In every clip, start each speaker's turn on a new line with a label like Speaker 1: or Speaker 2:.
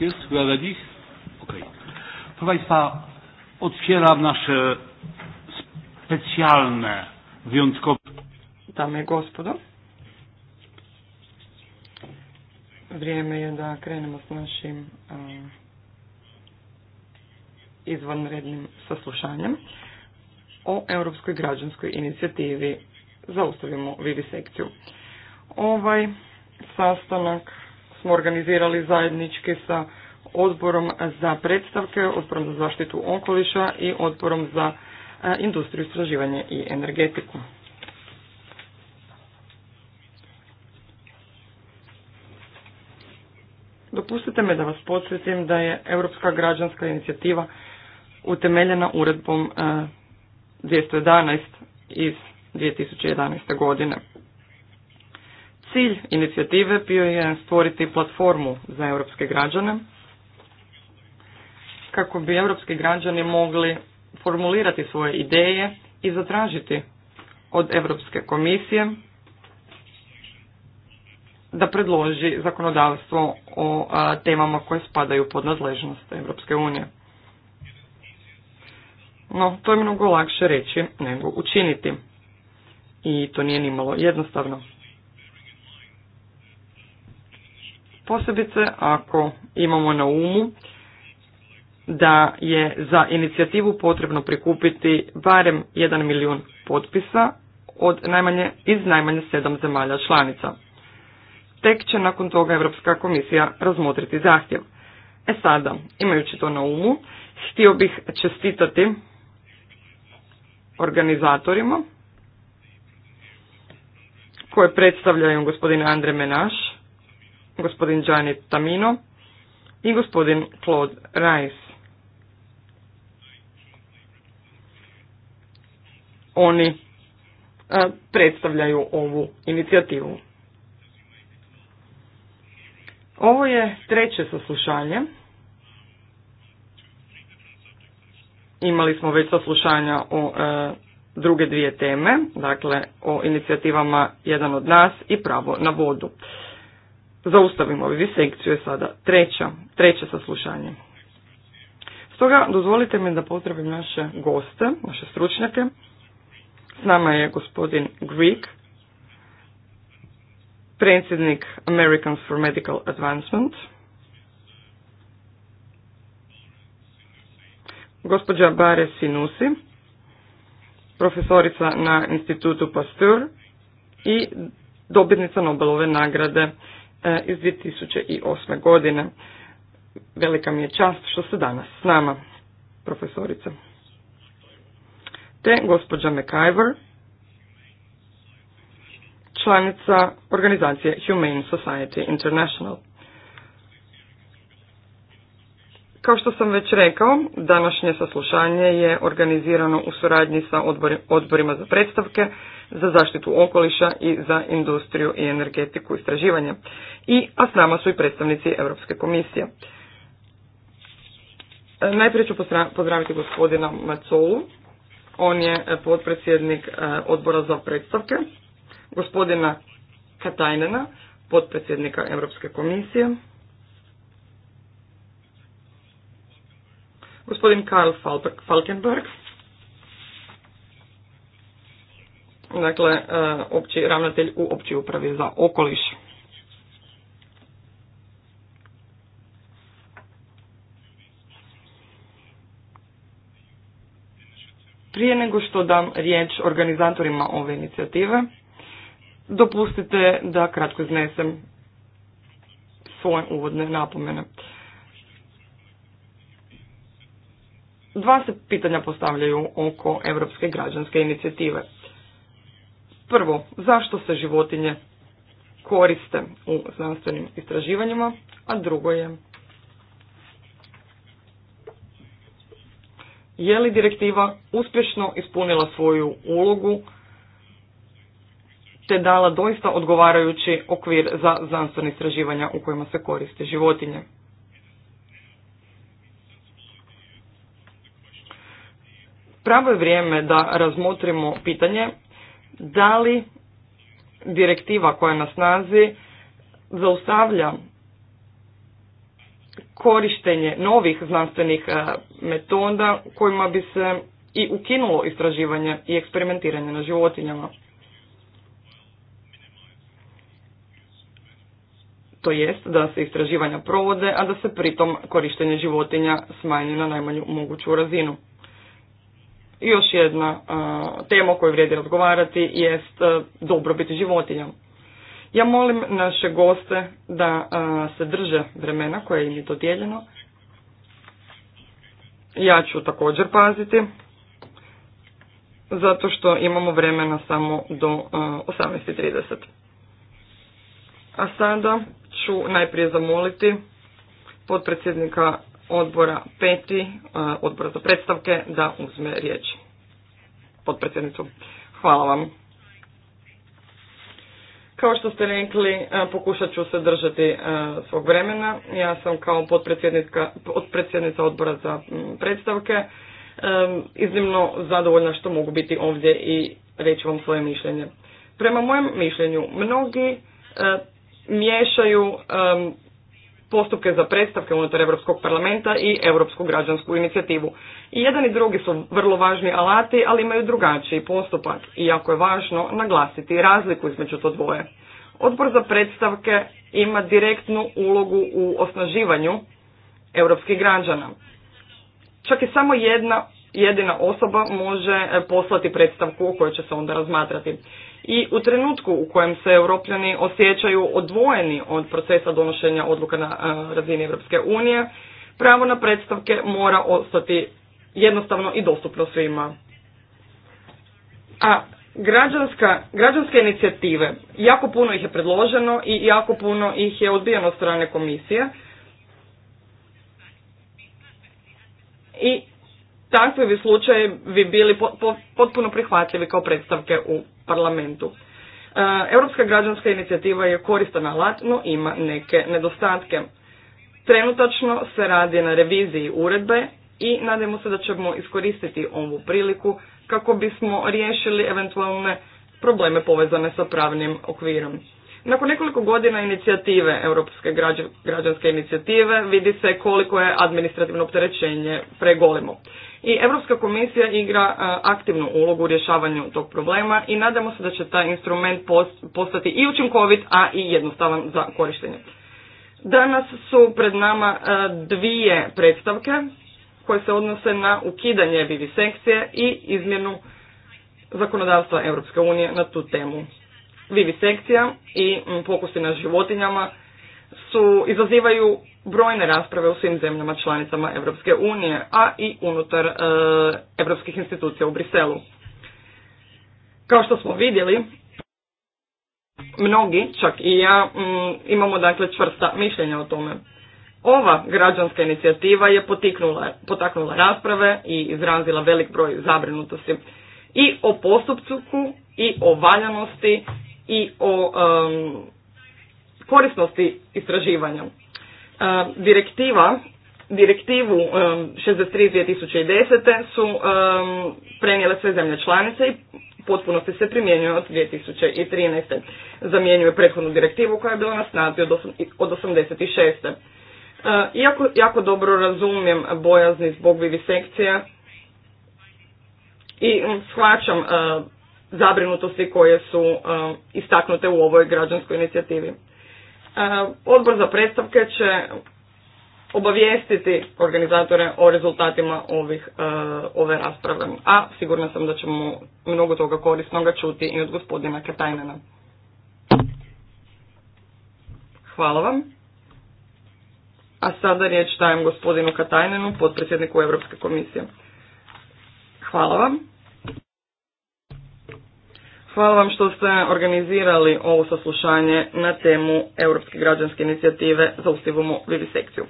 Speaker 1: Jest chyba ready? Okej. Okay. Proszę Państwa, otwieram nasze specjalne, wyjątkowe... Dame i
Speaker 2: gospodo, vrijeme je da krenemo s našim z izvanrednim saslušanjem o Europskoj građanskoj inicijativi Zaustavimo sekciju. Ovaj sastanak smo organizirali zajednički sa odborom za predstavke, odborom za zaštitu okoliša i odborom za e, industriju, istraživanje i energetiku. Dopustite me da vas podsjetim da je Europska građanska inicijativa utemeljena uredbom 211 e, iz 2011. godine. Cilj inicijative bio je stvoriti platformu za europske građane kako bi europski građani mogli formulirati svoje ideje i zatražiti od Europske komisije da predloži zakonodavstvo o temama koje spadaju pod nadležnost Europske unije. No, to je mnogo lakše reći nego učiniti. I to nije nimalo jednostavno. Posebice ako imamo na umu da je za inicijativu potrebno prikupiti barem 1 milijun potpisa od najmanje, iz najmanje 7 zemalja članica. Tek će nakon toga Europska komisija razmotriti zahtjev. E sada, imajući to na umu, htio bih čestitati organizatorima koje predstavljaju gospodine Andre Menaš gospodin Janet Tamino i gospodin Claude Rice. Oni e, predstavljaju ovu inicijativu. Ovo je treće saslušanje. Imali smo već saslušanja o e, druge dvije teme, dakle o inicijativama Jedan od nas i pravo na vodu zaustavimo ovu sekciju je sada treća, treće saslušanje. Stoga dozvolite mi da pozdravim naše goste, naše stručnjake. S nama je gospodin Greek, predsjednik Americans for Medical Advancement. Gospođa Bare Sinusi, profesorica na institutu Pasteur i dobitnica Nobelove nagrade E, iz 2008. godine. Velika mi je čast što ste danas s nama, profesorica. Te gospođa McIver, članica organizacije Humane Society International. Kao što sam već rekao, današnje saslušanje je organizirano u suradnji sa odborima za predstavke za zaštitu okoliša i za industriju i energetiku istraživanja. I, a s nama su i predstavnici Europske komisije. E, najprije ću pozdraviti gospodina Macolu. On je e, potpredsjednik e, odbora za predstavke. Gospodina Katajnena, potpredsjednika Europske komisije. Gospodin Karl Falkenberg, dakle, e, opći ravnatelj u općoj upravi za okoliš. Prije nego što dam riječ organizatorima ove inicijative, dopustite da kratko iznesem svoje uvodne napomene. Dva se pitanja postavljaju oko Europske građanske inicijative. Prvo, zašto se životinje koriste u znanstvenim istraživanjima, a drugo je je li direktiva uspješno ispunila svoju ulogu te dala doista odgovarajući okvir za znanstvene istraživanja u kojima se koriste životinje. Pravo je vrijeme da razmotrimo pitanje da li direktiva koja je na snazi zaustavlja korištenje novih znanstvenih e, metoda kojima bi se i ukinulo istraživanje i eksperimentiranje na životinjama. To jest da se istraživanja provode, a da se pritom korištenje životinja smanji na najmanju moguću razinu. I još jedna tema o kojoj vrijedi razgovarati jest dobrobit životinja. Ja molim naše goste da se drže vremena koje im je dodijeljeno. Ja ću također paziti, zato što imamo vremena samo do 18.30. A sada ću najprije zamoliti potpredsjednika odbora peti, e, odbora za predstavke, da uzme riječ. Podpredsjednicu, hvala vam. Kao što ste rekli, e, pokušat ću se držati e, svog vremena. Ja sam kao podpredsjednica odbora za predstavke iznimno zadovoljna što mogu biti ovdje i reći vam svoje mišljenje. Prema mojem mišljenju, mnogi miješaju postupke za predstavke unutar Europskog parlamenta i Europsku građansku inicijativu. I jedan i drugi su vrlo važni alati, ali imaju drugačiji postupak i je važno naglasiti razliku između to dvoje. Odbor za predstavke ima direktnu ulogu u osnaživanju europskih građana. Čak i samo jedna jedina osoba može poslati predstavku o kojoj će se onda razmatrati i u trenutku u kojem se europljani osjećaju odvojeni od procesa donošenja odluka na e, razini Europske unije, pravo na predstavke mora ostati jednostavno i dostupno svima. A građanska, građanske inicijative, jako puno ih je predloženo i jako puno ih je odbijeno od strane komisije. I takvi bi slučajevi bili potpuno prihvatljivi kao predstavke u parlamentu. E, Europska građanska inicijativa je koristan alat, no ima neke nedostatke. Trenutačno se radi na reviziji uredbe i nadamo se da ćemo iskoristiti ovu priliku kako bismo riješili eventualne probleme povezane sa pravnim okvirom. Nakon nekoliko godina inicijative, Europske građanske inicijative, vidi se koliko je administrativno opterećenje pregolimo. I Europska komisija igra e, aktivnu ulogu u rješavanju tog problema i nadamo se da će taj instrument postati i učinkovit, a i jednostavan za korištenje. Danas su pred nama e, dvije predstavke koje se odnose na ukidanje vivisekcije i izmjenu zakonodavstva Europske unije na tu temu. Vivisekcija i pokusi na životinjama su izazivaju brojne rasprave u svim zemljama članicama Europske unije, a i unutar e, europskih institucija u Briselu. Kao što smo vidjeli, mnogi, čak i ja, mm, imamo dakle čvrsta mišljenja o tome. Ova građanska inicijativa je potiknula, potaknula rasprave i izrazila velik broj zabrinutosti i o postupcu i o valjanosti i o um, korisnosti istraživanja. E, direktiva direktivu 63-2010 e, su e, prenijele sve zemlje članice i potpuno se primjenjuje od 2013. Zamjenjuje prethodnu direktivu koja je bila na snazi od 86. Iako jako dobro razumijem bojazni zbog vivisekcija i shvaćam zabrinutosti koje su istaknute u ovoj građanskoj inicijativi. E, odbor za predstavke će obavijestiti organizatore o rezultatima ovih, e, ove rasprave, a sigurna sam da ćemo mnogo toga korisnoga čuti i od gospodina Katajnena. Hvala vam. A sada riječ dajem gospodinu Katajnenu, potpredsjedniku Europske komisije. Hvala vam. Hvala vam što ste organizirali ovo saslušanje na temu Europske građanske inicijative za usivomu sekciju.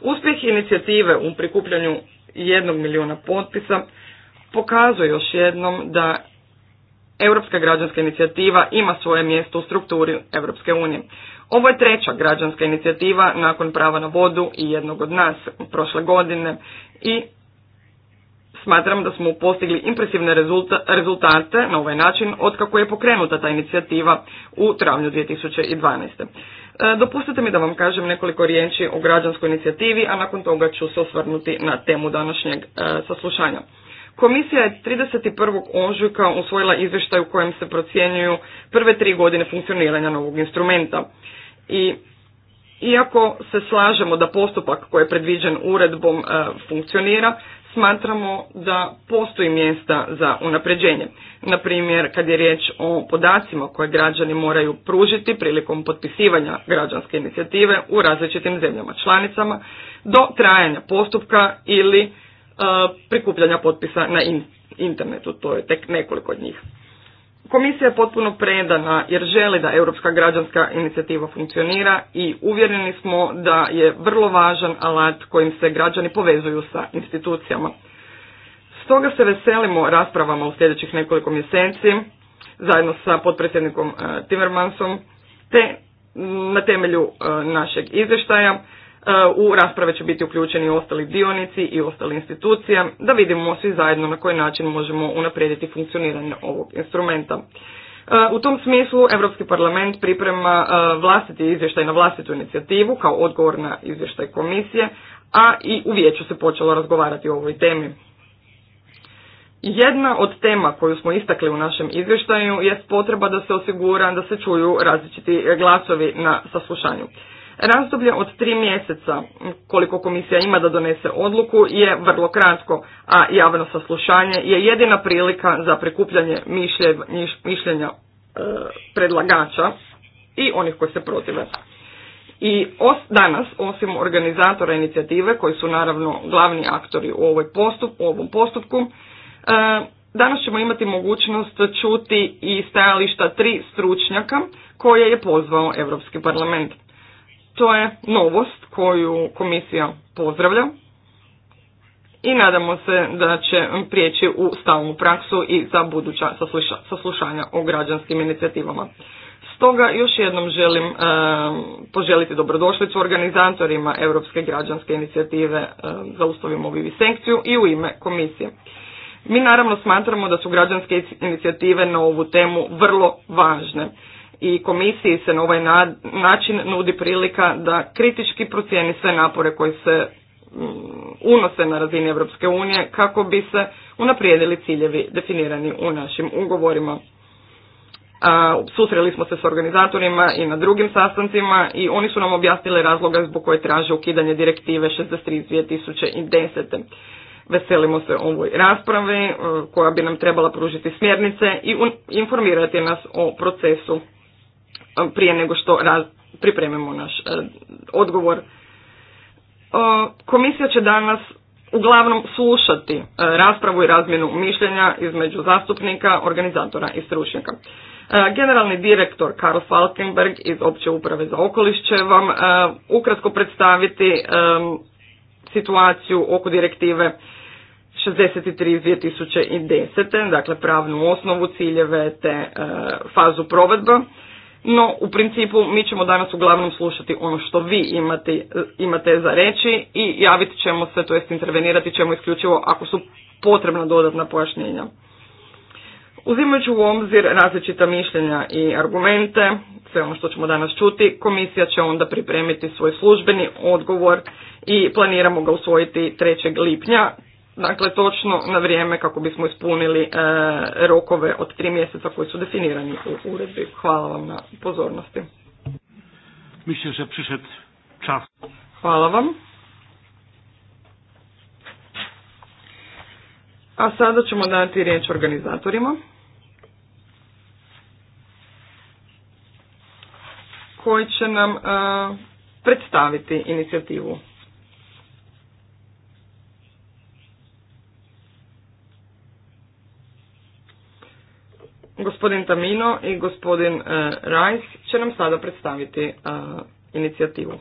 Speaker 2: Uspjeh inicijative u prikupljanju jednog milijuna potpisa pokazuje još jednom da Europska građanska inicijativa ima svoje mjesto u strukturi Europske unije. Ovo je treća građanska inicijativa nakon prava na vodu i jednog od nas prošle godine i Smatram da smo postigli impresivne rezultate na ovaj način od kako je pokrenuta ta inicijativa u travnju 2012. E, dopustite mi da vam kažem nekoliko riječi o građanskoj inicijativi, a nakon toga ću se osvrnuti na temu današnjeg e, saslušanja. Komisija je 31. ožujka usvojila izvještaj u kojem se procjenjuju prve tri godine funkcioniranja novog instrumenta. I iako se slažemo da postupak koji je predviđen uredbom e, funkcionira, smatramo da postoji mjesta za unapređenje. Na primjer, kad je riječ o podacima koje građani moraju pružiti prilikom potpisivanja građanske inicijative u različitim zemljama članicama do trajanja postupka ili e, prikupljanja potpisa na internetu, to je tek nekoliko od njih. Komisija je potpuno predana jer želi da Europska građanska inicijativa funkcionira i uvjereni smo da je vrlo važan alat kojim se građani povezuju sa institucijama. Stoga se veselimo raspravama u sljedećih nekoliko mjeseci zajedno sa potpredsjednikom e, Timmermansom te na temelju e, našeg izvještaja E, u rasprave će biti uključeni ostali dionici i ostali institucije da vidimo svi zajedno na koji način možemo unaprijediti funkcioniranje ovog instrumenta. E, u tom smislu Europski parlament priprema e, vlastiti izvještaj na vlastitu inicijativu kao odgovor na izvještaj komisije, a i u vijeću se počelo razgovarati o ovoj temi. Jedna od tema koju smo istakli u našem izvještaju jest potreba da se osigura da se čuju različiti glasovi na saslušanju. Razdoblje od tri mjeseca koliko komisija ima da donese odluku je vrlo kratko, a javno saslušanje je jedina prilika za prikupljanje mišljenja e, predlagača i onih koji se protive. I danas, osim organizatora inicijative, koji su naravno glavni aktori u, ovoj postup, u ovom postupku, e, danas ćemo imati mogućnost čuti i stajališta tri stručnjaka koje je pozvao Europski parlament. To je novost koju komisija pozdravlja i nadamo se da će prijeći u stalnu praksu i za buduća saslušanja o građanskim inicijativama. Stoga još jednom želim e, poželiti dobrodošlicu organizatorima Europske građanske inicijative e, Zaustavimo sekciju i u ime komisije. Mi naravno smatramo da su građanske inicijative na ovu temu vrlo važne i komisiji se na ovaj način nudi prilika da kritički procijeni sve napore koji se mm, unose na razini Europske unije kako bi se unaprijedili ciljevi definirani u našim ugovorima. A, susreli smo se s organizatorima i na drugim sastancima i oni su nam objasnili razloga zbog koje traže ukidanje direktive 63 Veselimo se ovoj raspravi e, koja bi nam trebala pružiti smjernice i informirati nas o procesu prije nego što pripremimo naš e, odgovor. Komisija će danas uglavnom slušati e, raspravu i razmjenu mišljenja između zastupnika, organizatora i stručnjaka. E, generalni direktor Karl Falkenberg iz Opće uprave za okoliš će vam ukratko predstaviti situaciju oko direktive 63 2010. Dakle, pravnu osnovu, ciljeve te fazu provedba no, u principu mi ćemo danas uglavnom slušati ono što vi imate, imate za reći i javit ćemo se, to jest intervenirati ćemo isključivo ako su potrebna dodatna pojašnjenja. Uzimajući u obzir različita mišljenja i argumente, sve ono što ćemo danas čuti, komisija će onda pripremiti svoj službeni odgovor i planiramo ga usvojiti 3. lipnja dakle točno na vrijeme kako bismo ispunili e, rokove od tri mjeseca koji su definirani u uredbi. Hvala vam na pozornosti.
Speaker 1: Mislim prišet čas.
Speaker 2: Hvala vam. A sada ćemo dati riječ organizatorima. koji će nam e, predstaviti inicijativu. Gospodin Tamino i gospodin e, Rajs će nam sada predstaviti e, inicijativu.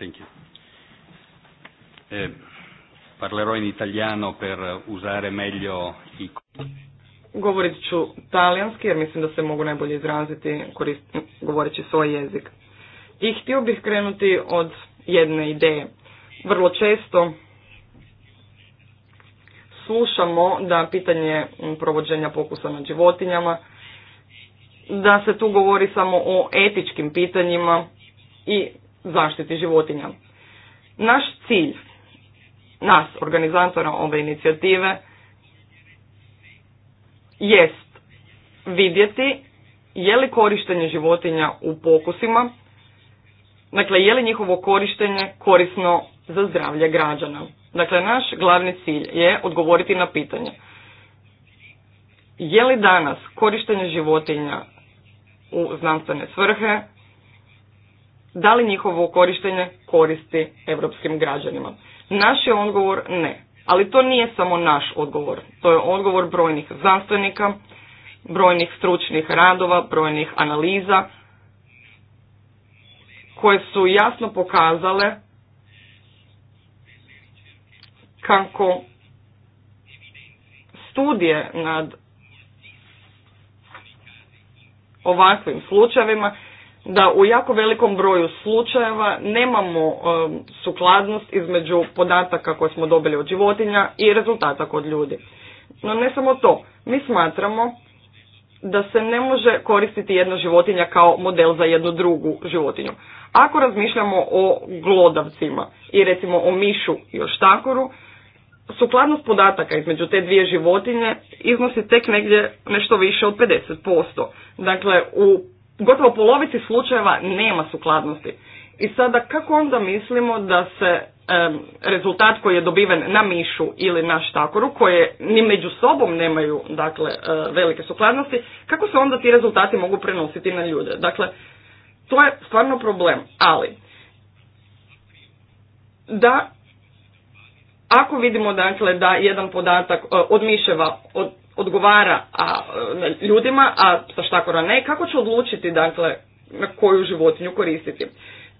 Speaker 1: Thank you. Eh, parlerò in italiano per usare meglio i...
Speaker 2: Govorit ću talijanski jer mislim da se mogu najbolje izraziti korist, govoreći svoj jezik. I htio bih krenuti od jedne ideje. Vrlo često slušamo da pitanje provođenja pokusa nad životinjama, da se tu govori samo o etičkim pitanjima i zaštiti životinja. Naš cilj, nas, organizatora ove inicijative, jest vidjeti je li korištenje životinja u pokusima, dakle je li njihovo korištenje korisno za zdravlje građana. Dakle, naš glavni cilj je odgovoriti na pitanje. Je li danas korištenje životinja u znanstvene svrhe, da li njihovo korištenje koristi europskim građanima? Naš je odgovor ne. Ali to nije samo naš odgovor. To je odgovor brojnih znanstvenika, brojnih stručnih radova, brojnih analiza koje su jasno pokazale kako studije nad ovakvim slučajevima da u jako velikom broju slučajeva nemamo um, sukladnost između podataka koje smo dobili od životinja i rezultata kod ljudi. No ne samo to, mi smatramo da se ne može koristiti jedna životinja kao model za jednu drugu životinju. Ako razmišljamo o glodavcima i recimo o mišu i o štakoru, sukladnost podataka između te dvije životinje iznosi tek negdje nešto više od 50%. Dakle, u gotovo polovici slučajeva nema sukladnosti. I sada kako onda mislimo da se rezultat koji je dobiven na mišu ili na štakoru, koje ni među sobom nemaju dakle, e, velike sukladnosti, kako se onda ti rezultati mogu prenositi na ljude? Dakle, to je stvarno problem. Ali, da ako vidimo dakle da jedan podatak e, od miševa odgovara a, e, ljudima, a sa štakora ne, kako će odlučiti dakle na koju životinju koristiti.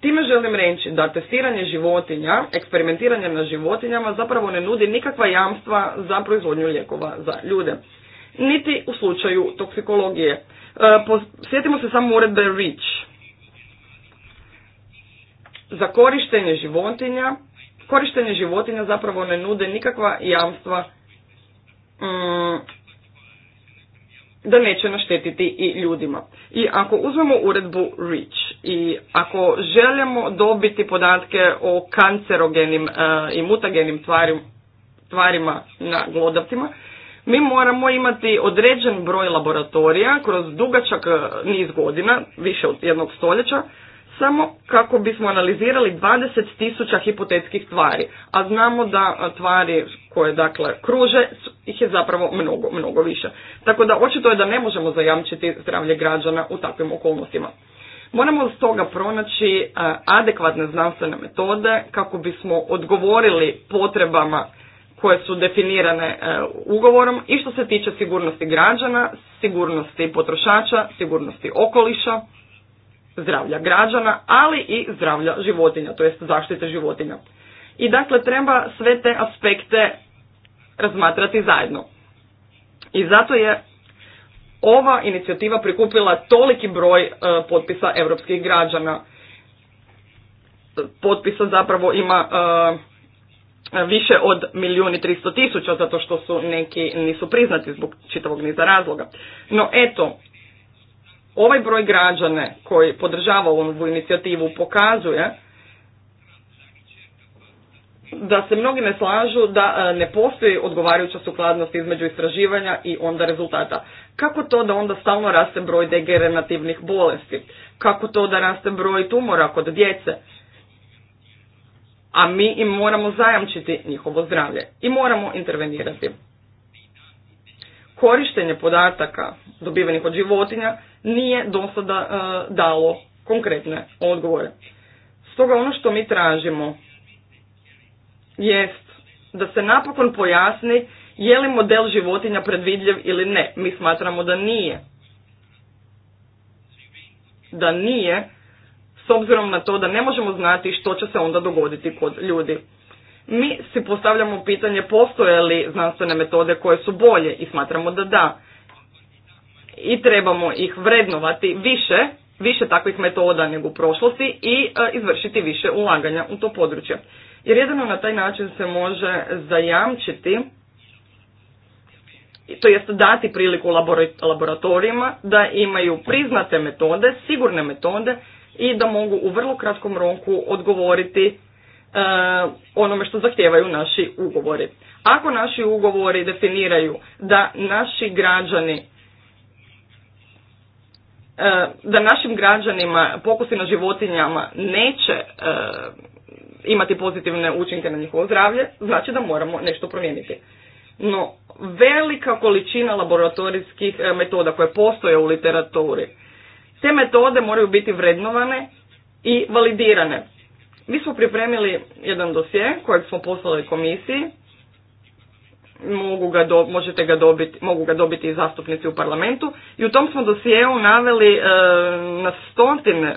Speaker 2: Time želim reći da testiranje životinja, eksperimentiranje na životinjama zapravo ne nudi nikakva jamstva za proizvodnju lijekova za ljude. Niti u slučaju toksikologije. E, sjetimo se samo uredbe REACH. Za korištenje životinja korištenje životinja zapravo ne nude nikakva jamstva mm, da neće naštetiti i ljudima. I ako uzmemo uredbu REACH i ako želimo dobiti podatke o kancerogenim e, i mutagenim tvarima, tvarima na glodavcima, mi moramo imati određen broj laboratorija kroz dugačak e, niz godina, više od jednog stoljeća, samo kako bismo analizirali 20 tisuća hipotetskih tvari, a znamo da tvari koje dakle kruže ih je zapravo mnogo, mnogo više. Tako da očito je da ne možemo zajamčiti zdravlje građana u takvim okolnostima. Moramo stoga pronaći adekvatne znanstvene metode kako bismo odgovorili potrebama koje su definirane e, ugovorom i što se tiče sigurnosti građana, sigurnosti potrošača, sigurnosti okoliša zdravlja građana, ali i zdravlja životinja, to jest zaštite životinja. I dakle treba sve te aspekte razmatrati zajedno. I zato je ova inicijativa prikupila toliki broj e, potpisa europskih građana. Potpisa zapravo ima e, više od milijun i tristo tisuća zato što su neki nisu priznati zbog čitavog niza razloga. No eto, Ovaj broj građane koji podržava ovu inicijativu pokazuje da se mnogi ne slažu da e, ne postoji odgovarajuća sukladnost između istraživanja i onda rezultata. Kako to da onda stalno raste broj degenerativnih bolesti? Kako to da raste broj tumora kod djece? A mi im moramo zajamčiti njihovo zdravlje i moramo intervenirati. Korištenje podataka dobivenih od životinja nije do sada e, dalo konkretne odgovore. Stoga ono što mi tražimo jest da se napokon pojasni je li model životinja predvidljiv ili ne. Mi smatramo da nije. Da nije, s obzirom na to da ne možemo znati što će se onda dogoditi kod ljudi. Mi si postavljamo pitanje postoje li znanstvene metode koje su bolje i smatramo da da i trebamo ih vrednovati više, više takvih metoda nego u prošlosti i e, izvršiti više ulaganja u to područje. Jer jedino na taj način se može zajamčiti to jest dati priliku laboratorijima da imaju priznate metode, sigurne metode i da mogu u vrlo kratkom roku odgovoriti e, onome što zahtijevaju naši ugovori. Ako naši ugovori definiraju da naši građani E, da našim građanima pokusi na životinjama neće e, imati pozitivne učinke na njihovo zdravlje, znači da moramo nešto promijeniti. No, velika količina laboratorijskih e, metoda koje postoje u literaturi, te metode moraju biti vrednovane i validirane. Mi smo pripremili jedan dosje kojeg smo poslali komisiji mogu ga do, možete ga dobiti, mogu ga dobiti i zastupnici u parlamentu i u tom smo dosijeu naveli e, na stotine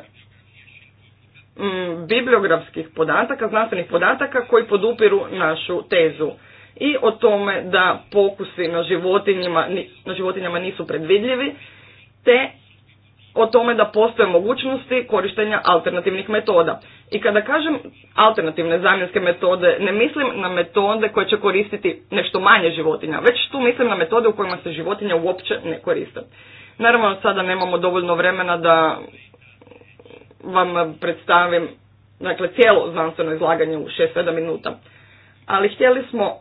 Speaker 2: mm, bibliografskih podataka, znanstvenih podataka koji podupiru našu tezu i o tome da pokusi na na životinjama nisu predvidljivi te o tome da postoje mogućnosti korištenja alternativnih metoda. I kada kažem alternativne zamjenske metode, ne mislim na metode koje će koristiti nešto manje životinja, već tu mislim na metode u kojima se životinja uopće ne koriste. Naravno, sada nemamo dovoljno vremena da vam predstavim dakle, cijelo znanstveno izlaganje u 6-7 minuta. Ali htjeli smo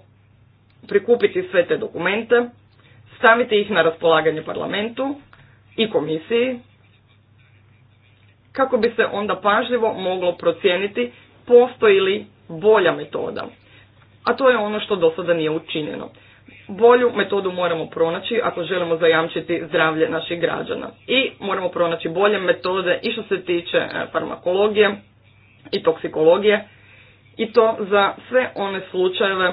Speaker 2: prikupiti sve te dokumente, staviti ih na raspolaganje parlamentu i komisiji, kako bi se onda pažljivo moglo procijeniti postoji li bolja metoda. A to je ono što do sada nije učinjeno. Bolju metodu moramo pronaći ako želimo zajamčiti zdravlje naših građana. I moramo pronaći bolje metode i što se tiče e, farmakologije i toksikologije i to za sve one slučajeve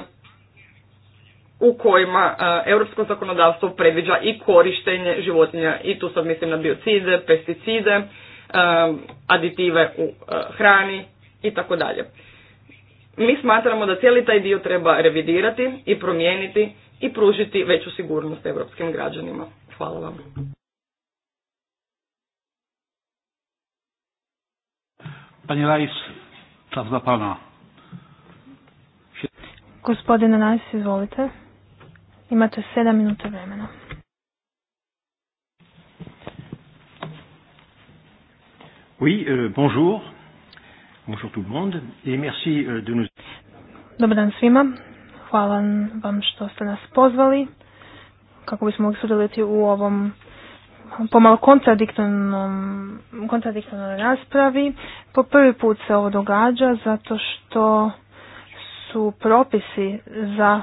Speaker 2: u kojima e, europsko zakonodavstvo predviđa i korištenje životinja i tu sad mislim na biocide, pesticide, Um, aditive u uh, hrani i tako dalje. Mi smatramo da cijeli taj dio treba revidirati i promijeniti i pružiti veću sigurnost europskim građanima. Hvala vam.
Speaker 1: Pani Rajs, čas Pana.
Speaker 3: Gospodine Rajs, izvolite. Imate sedam minuta vremena.
Speaker 1: Oui, euh, bonjour. Bonjour tout euh,
Speaker 3: Dobar dan svima. Hvala vam što ste nas pozvali kako bismo mogli sudjeliti u ovom pomalo kontradiktornom, kontradiktornoj raspravi. Po prvi put se ovo događa zato što su propisi za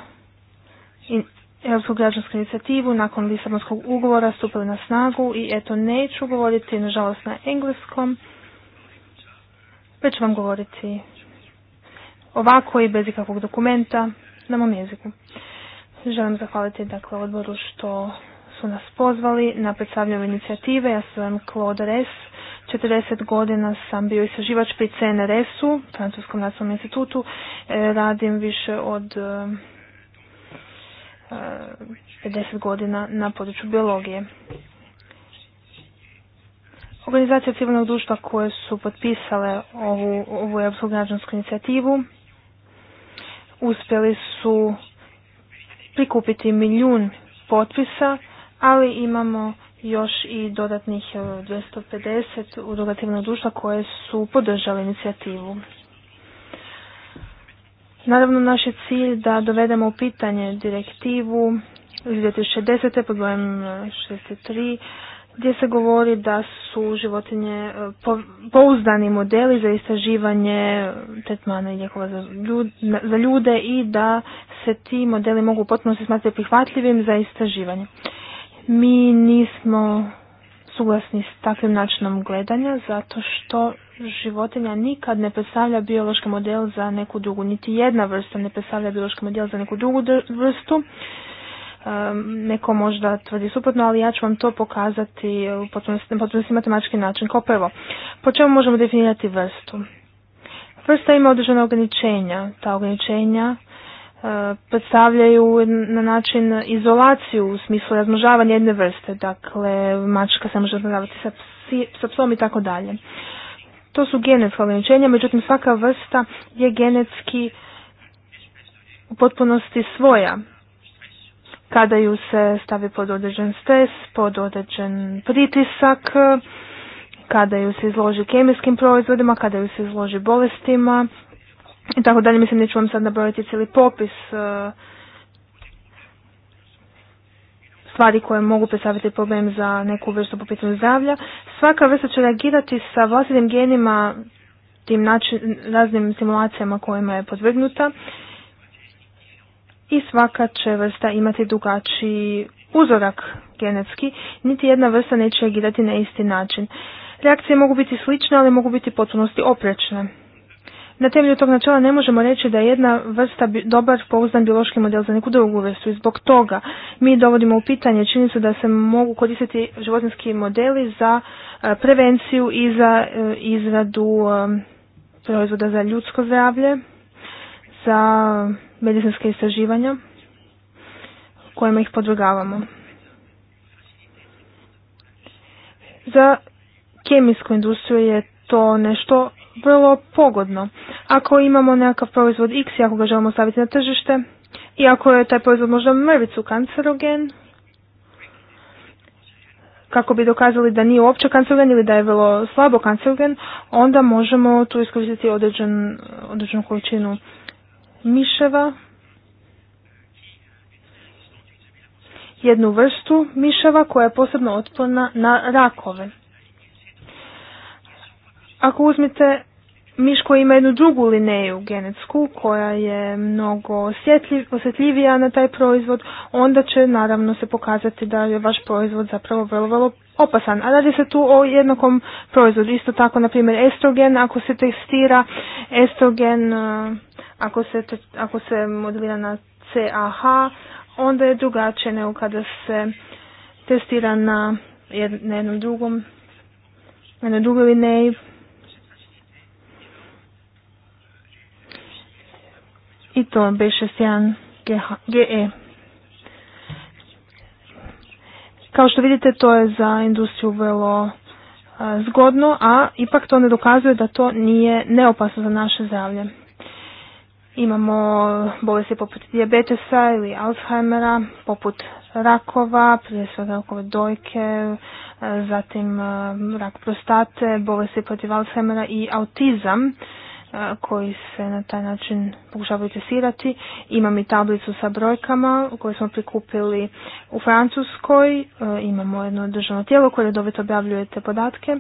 Speaker 3: Europsku građansku inicijativu nakon Lisabonskog ugovora stupili na snagu i eto neću govoriti nažalost na engleskom, već ću vam govoriti ovako i bez ikakvog dokumenta na mom jeziku. Želim zahvaliti dakle odboru što su nas pozvali na predstavljanje inicijative. Ja sam Claude Res, 40 godina sam bio istraživač pri CNRS-u, Francuskom nacionalnom institutu. E, radim više od 50 e, godina na području biologije. Organizacije civilnog društva koje su potpisale ovu, ovu europsku građansku inicijativu uspjeli su prikupiti milijun potpisa, ali imamo još i dodatnih 250 e, udruga civilnog društva koje su podržale inicijativu. Naravno, naš je cilj da dovedemo u pitanje direktivu iz 2010. pod brojem 63 eh, gdje se govori da su životinje eh, pouzdani modeli za istraživanje eh, tretmana i lijekova za ljude i da se ti modeli mogu potpuno se smatrati prihvatljivim za istraživanje. Mi nismo suglasni s takvim načinom gledanja zato što životinja nikad ne predstavlja biološki model za neku drugu, niti jedna vrsta ne predstavlja biološki model za neku drugu vrstu. Neko možda tvrdi suprotno, ali ja ću vam to pokazati u potpunosti matematički način. Kao prvo, po čemu možemo definirati vrstu? Vrsta ima određena ograničenja. Ta ograničenja e, predstavljaju na način izolaciju u smislu razmnožavanja jedne vrste. Dakle, mačka se može razmnožavati sa, sa psom i tako dalje. To su genetska ograničenja, međutim svaka vrsta je genetski u potpunosti svoja. Kada ju se stavi pod određen stres, pod određen pritisak, kada ju se izloži kemijskim proizvodima, kada ju se izloži bolestima i tako dalje. Mislim, neću vam sad nabrojati cijeli popis eh, stvari koje mogu predstaviti problem za neku vrstu po pitanju zdravlja. Svaka vrsta će reagirati sa vlastitim genima, tim način, raznim simulacijama kojima je podvrgnuta i svaka će vrsta imati drugačiji uzorak genetski, niti jedna vrsta neće reagirati na isti način. Reakcije mogu biti slične, ali mogu biti potpunosti oprečne. Na temelju tog načela ne možemo reći da je jedna vrsta dobar pouzdan biološki model za neku drugu vrstu i zbog toga mi dovodimo u pitanje činjenicu da se mogu koristiti životinski modeli za e, prevenciju i za e, izradu e, proizvoda za ljudsko zdravlje, za medicinske istraživanja kojima ih podvrgavamo. Za kemijsku industriju je to nešto vrlo pogodno. Ako imamo nekakav proizvod X i ako ga želimo staviti na tržište, i ako je taj proizvod možda mrvicu kancerogen, kako bi dokazali da nije uopće kancerogen ili da je vrlo slabo kancerogen, onda možemo tu iskoristiti određen, određenu količinu miševa, jednu vrstu miševa koja je posebno otporna na rakove. Ako uzmite miš koji ima jednu drugu lineju genetsku koja je mnogo osjetljivija na taj proizvod, onda će naravno se pokazati da je vaš proizvod zapravo vrlo, vrlo opasan. A radi se tu o jednakom proizvodu. Isto tako, na primjer, estrogen, ako se testira estrogen, e, ako se, ako se modelira na CAH, onda je drugačije nego kada se testira na, jednom drugom, na jednoj drugoj lineji i to B61 GE. Kao što vidite, to je za industriju vrlo e, zgodno, a ipak to ne dokazuje da to nije neopasno za naše zdravlje. Imamo bolesti poput diabetesa ili Alzheimera, poput rakova, prije svega rakove dojke, e, zatim e, rak prostate, bolesti protiv Alzheimera i autizam koji se na taj način pokušavaju testirati. Imam i tablicu sa brojkama koje smo prikupili u Francuskoj. E, imamo jedno državno tijelo koje redovito objavljuje te podatke.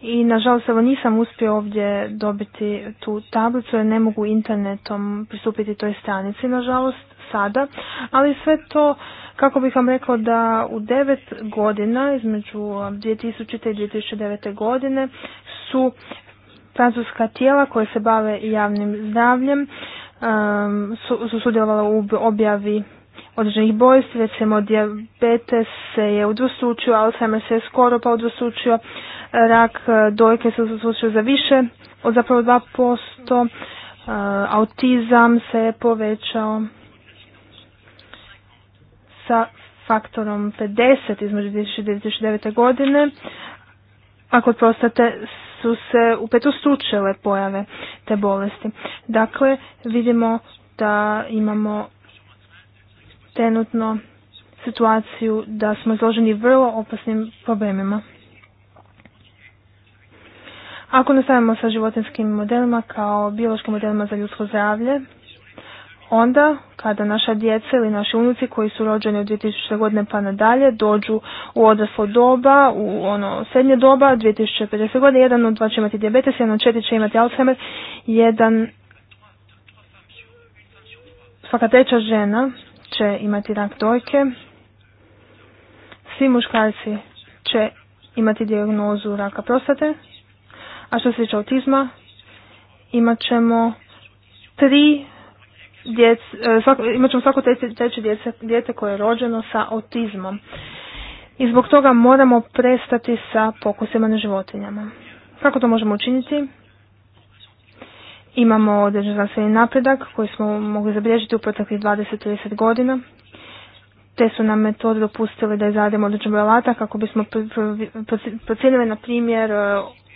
Speaker 3: I nažalost evo nisam uspio ovdje dobiti tu tablicu jer ne mogu internetom pristupiti toj stranici nažalost sada, ali sve to kako bih vam rekao da u devet godina između 2000. i 2009. godine su francuska tijela koje se bave javnim zdravljem um, su, sudjelovala u objavi određenih bojstva. recimo diabetes se je udvostručio, Alzheimer se je skoro pa udvostručio, rak e, dojke se udvostručio za više od zapravo 2%, e, autizam se je povećao sa faktorom 50 između 2009. godine, Ako kod prostate su se ustručile pojave te bolesti. Dakle, vidimo da imamo trenutno situaciju da smo izloženi vrlo opasnim problemima. Ako nastavimo sa životinskim modelima kao biološkim modelima za ljudsko zdravlje, onda kada naša djeca ili naši unuci koji su rođeni od 2000. godine pa nadalje dođu u odraslo doba, u ono srednje doba, 2050. godine, jedan od dva će imati diabetes, jedan od četiri će imati Alzheimer, jedan svaka treća žena će imati rak dojke, svi muškarci će imati dijagnozu raka prostate, a što se tiče autizma, imat ćemo tri djec, e, svako imat ćemo svako treće djece, djete koje je rođeno sa autizmom. I zbog toga moramo prestati sa pokusima na životinjama. Kako to možemo učiniti? Imamo određen znanstveni napredak koji smo mogli zabilježiti u proteklih 20-30 godina. Te su nam metode dopustile da izradimo određen broj alata kako bismo procijenili na primjer e,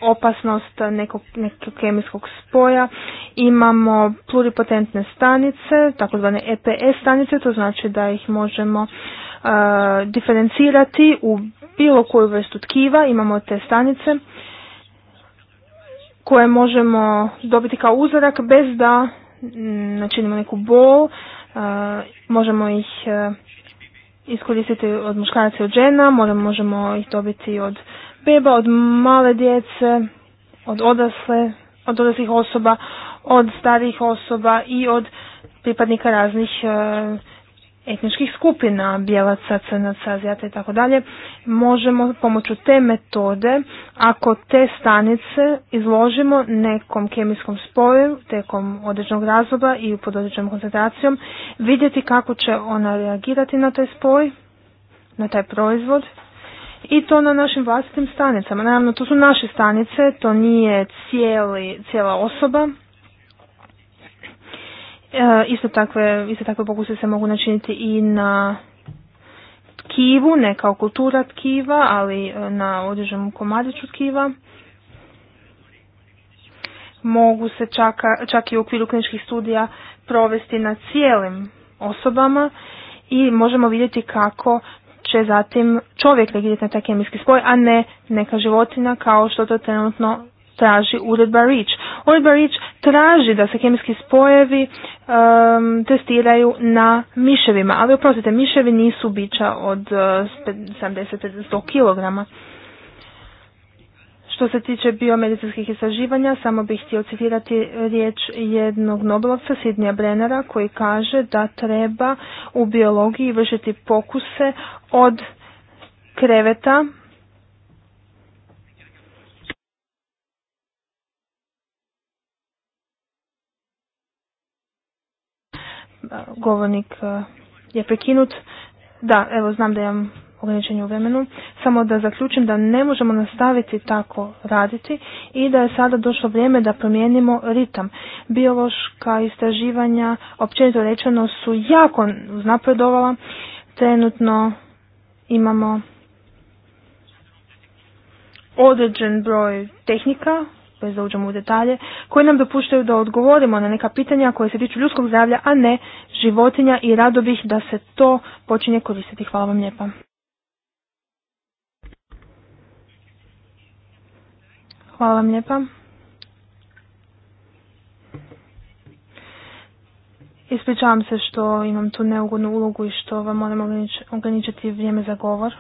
Speaker 3: opasnost nekog, nekog kemijskog spoja. Imamo pluripotentne stanice, takozvane EPS stanice, to znači da ih možemo uh, diferencirati u bilo koju vrstu tkiva. Imamo te stanice koje možemo dobiti kao uzorak bez da mm, načinimo neku bol. Uh, možemo ih uh, iskoristiti od muškaraca i od žena, možemo ih dobiti od beba od male djece, od odrasle, od odraslih osoba, od starijih osoba i od pripadnika raznih e, etničkih skupina, bijelaca, crnaca, azijata i tako dalje, možemo pomoću te metode, ako te stanice izložimo nekom kemijskom spoju, tekom određenog razloga i pod određenom koncentracijom, vidjeti kako će ona reagirati na taj spoj, na taj proizvod i to na našim vlastitim stanicama. Naravno, to su naše stanice, to nije cijeli, cijela osoba. E, isto, takve, isto takve pokuse se mogu načiniti i na tkivu, ne kao kultura tkiva, ali e, na određenom komadiću tkiva. Mogu se čak, čak i u okviru kliničkih studija provesti na cijelim osobama i možemo vidjeti kako će zatim čovjek reagirati na taj kemijski spoj, a ne neka životinja kao što to trenutno traži uredba REACH. Uredba REACH traži da se kemijski spojevi um, testiraju na miševima, ali oprostite, miševi nisu bića od 70-100 eh, kilograma. Što se tiče biomedicinskih istraživanja, samo bih htio citirati riječ jednog Nobelovca, Sidnija Brennera, koji kaže da treba u biologiji vršiti pokuse od kreveta govornik eh, je prekinut. Da, evo znam da imam ograničenje u vremenu. Samo da zaključim da ne možemo nastaviti tako raditi i da je sada došlo vrijeme da promijenimo ritam. Biološka istraživanja, općenito rečeno, su jako uznapredovala. Trenutno imamo određen broj tehnika, bez da uđemo u detalje, koji nam dopuštaju da odgovorimo na neka pitanja koje se tiču ljudskog zdravlja, a ne životinja i rado bih da se to počinje koristiti. Hvala vam lijepa. Hvala vam lijepa. Ispričavam se što imam tu neugodnu ulogu i što vam moram ograničiti vrijeme za govor.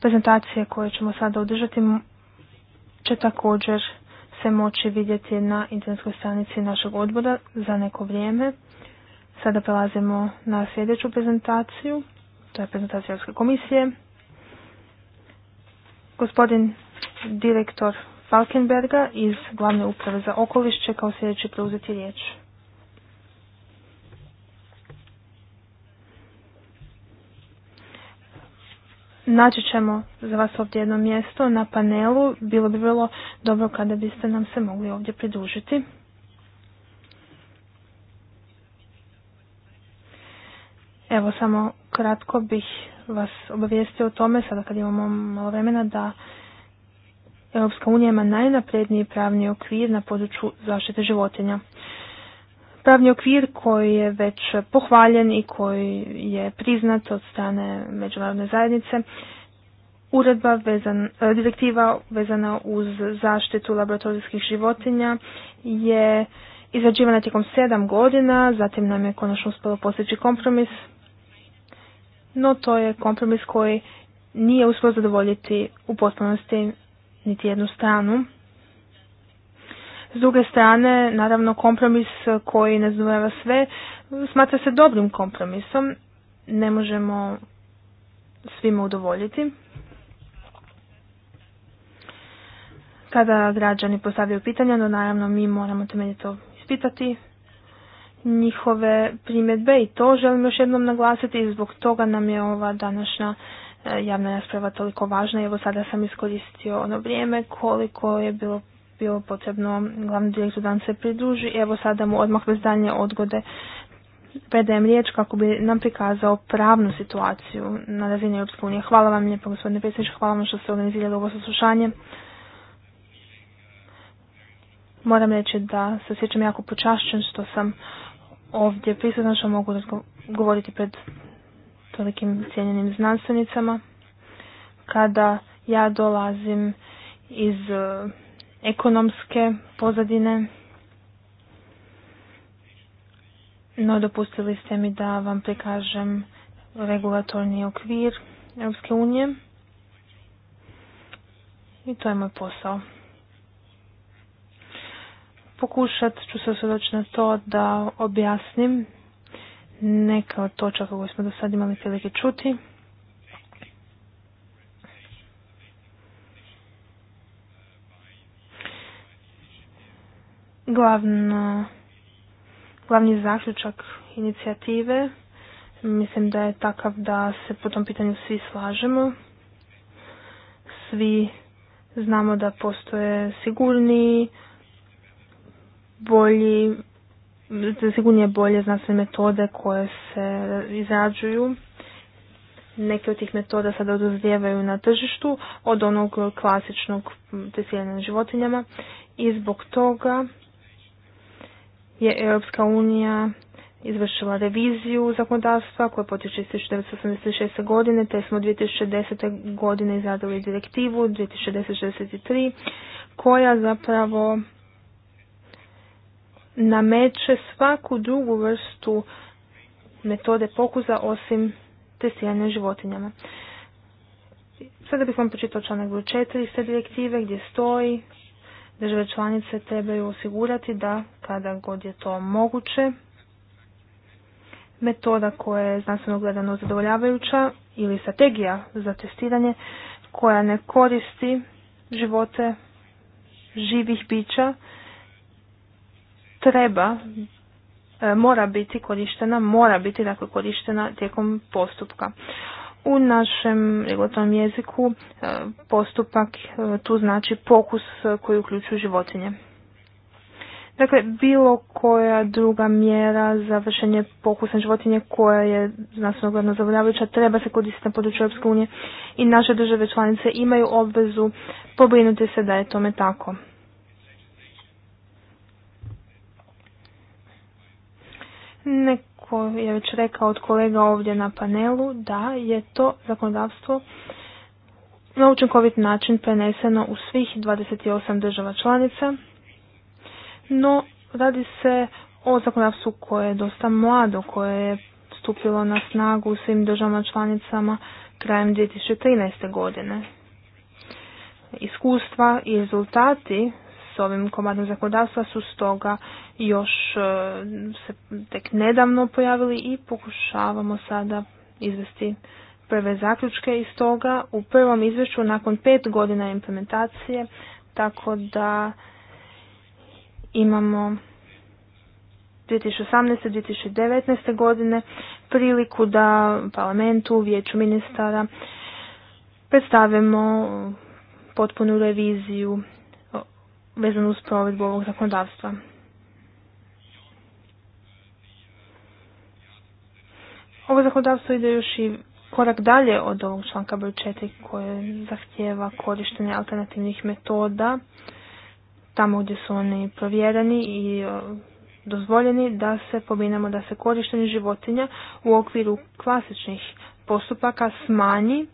Speaker 3: Prezentacije koje ćemo sada održati će također se moći vidjeti na internetskoj stranici našeg odbora za neko vrijeme. Sada prelazimo na sljedeću prezentaciju, to je prezentacija Europske komisije. Gospodin Direktor Falkenberga iz Glavne uprave za okoliš će kao sljedeći preuzeti riječ. Naći ćemo za vas ovdje jedno mjesto na panelu. Bilo bi vrlo dobro kada biste nam se mogli ovdje pridružiti. Evo samo kratko bih vas obavijestio o tome, sada kad imamo malo vremena, da Europska unija ima najnapredniji pravni okvir na području zaštite životinja. Pravni okvir koji je već pohvaljen i koji je priznat od strane međunarodne zajednice, uredba vezan, e, direktiva vezana uz zaštitu laboratorijskih životinja je izrađivana tijekom sedam godina, zatim nam je konačno uspjelo postići kompromis, no to je kompromis koji nije uspio zadovoljiti u potpunosti niti jednu stranu. S druge strane, naravno kompromis koji ne znujeva sve, smatra se dobrim kompromisom. Ne možemo svima udovoljiti. Kada građani postavljaju pitanja, no naravno mi moramo to ispitati njihove primjedbe i to želim još jednom naglasiti i zbog toga nam je ova današnja E, javna rasprava toliko važna. Evo sada sam iskoristio ono vrijeme koliko je bilo bilo potrebno glavni direktor dan se pridruži. Evo sada mu odmah bez daljnje odgode predajem riječ kako bi nam prikazao pravnu situaciju na razini Europske unije. Hvala vam lijepo gospodine predsjedniče, hvala vam što ste organizirali ovo saslušanje. Moram reći da se sjećam jako počašćen što sam ovdje prisutna što mogu govoriti pred tolikim cijenjenim znanstvenicama. Kada ja dolazim iz e, ekonomske pozadine, no dopustili ste mi da vam prikažem regulatorni okvir Europske unije i to je moj posao. Pokušat ću se doći na to da objasnim neka od točaka koje smo do sad imali prilike čuti. Glavno, glavni zaključak inicijative mislim da je takav da se po tom pitanju svi slažemo. Svi znamo da postoje sigurni, bolji sigurnije bolje znanstvene metode koje se izrađuju. Neke od tih metoda sada odozljevaju na tržištu od onog klasičnog testiranja na životinjama i zbog toga je Europska unija izvršila reviziju zakonodavstva koje potiče iz 1986. godine, te smo 2010. godine izradili direktivu 2063, koja zapravo nameće svaku drugu vrstu metode pokuza osim testiranja životinjama. Sada bih vam pročitao članak broj 4 iz te direktive gdje stoji države članice trebaju osigurati da kada god je to moguće metoda koja je znanstveno gledano zadovoljavajuća ili strategija za testiranje koja ne koristi živote živih bića treba, e, mora biti korištena, mora biti dakle korištena tijekom postupka. U našem regulatornom jeziku e, postupak e, tu znači pokus koji uključuje životinje. Dakle, bilo koja druga mjera za vršenje pokusa životinje koja je znanstveno gledano zavoljavajuća, treba se koristiti na području Europske unije i naše države članice imaju obvezu pobrinuti se da je tome tako. Neko je već rekao od kolega ovdje na panelu da je to zakonodavstvo na učinkovit način preneseno u svih 28 država članica, no radi se o zakonodavstvu koje je dosta mlado, koje je stupilo na snagu u svim državama članicama krajem 2013. godine. Iskustva i rezultati s ovim komadom zakonodavstva su stoga još e, se tek nedavno pojavili i pokušavamo sada izvesti prve zaključke iz toga u prvom izvješću nakon pet godina implementacije, tako da imamo 2018. 2019. godine priliku da parlamentu, vijeću ministara predstavimo potpunu reviziju vezanu uz provedbu ovog zakonodavstva. Ovo zakonodavstvo ide još i korak dalje od ovog članka broj 4 koje zahtjeva korištenje alternativnih metoda tamo gdje su oni provjereni i e, dozvoljeni da se pobinamo da se korištenje životinja u okviru klasičnih postupaka smanji.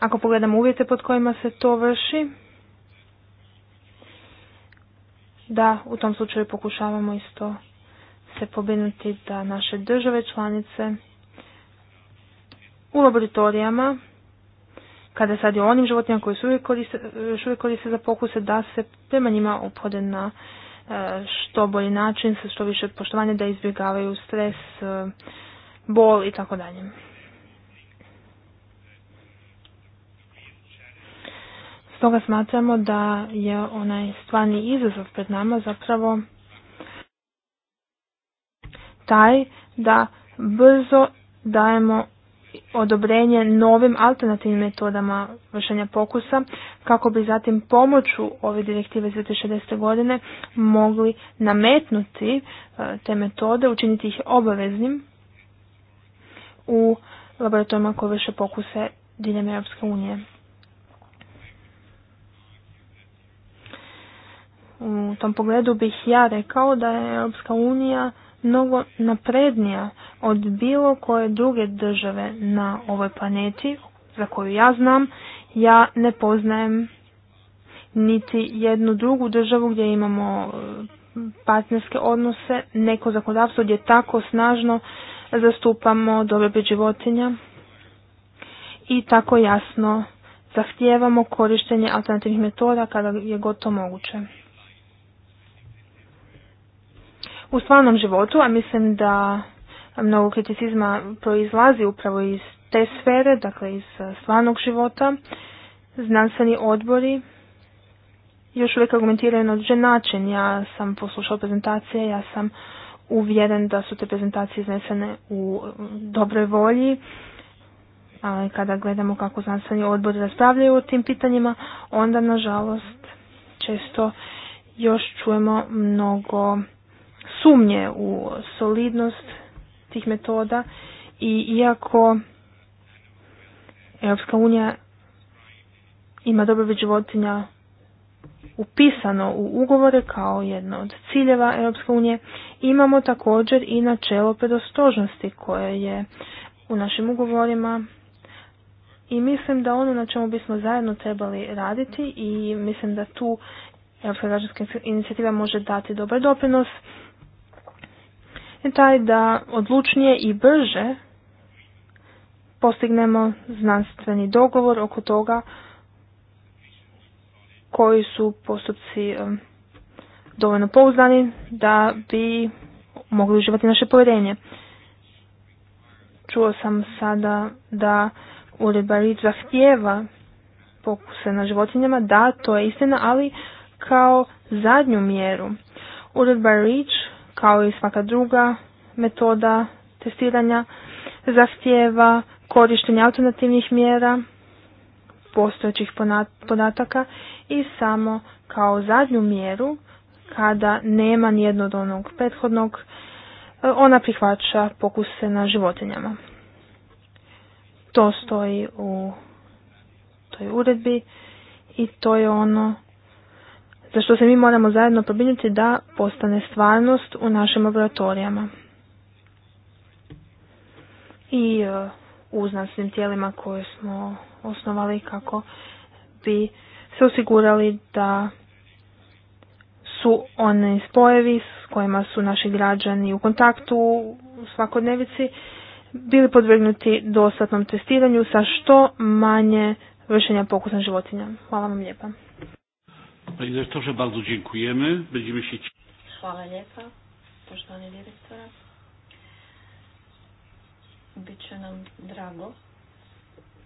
Speaker 3: Ako pogledamo uvjete pod kojima se to vrši, da u tom slučaju pokušavamo isto se pobrinuti da naše države članice u laboratorijama, kada sad je onim životinjama koji su uvijek koriste, još uvijek koriste za pokuse, da se prema njima upode na e, što bolji način, sa što više poštovanja, da izbjegavaju stres, e, bol i tako dalje. Stoga smatramo da je onaj stvarni izazov pred nama zapravo taj da brzo dajemo odobrenje novim alternativnim metodama vršenja pokusa kako bi zatim pomoću ove direktive 2060. godine mogli nametnuti e, te metode, učiniti ih obaveznim u laboratorijama koje vrše pokuse diljem Europske unije. U tom pogledu bih ja rekao da je Europska unija mnogo naprednija od bilo koje druge države na ovoj planeti za koju ja znam. Ja ne poznajem niti jednu drugu državu gdje imamo e, partnerske odnose, neko zakonodavstvo gdje tako snažno zastupamo dobrobit životinja i tako jasno zahtijevamo korištenje alternativnih metoda kada je gotovo moguće. u stvarnom životu, a mislim da mnogo kriticizma proizlazi upravo iz te sfere, dakle iz eh, stvarnog života, znanstveni odbori još uvijek argumentiraju na određen način. Ja sam poslušao prezentacije, ja sam uvjeren da su te prezentacije iznesene u eh, dobroj volji, ali kada gledamo kako znanstveni odbori raspravljaju o tim pitanjima, onda nažalost često još čujemo mnogo sumnje u solidnost tih metoda i iako Europska unija ima dobrobit životinja upisano u ugovore kao jedno od ciljeva Europske unije, imamo također i načelo predostožnosti koje je u našim ugovorima i mislim da ono na čemu bismo zajedno trebali raditi i mislim da tu Europska inicijativa može dati dobar doprinos je taj da odlučnije i brže postignemo znanstveni dogovor oko toga koji su postupci e, dovoljno pouzdani da bi mogli uživati naše povjerenje. Čuo sam sada da uredba RID zahtijeva pokuse na životinjama, da, to je istina, ali kao zadnju mjeru. Uredba REACH kao i svaka druga metoda testiranja zahtjeva korištenje alternativnih mjera postojećih podataka i samo kao zadnju mjeru kada nema nijedno od onog prethodnog e, ona prihvaća pokuse na životinjama. To stoji u toj uredbi i to je ono za što se mi moramo zajedno pobrinuti da postane stvarnost u našim laboratorijama. I e, u znanstvenim tijelima koje smo osnovali kako bi se osigurali da su one spojevi s kojima su naši građani u kontaktu u svakodnevici bili podvrgnuti dostatnom testiranju sa što manje vršenja pokusa životinja. Hvala vam lijepa.
Speaker 1: Panie dyrektorze, bardzo dziękujemy. Będziemy się...
Speaker 4: Hvala lijepa, poštovani direktora. Biće nam drago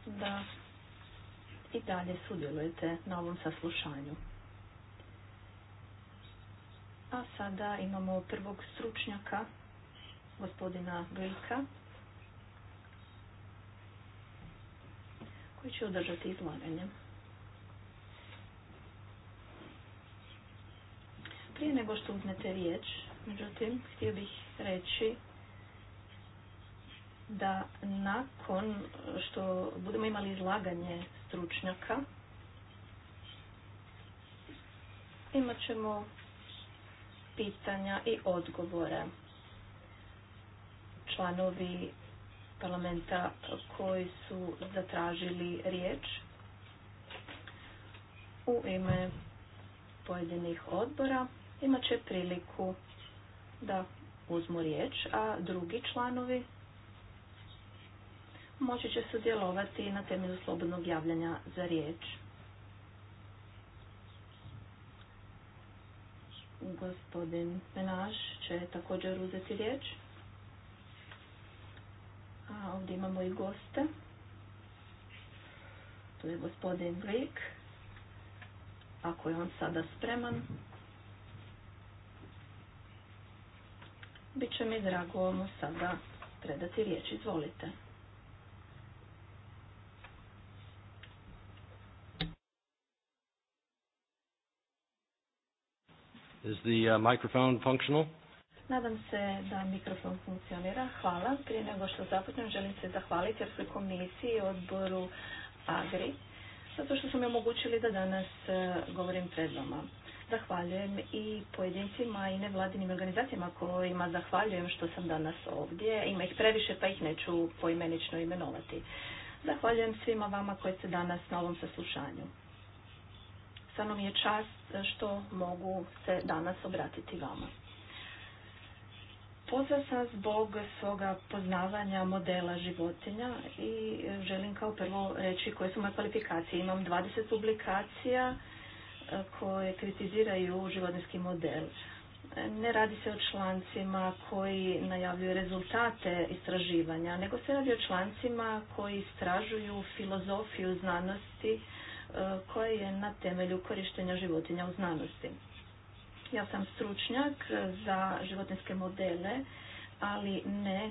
Speaker 4: da i dalje sudjelujete na ovom saslušanju. A sada imamo prvog stručnjaka, gospodina Bilka, koji će održati izlaganje. Prije nego što uzmete riječ, međutim, htio bih reći da nakon što budemo imali izlaganje stručnjaka, imat ćemo pitanja i odgovore. Članovi parlamenta koji su zatražili riječ u ime pojedinih odbora imat će priliku da uzmu riječ, a drugi članovi moći će sudjelovati na temelju slobodnog javljanja za riječ. Gospodin Menaž će također uzeti riječ. A ovdje imamo i goste. To je gospodin Glik. Ako je on sada spreman, će mi drago sada predati riječ. Izvolite.
Speaker 1: Is the uh, microphone functional?
Speaker 4: Nadam se da mikrofon funkcionira. Hvala. Prije nego što zaputnem želim se zahvaliti Europskoj komisiji i odboru AGRI zato što su mi omogućili da danas eh, govorim pred vama. Zahvaljujem i pojedincima i nevladinim organizacijama kojima zahvaljujem što sam danas ovdje. Ima ih previše pa ih neću poimenično imenovati. Zahvaljujem svima vama koji ste danas na ovom saslušanju. Stvarno mi je čast što mogu se danas obratiti vama. Pozva sam zbog svoga poznavanja modela životinja i želim kao prvo reći koje su moje kvalifikacije. Imam 20 publikacija koje kritiziraju životinski model. Ne radi se o člancima koji najavljuju rezultate istraživanja, nego se radi o člancima koji istražuju filozofiju znanosti e, koja je na temelju korištenja životinja u znanosti. Ja sam stručnjak za životinske modele, ali ne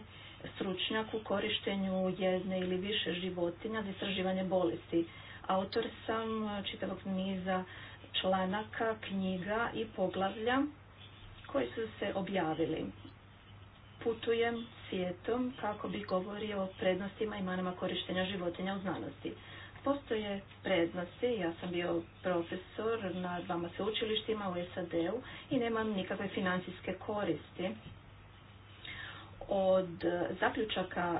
Speaker 4: stručnjak u korištenju jedne ili više životinja za istraživanje bolesti. Autor sam čitavog niza članaka, knjiga i poglavlja koji su se objavili. Putujem svijetom kako bi govorio o prednostima i manama korištenja životinja u znanosti. Postoje prednosti, ja sam bio profesor na dvama sveučilištima u SAD-u i nemam nikakve financijske koristi od zaključaka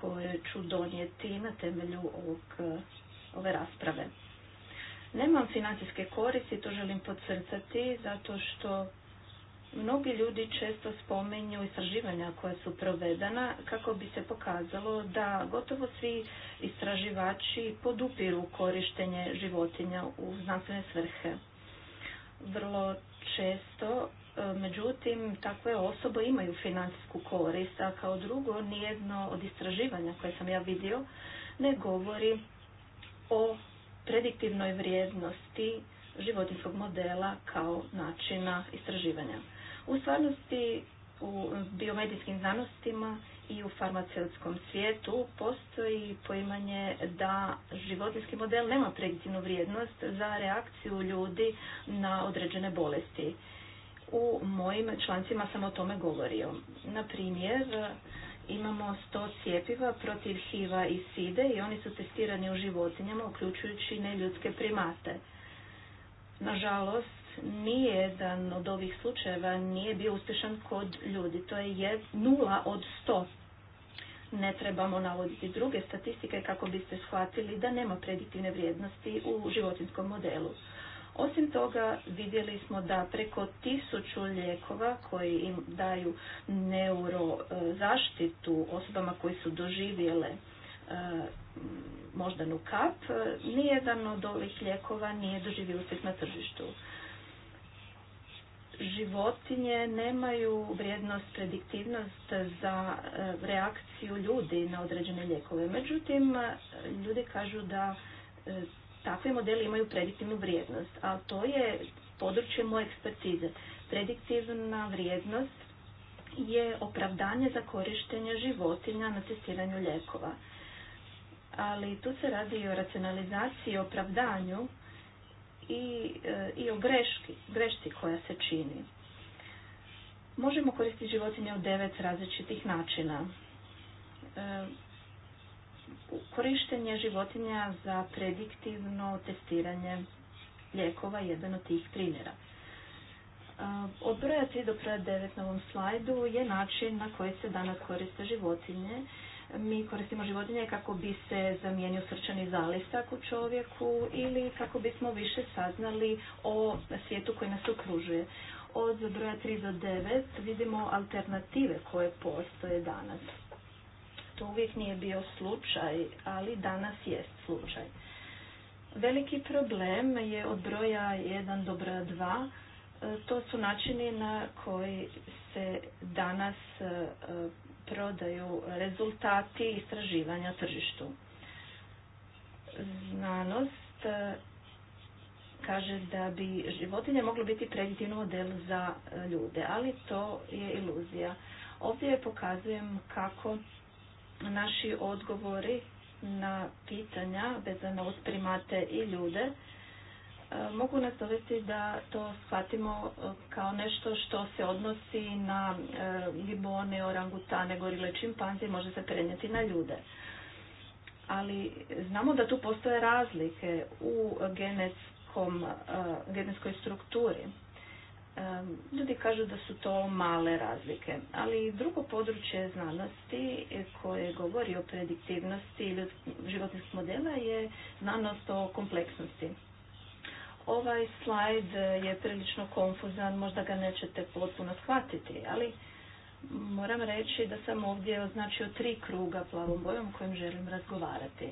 Speaker 4: koje ću donijeti na temelju ovog, ove rasprave. Nemam financijske koristi, to želim podcrcati, zato što mnogi ljudi često spomenju istraživanja koja su provedena kako bi se pokazalo da gotovo svi istraživači podupiru korištenje životinja u znanstvene svrhe. Vrlo često e, Međutim, takve osobe imaju financijsku korist, a kao drugo nijedno od istraživanja koje sam ja vidio ne govori o prediktivnoj vrijednosti životinskog modela kao načina istraživanja. U stvarnosti u biomedijskim znanostima i u farmaceutskom svijetu postoji poimanje da životinski model nema prediktivnu vrijednost za reakciju ljudi na određene bolesti. U mojim člancima sam o tome govorio. Na primjer, Imamo 100 cijepiva protiv HIV-a i SIDE i oni su testirani u životinjama, uključujući neljudske primate. Nažalost, nijedan od ovih slučajeva nije bio uspješan kod ljudi. To je 0 nula od sto. Ne trebamo navoditi druge statistike kako biste shvatili da nema prediktivne vrijednosti u životinskom modelu. Osim toga vidjeli smo da preko tisuću lijekova koji im daju neurozaštitu osobama koji su doživjele e, moždanu kap, e, nijedan od ovih lijekova nije doživio uspjeh na tržištu. Životinje nemaju vrijednost, prediktivnost za e, reakciju ljudi na određene lijekove. Međutim, ljudi kažu da takvi modeli imaju prediktivnu vrijednost, a to je područje moje ekspertize. Prediktivna vrijednost je opravdanje za korištenje životinja na testiranju lijekova. Ali tu se radi i o racionalizaciji, opravdanju i, e, i o greški, grešci koja se čini. Možemo koristiti životinje u devet različitih načina. E, korištenje životinja za prediktivno testiranje lijekova jedan od tih primjera. Od broja 3 do broja 9 na ovom slajdu je način na koji se danas koriste životinje. Mi koristimo životinje kako bi se zamijenio srčani zalistak u čovjeku ili kako bismo više saznali o svijetu koji nas okružuje. Od broja 3 do 9 vidimo alternative koje postoje danas uvijek nije bio slučaj, ali danas jest slučaj. Veliki problem je od broja 1 do broja 2. E, to su načini na koji se danas e, prodaju rezultati istraživanja tržištu. Znanost e, kaže da bi životinje moglo biti preditivno model za ljude, ali to je iluzija. Ovdje pokazujem kako naši odgovori na pitanja vezana uz primate i ljude e, mogu nas dovesti da to shvatimo e, kao nešto što se odnosi na gibone, e, orangutane, gorile čimpanze i može se prenijeti na ljude. Ali znamo da tu postoje razlike u genetskoj strukturi. Ljudi kažu da su to male razlike, ali drugo područje znanosti koje govori o prediktivnosti životnih modela je znanost o kompleksnosti. Ovaj slajd je prilično konfuzan, možda ga nećete potpuno shvatiti, ali moram reći da sam ovdje označio tri kruga plavom bojom kojim želim razgovarati.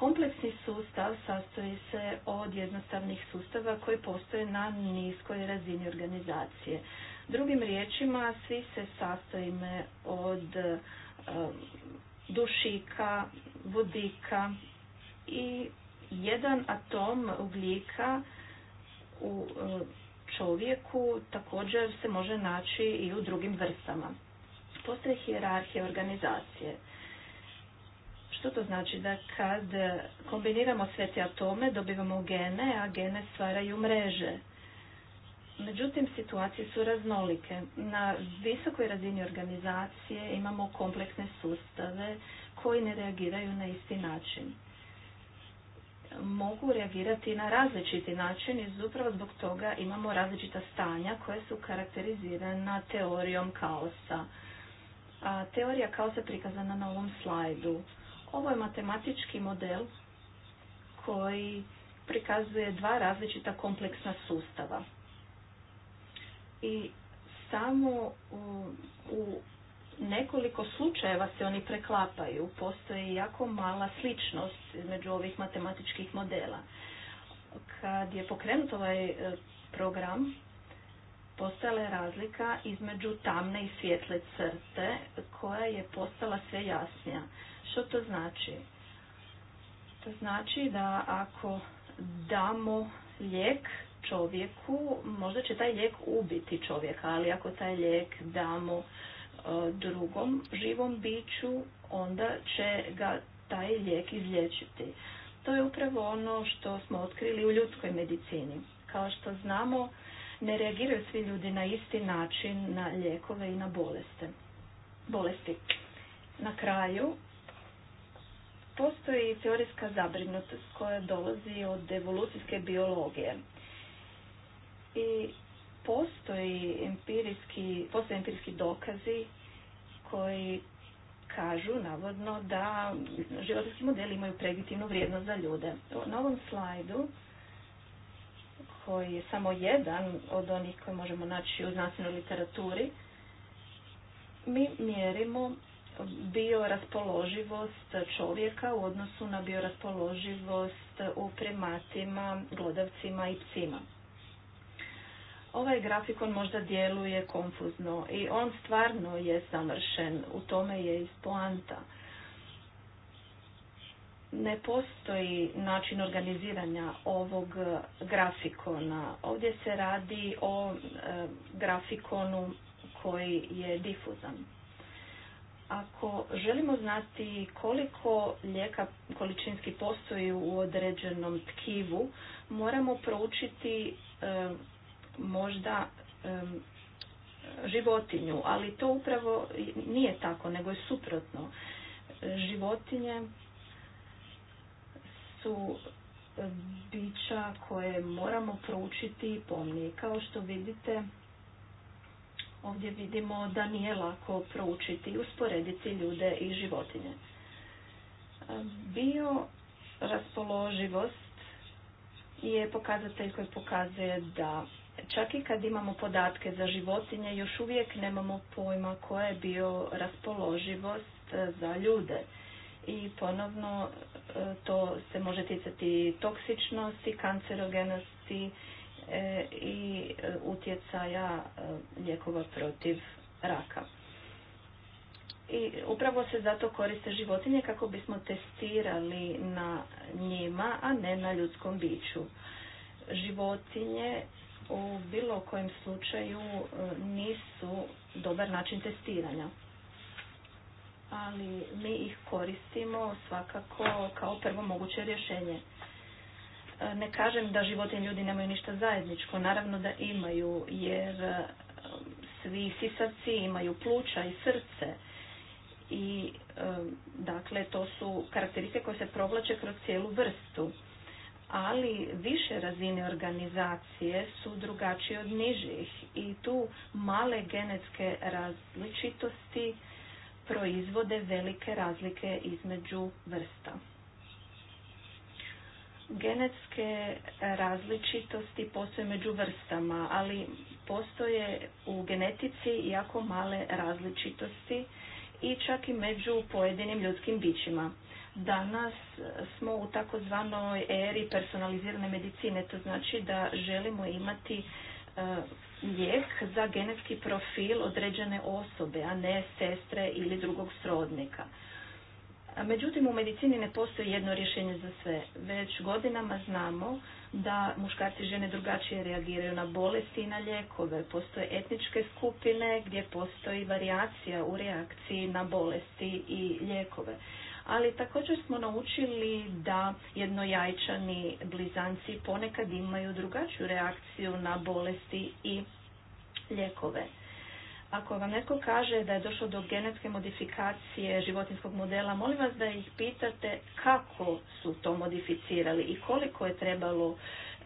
Speaker 4: Kompleksni sustav sastoji se od jednostavnih sustava koji postoje na niskoj razini organizacije. Drugim riječima, svi se sastojime od um, dušika, vodika i jedan atom ugljika u um, čovjeku također se može naći i u drugim vrstama. Postoje hijerarhija organizacije. Što to znači? Da kad kombiniramo sve te atome, dobivamo gene, a gene stvaraju mreže. Međutim, situacije su raznolike. Na visokoj razini organizacije imamo kompleksne sustave koji ne reagiraju na isti način. Mogu reagirati na različiti način i upravo zbog toga imamo različita stanja koje su karakterizirana teorijom kaosa. A teorija kaosa prikazana na ovom slajdu. Ovo je matematički model koji prikazuje dva različita kompleksna sustava. I samo u nekoliko slučajeva se oni preklapaju. Postoji jako mala sličnost između ovih matematičkih modela. Kad je pokrenut ovaj e, program, postala je razlika između tamne i svjetle crte koja je postala sve jasnija. Što to znači? To znači da ako damo lijek čovjeku, možda će taj lijek ubiti čovjeka, ali ako taj lijek damo e, drugom živom biću, onda će ga taj lijek izlječiti. To je upravo ono što smo otkrili u ljudskoj medicini. Kao što znamo, ne reagiraju svi ljudi na isti način na lijekove i na bolesti. Na kraju, postoji teorijska zabrinutost koja dolazi od evolucijske biologije. I postoji empirijski, postoje empirijski dokazi koji kažu, navodno, da životinski modeli imaju pregitivnu vrijednost za ljude. Na ovom slajdu, koji je samo jedan od onih koje možemo naći u znanstvenoj literaturi, mi mjerimo bioraspoloživost čovjeka u odnosu na bioraspoloživost u primatima, glodavcima i psima. Ovaj grafikon možda djeluje konfuzno i on stvarno je zamršen, u tome je iz poanta. Ne postoji način organiziranja ovog grafikona. Ovdje se radi o e, grafikonu koji je difuzan. Ako želimo znati koliko lijeka količinski postoji u određenom tkivu, moramo proučiti možda životinju, ali to upravo nije tako, nego je suprotno. Životinje su bića koje moramo proučiti pomnije. Kao što vidite, Ovdje vidimo da nije lako proučiti i usporediti ljude i životinje. Bio raspoloživost je pokazatelj koji pokazuje da čak i kad imamo podatke za životinje, još uvijek nemamo pojma koja je bio raspoloživost e, za ljude. I ponovno e, to se može ticati toksičnosti, kancerogenosti, E, i e, utjecaja e, lijekova protiv raka. I upravo se zato koriste životinje kako bismo testirali na njima, a ne na ljudskom biću. Životinje u bilo kojem slučaju nisu dobar način testiranja. Ali mi ih koristimo svakako kao prvo moguće rješenje ne kažem da životinje ljudi nemaju ništa zajedničko. Naravno da imaju, jer e, svi sisavci imaju pluća i srce. I e, dakle, to su karakteristike koje se provlače kroz cijelu vrstu. Ali više razine organizacije su drugačije od nižih i tu male genetske različitosti proizvode velike razlike između vrsta. Genetske različitosti postoje među vrstama, ali postoje u genetici jako male različitosti i čak i među pojedinim ljudskim bićima. Danas smo u takozvanoj eri personalizirane medicine, to znači da želimo imati e, lijek za genetski profil određene osobe, a ne sestre ili drugog srodnika. Međutim, u medicini ne postoji jedno rješenje za sve. Već godinama znamo da muškarci i žene drugačije reagiraju na bolesti i na ljekove. Postoje etničke skupine gdje postoji variacija u reakciji na bolesti i ljekove. Ali također smo naučili da jednojajčani blizanci ponekad imaju drugačiju reakciju na bolesti i ljekove. Ako vam netko kaže da je došlo do genetske modifikacije životinskog modela, molim vas da ih pitate kako su to modificirali i koliko je trebalo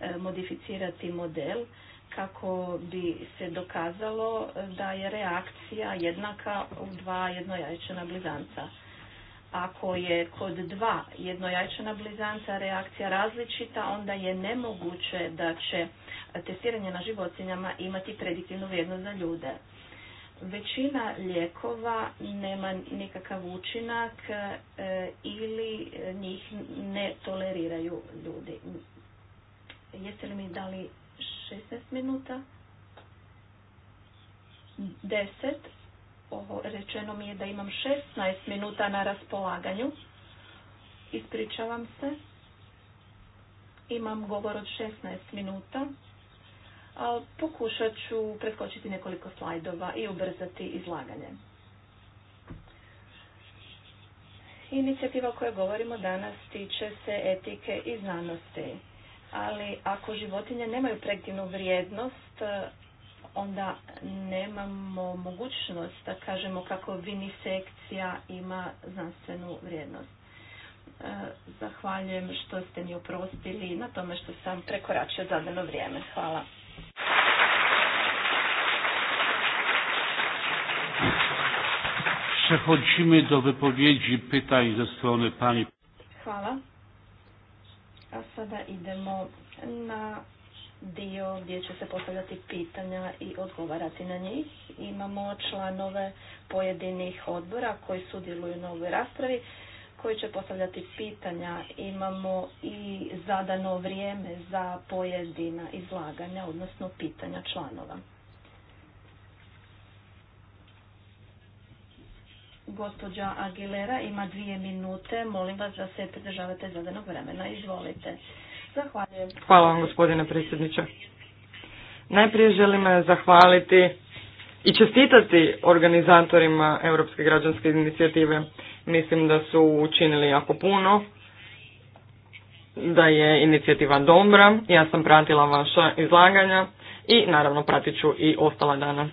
Speaker 4: e, modificirati model kako bi se dokazalo e, da je reakcija jednaka u dva jednojajčana blizanca. Ako je kod dva jednojajčana blizanca reakcija različita, onda je nemoguće da će testiranje na životinjama imati prediktivnu vrijednost za ljude. Većina lijekova nema nikakav učinak e, ili njih ne toleriraju ljudi. Jeste li mi dali 16 minuta? 10. rečeno mi je da imam 16 minuta na raspolaganju. Ispričavam se. Imam govor od 16 minuta ali pokušat ću preskočiti nekoliko slajdova i ubrzati izlaganje. Inicijativa o kojoj govorimo danas tiče se etike i znanosti, ali ako životinje nemaju prektivnu vrijednost, onda nemamo mogućnost da kažemo kako vinisekcija ima znanstvenu vrijednost. E, zahvaljujem što ste mi oprostili na tome što sam prekoračio zadano vrijeme. Hvala.
Speaker 1: Przechodzimy do wypowiedzi pytań ze strony pani.
Speaker 4: Hvala. A sada idemo na dio gdje će se postavljati pitanja i odgovarati na njih. Imamo članove pojedinih odbora koji sudjeluju na ovoj raspravi koji će postavljati pitanja. Imamo i zadano vrijeme za pojedina izlaganja, odnosno pitanja članova. Gospođa Aguilera ima dvije minute. Molim vas da se pridržavate zadanog vremena. Izvolite. Zahvaljujem.
Speaker 2: Hvala vam gospodine predsjedniče. Najprije želim eh, zahvaliti i čestitati organizatorima Europske građanske inicijative. Mislim da su učinili jako puno, da je inicijativa dobra, ja sam pratila vaša izlaganja i naravno pratit ću i ostala danas.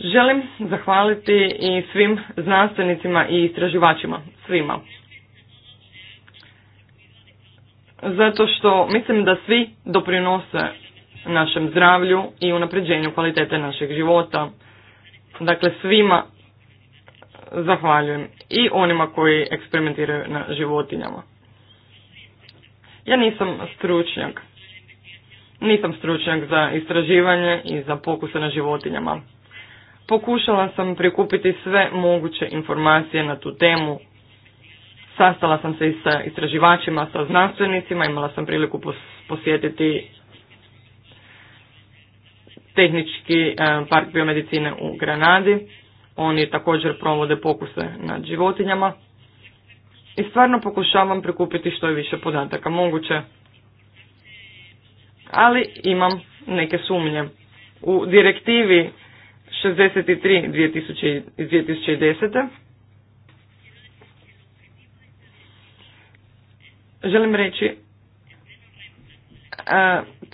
Speaker 2: Želim zahvaliti i svim znanstvenicima i istraživačima, svima. Zato što mislim da svi doprinose našem zdravlju i unapređenju kvalitete našeg života. Dakle, svima zahvaljujem i onima koji eksperimentiraju na životinjama. Ja nisam stručnjak. Nisam stručnjak za istraživanje i za pokuse na životinjama. Pokušala sam prikupiti sve moguće informacije na tu temu. Sastala sam se i sa istraživačima, sa znanstvenicima, imala sam priliku posjetiti tehnički e, park biomedicine u Granadi. Oni također provode pokuse nad životinjama. I stvarno pokušavam prikupiti što je više podataka moguće. Ali imam neke sumnje. U direktivi 63 2010. Želim reći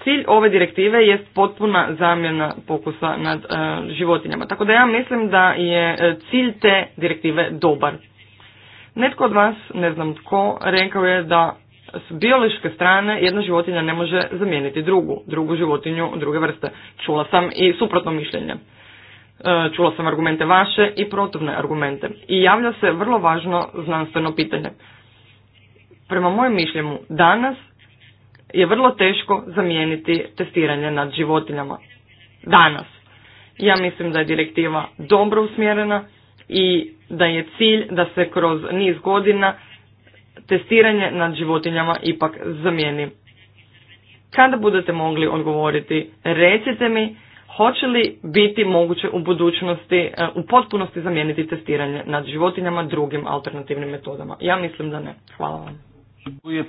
Speaker 2: Cilj ove direktive je potpuna zamjena pokusa nad e, životinjama. Tako da ja mislim da je e, cilj te direktive dobar. Netko od vas, ne znam tko, rekao je da s biološke strane jedna životinja ne može zamijeniti drugu, drugu životinju druge vrste. Čula sam i suprotno mišljenje. E, čula sam argumente vaše i protivne argumente. I javlja se vrlo važno znanstveno pitanje. Prema mojem mišljenju, danas je vrlo teško zamijeniti testiranje nad životinjama danas. Ja mislim da je direktiva dobro usmjerena i da je cilj da se kroz niz godina testiranje nad životinjama ipak zamijeni. Kada budete mogli odgovoriti, recite mi hoće li biti moguće u budućnosti e, u potpunosti zamijeniti testiranje nad životinjama drugim alternativnim metodama. Ja mislim da ne. Hvala vam.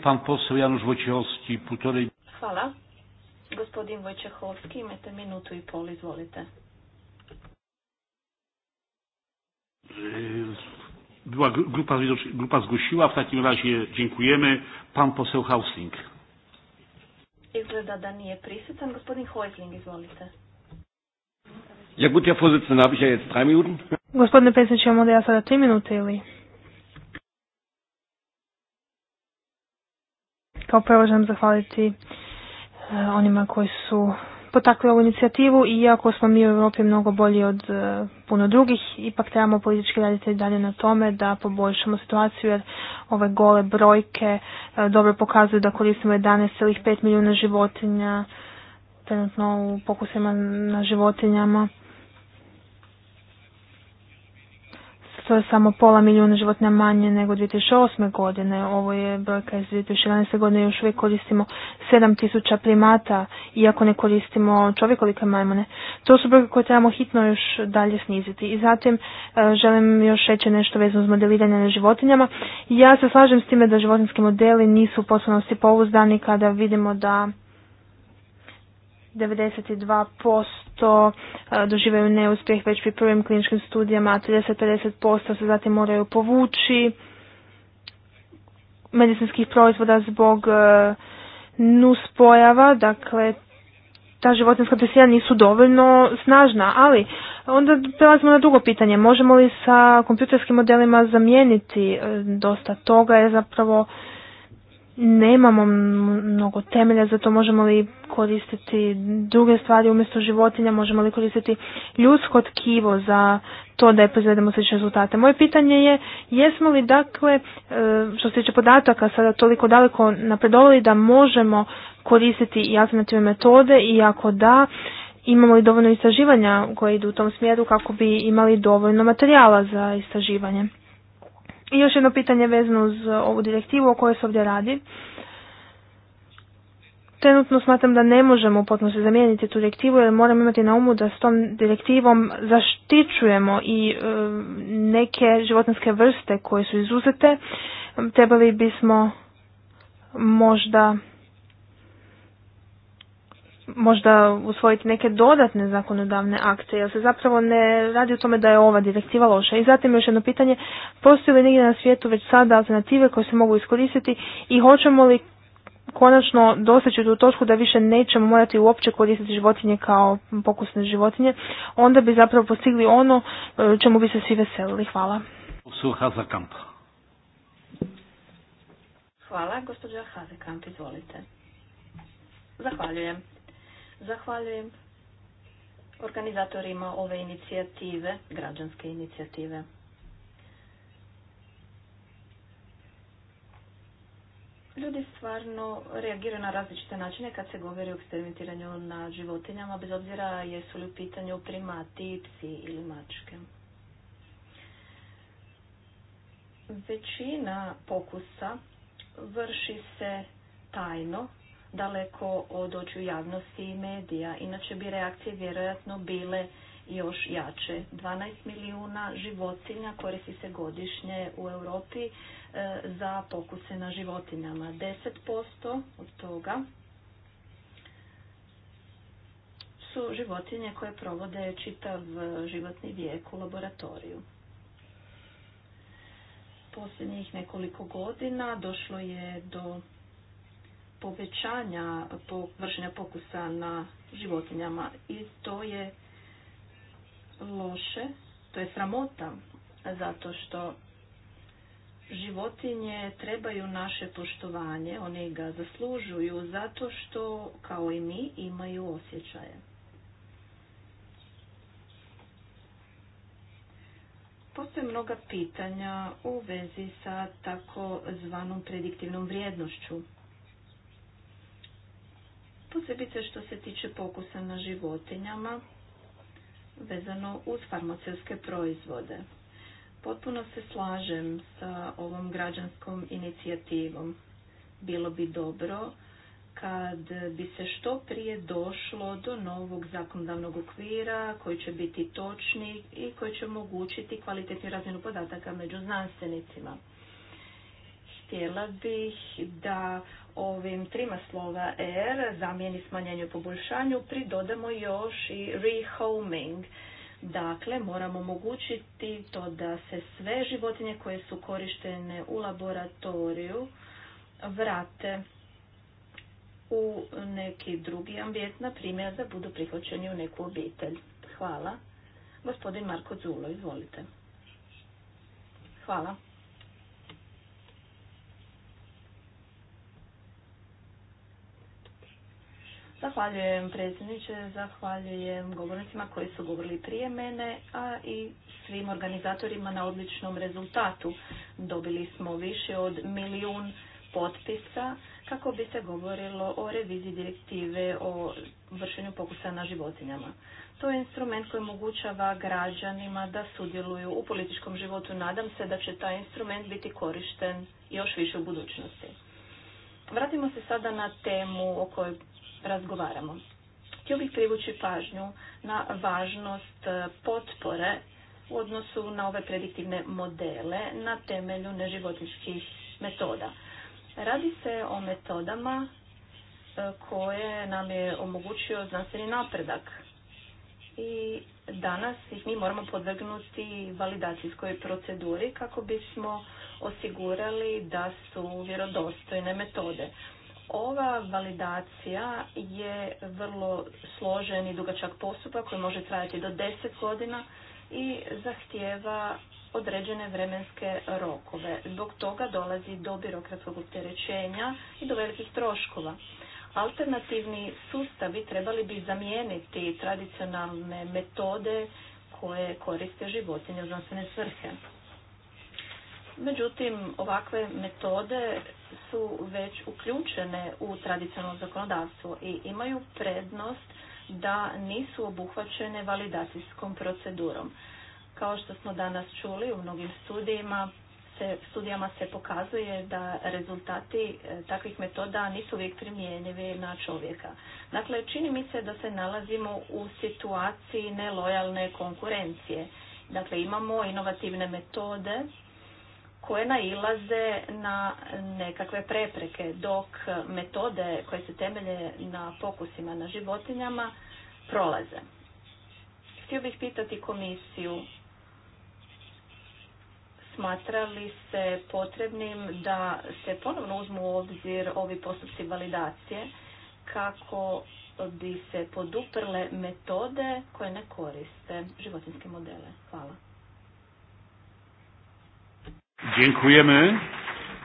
Speaker 2: Pan
Speaker 1: poseł Janusz Wojciechowski, półtorej...
Speaker 4: Hvala. Gospodin Wojciechowski, imate minutu i pol, izvolite.
Speaker 1: Była grupa, grupa zgłosiła, w takim razie dziękujemy. Pan poseł Hausling.
Speaker 4: Izgleda da nije prisutan. Gospodin Hojsling, izvolite.
Speaker 1: Ja gut, ja Vorsitzender, habe ich ja jetzt drei Minuten.
Speaker 3: Gospodine predsjedniče, imamo da ja sada tri minute ili? Kao prvo želim zahvaliti e, onima koji su potakli ovu inicijativu i iako smo mi u Europi mnogo bolji od e, puno drugih, ipak trebamo politički raditi dalje na tome da poboljšamo situaciju jer ove gole brojke e, dobro pokazuju da koristimo 11,5 milijuna životinja trenutno u pokusima na životinjama to je samo pola milijuna životinja manje nego 2008. godine. Ovo je brojka iz 2011. godine. Još uvijek koristimo 7000 primata, iako ne koristimo čovjekolike majmune. To su brojke koje trebamo hitno još dalje sniziti. I zatim e, želim još reći nešto vezano s modeliranje na životinjama. Ja se slažem s time da životinski modeli nisu u poslovnosti pouzdani kada vidimo da 92% doživaju neuspjeh već pri prvim kliničkim studijama, a 30-50% se zatim moraju povući medicinskih proizvoda zbog e, nuspojava, dakle ta životinska presija nisu dovoljno snažna, ali onda prelazimo na drugo pitanje. Možemo li sa kompjuterskim modelima zamijeniti e, dosta toga je zapravo nemamo mnogo temelja, zato možemo li koristiti druge stvari umjesto životinja, možemo li koristiti ljudsko tkivo za to da je proizvedemo slične rezultate. Moje pitanje je, jesmo li dakle, e, što se tiče podataka, sada toliko daleko napredovali da možemo koristiti i alternativne metode i ako da, imamo li dovoljno istraživanja koje idu u tom smjeru kako bi imali dovoljno materijala za istraživanje. I još jedno pitanje vezano uz e, ovu direktivu o kojoj se ovdje radi. Trenutno smatram da ne možemo potpuno se zamijeniti tu direktivu jer moramo imati na umu da s tom direktivom zaštićujemo i e, neke životinske vrste koje su izuzete. Trebali bismo možda možda usvojiti neke dodatne zakonodavne akte, jer se zapravo ne radi o tome da je ova direktiva loša. I zatim još jedno pitanje, postoji li negdje na svijetu već sada alternative koje se mogu iskoristiti i hoćemo li konačno doseći tu točku da više nećemo morati uopće koristiti životinje kao pokusne životinje, onda bi zapravo postigli ono e, čemu bi se svi veselili. Hvala.
Speaker 4: Hvala, gospođa Hazekamp, izvolite. Zahvaljujem. Zahvaljujem organizatorima ove inicijative, građanske inicijative. Ljudi stvarno reagiraju na različite načine kad se govori o eksperimentiranju na životinjama, bez obzira jesu li u pitanju primati, psi ili mačke. Većina pokusa vrši se tajno daleko od očiju javnosti i medija. Inače bi reakcije vjerojatno bile još jače. 12 milijuna životinja koristi se godišnje u Europi e, za pokuse na životinjama. 10% od toga su životinje koje provode čitav životni vijek u laboratoriju. Posljednjih nekoliko godina došlo je do povećanja po vršenja pokusa na životinjama i to je loše, to je sramota zato što životinje trebaju naše poštovanje, one ga zaslužuju zato što kao i mi imaju osjećaje. Postoje mnoga pitanja u vezi sa tako zvanom prediktivnom vrijednošću posebice što se tiče pokusa na životinjama vezano uz farmaceutske proizvode. Potpuno se slažem sa ovom građanskom inicijativom. Bilo bi dobro kad bi se što prije došlo do novog zakonodavnog okvira koji će biti točni i koji će omogućiti kvalitetnu razinu podataka među znanstvenicima. Htjela bih da ovim trima slova R, zamijeni smanjenju i poboljšanju, pridodamo još i rehoming. Dakle, moramo omogućiti to da se sve životinje koje su korištene u laboratoriju vrate u neki drugi ambijent, na primjer da budu prihvaćeni u neku obitelj. Hvala. Gospodin Marko Zulo, izvolite. Hvala. Zahvaljujem predsjedniče, zahvaljujem govornicima koji su govorili prije mene, a i svim organizatorima na odličnom rezultatu. Dobili smo više od milijun potpisa kako bi se govorilo o reviziji direktive o vršenju pokusa na životinjama. To je instrument koji omogućava građanima da sudjeluju u političkom životu. Nadam se da će taj instrument biti korišten još više u budućnosti. Vratimo se sada na temu o kojoj razgovaramo. Htio bih privući pažnju na važnost e, potpore u odnosu na ove prediktivne modele na temelju neživotničkih metoda. Radi se o metodama e, koje nam je omogućio znanstveni napredak i danas ih mi moramo podvrgnuti validacijskoj proceduri kako bismo osigurali da su vjerodostojne metode. Ova validacija je vrlo složen i dugačak postupak koji može trajati do 10 godina i zahtijeva određene vremenske rokove. Zbog toga dolazi do birokratskog opterećenja i do velikih troškova. Alternativni sustavi trebali bi zamijeniti tradicionalne metode koje koriste životinje u znanstvene svrhe. Međutim, ovakve metode su već uključene u tradicionalno zakonodavstvo i imaju prednost da nisu obuhvaćene validacijskom procedurom. Kao što smo danas čuli u mnogim studijima, studijama se pokazuje da rezultati e, takvih metoda nisu uvijek primjenjivi na čovjeka. Dakle, čini mi se da se nalazimo u situaciji nelojalne konkurencije. Dakle, imamo inovativne metode koje nailaze na nekakve prepreke, dok metode koje se temelje na pokusima na životinjama prolaze. Htio bih pitati komisiju smatra li se potrebnim da se ponovno uzmu u obzir ovi postupci validacije kako bi se poduprle metode koje ne koriste životinske modele. Hvala.
Speaker 1: Dziękujemy.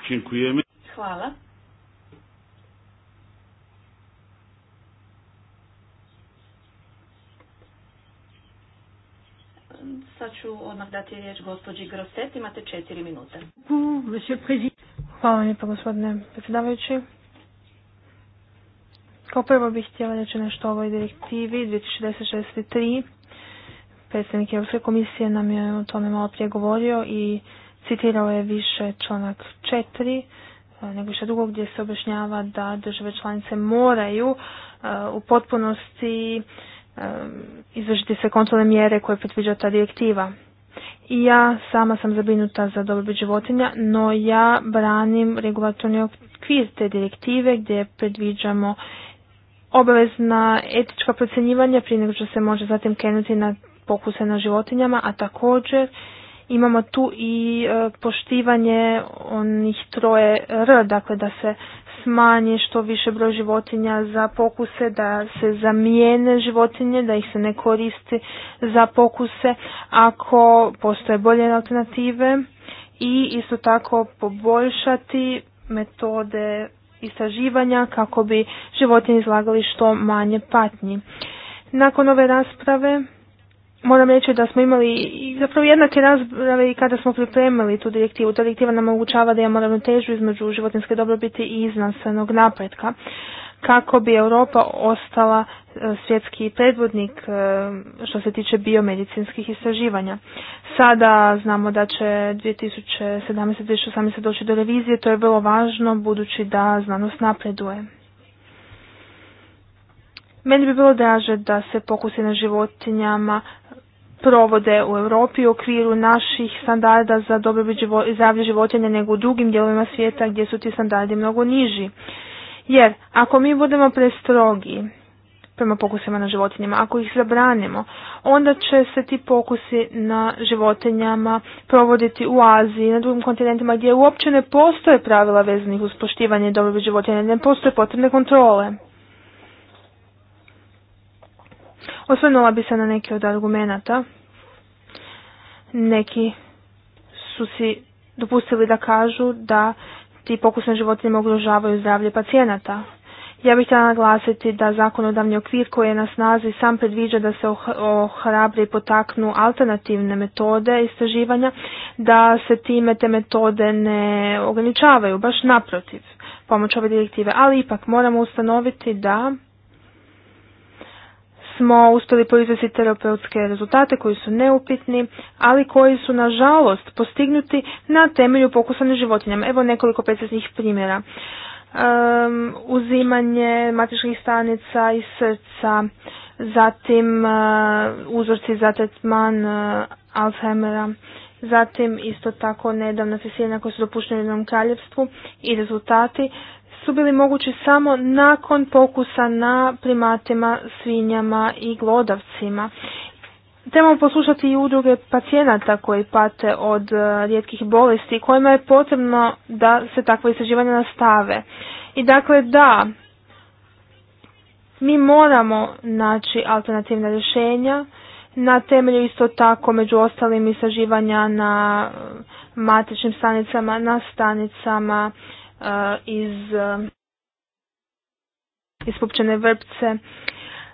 Speaker 1: Dziękujemy.
Speaker 4: Hvala. Sad ću odmah dati riječ gospođi imate četiri minute.
Speaker 3: Hvala lijepo gospodine predsjedavajući. Kao prvo bih htjela reći nešto o ovoj direktivi 2063. Predsjednik Europske komisije nam je o tome malo prije govorio i citirao je više članak 4 e, nego što drugo gdje se objašnjava da države članice moraju e, u potpunosti e, izvršiti sve kontrole mjere koje predviđa ta direktiva. I ja sama sam zabrinuta za dobrobit životinja, no ja branim regulatorni okvir te direktive gdje predviđamo obavezna etička procjenjivanja prije nego što se može zatim krenuti na pokuse na životinjama, a također imamo tu i e, poštivanje onih troje R, dakle da se smanji što više broj životinja za pokuse, da se zamijene životinje, da ih se ne koristi za pokuse ako postoje bolje alternative i isto tako poboljšati metode istraživanja kako bi životinje izlagali što manje patnji. Nakon ove rasprave moram reći da smo imali zapravo jednake razprave i kada smo pripremili tu direktivu. Ta direktiva nam omogućava da imamo ravnotežu između životinske dobrobiti i iznanstvenog napretka kako bi Europa ostala e, svjetski predvodnik e, što se tiče biomedicinskih istraživanja. Sada znamo da će 2017-2018 doći do revizije, to je vrlo važno budući da znanost napreduje. Meni bi bilo draže da se pokusi na životinjama provode u Europi u okviru naših standarda za dobrobit i zdravlje životinja nego u drugim dijelovima svijeta gdje su ti standardi mnogo niži. Jer ako mi budemo prestrogi prema pokusima na životinjama, ako ih zabranimo, onda će se ti pokusi na životinjama provoditi u Aziji, na drugim kontinentima gdje uopće ne postoje pravila vezanih uz poštivanje dobrobit životinja, ne postoje potrebne kontrole. Osvrnula bi se na neke od argumenata. Neki su si dopustili da kažu da ti pokusne životinje ugrožavaju zdravlje pacijenata. Ja bih htjela naglasiti da zakonodavni okvir koji je na snazi sam predviđa da se oh- ohrabri potaknu alternativne metode istraživanja, da se time te metode ne ograničavaju, baš naprotiv pomoć ove direktive, ali ipak moramo ustanoviti da smo uspjeli proizvesti terapeutske rezultate koji su neupitni, ali koji su nažalost postignuti na temelju pokusane životinjama. Evo nekoliko preciznih primjera. Um, uzimanje matičnih stanica i srca, zatim eh, uzorci za tretman eh, Alzheimera, zatim isto tako nedavna fisilina koja su dopuštena u jednom kraljevstvu i rezultati su bili mogući samo nakon pokusa na primatima, svinjama i glodavcima. Trebamo poslušati i udruge pacijenata koji pate od e, rijetkih bolesti kojima je potrebno da se takva istraživanja nastave. I dakle da, mi moramo naći alternativna rješenja na temelju isto tako među ostalim istraživanja na e, matičnim stanicama, na stanicama iz ispupčene vrpce.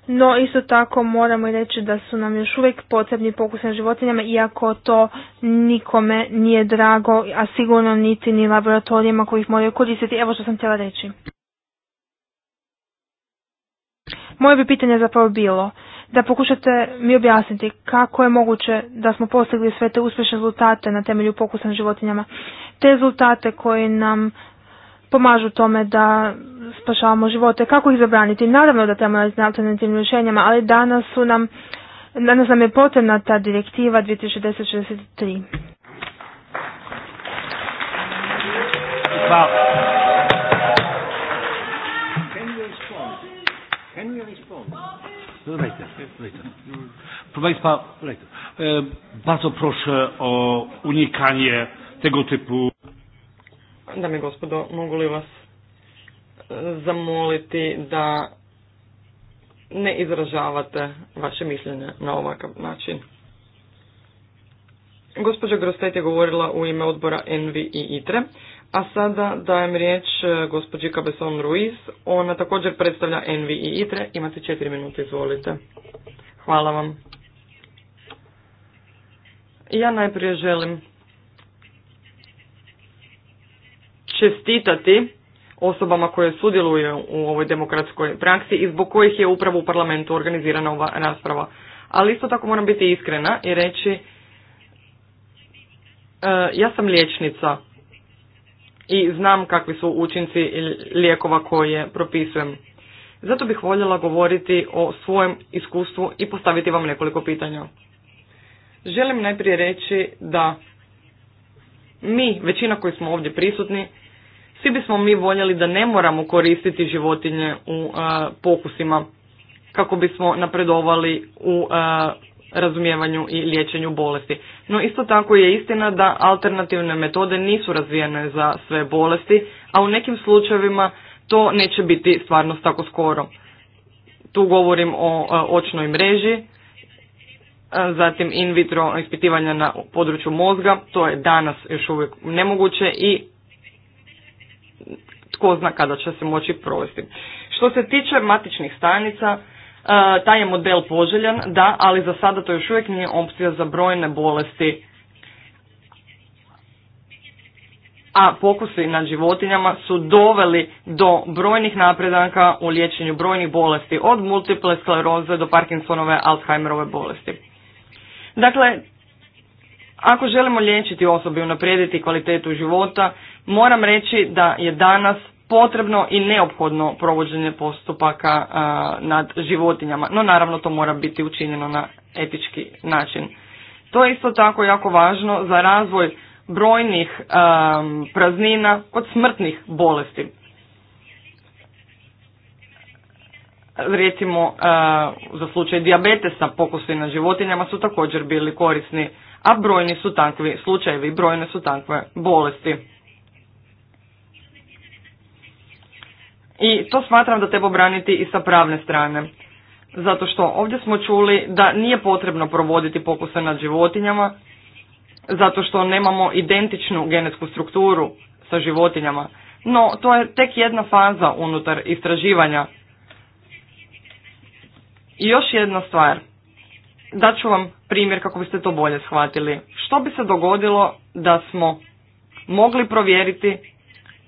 Speaker 3: No isto tako moramo i reći da su nam još uvijek potrebni pokusni na životinjama, iako to nikome nije drago, a sigurno niti ni laboratorijama koji ih moraju koristiti. Evo što sam htjela reći. Moje bi pitanje zapravo bilo da pokušate mi objasniti kako je moguće da smo postigli sve te uspješne rezultate na temelju pokusa na životinjama. Te rezultate koji nam pomažu tome da spašavamo živote. Kako ih zabraniti? Naravno da trebamo raditi na alternativnim rješenjama, ali danas su nam Danas nam je potrebna ta direktiva 2063.
Speaker 4: Wow.
Speaker 1: Proszę Państwa, e, bardzo proszę o unikanie tego typu
Speaker 2: Dame mi gospodo, mogu li vas e, zamoliti da ne izražavate vaše mišljenje na ovakav način? Gospođa Grostet je govorila u ime odbora Envi i ITRE, a sada dajem riječ e, gospođi Cabeson Ruiz. Ona također predstavlja Envi i ITRE. Imate četiri minute, izvolite. Hvala vam. Ja najprije želim čestitati osobama koje sudjeluju u ovoj demokratskoj praksi i zbog kojih je upravo u parlamentu organizirana ova rasprava. Ali isto tako moram biti iskrena i reći e, ja sam liječnica i znam kakvi su učinci lijekova koje propisujem. Zato bih voljela govoriti o svojem iskustvu i postaviti vam nekoliko pitanja. Želim najprije reći da mi, većina koji smo ovdje prisutni, svi bismo mi voljeli da ne moramo koristiti životinje u uh, pokusima kako bismo napredovali u uh, razumijevanju i liječenju bolesti. No isto tako je istina da alternativne metode nisu razvijene za sve bolesti, a u nekim slučajevima to neće biti stvarno tako skoro. Tu govorim o uh, očnoj mreži, zatim in vitro ispitivanja na području mozga, to je danas još uvijek nemoguće i tko zna kada će se moći provesti. Što se tiče matičnih stanica, e, taj je model poželjan, da, ali za sada to još uvijek nije opcija za brojne bolesti. A pokusi na životinjama su doveli do brojnih napredaka u liječenju brojnih bolesti, od multiple skleroze do Parkinsonove, Alzheimerove bolesti. Dakle, ako želimo liječiti osobe i unaprijediti kvalitetu života, moram reći da je danas potrebno i neophodno provođenje postupaka nad životinjama, no naravno to mora biti učinjeno na etički način. To je isto tako jako važno za razvoj brojnih praznina kod smrtnih bolesti. Recimo za slučaj dijabetesa pokusi na životinjama su također bili korisni a brojni su takvi slučajevi, brojne su takve bolesti. I to smatram da treba braniti i sa pravne strane. Zato što ovdje smo čuli da nije potrebno provoditi pokuse nad životinjama, zato što nemamo identičnu genetsku strukturu sa životinjama. No, to je tek jedna faza unutar istraživanja. I još jedna stvar ću vam primjer kako biste to bolje shvatili. Što bi se dogodilo da smo mogli provjeriti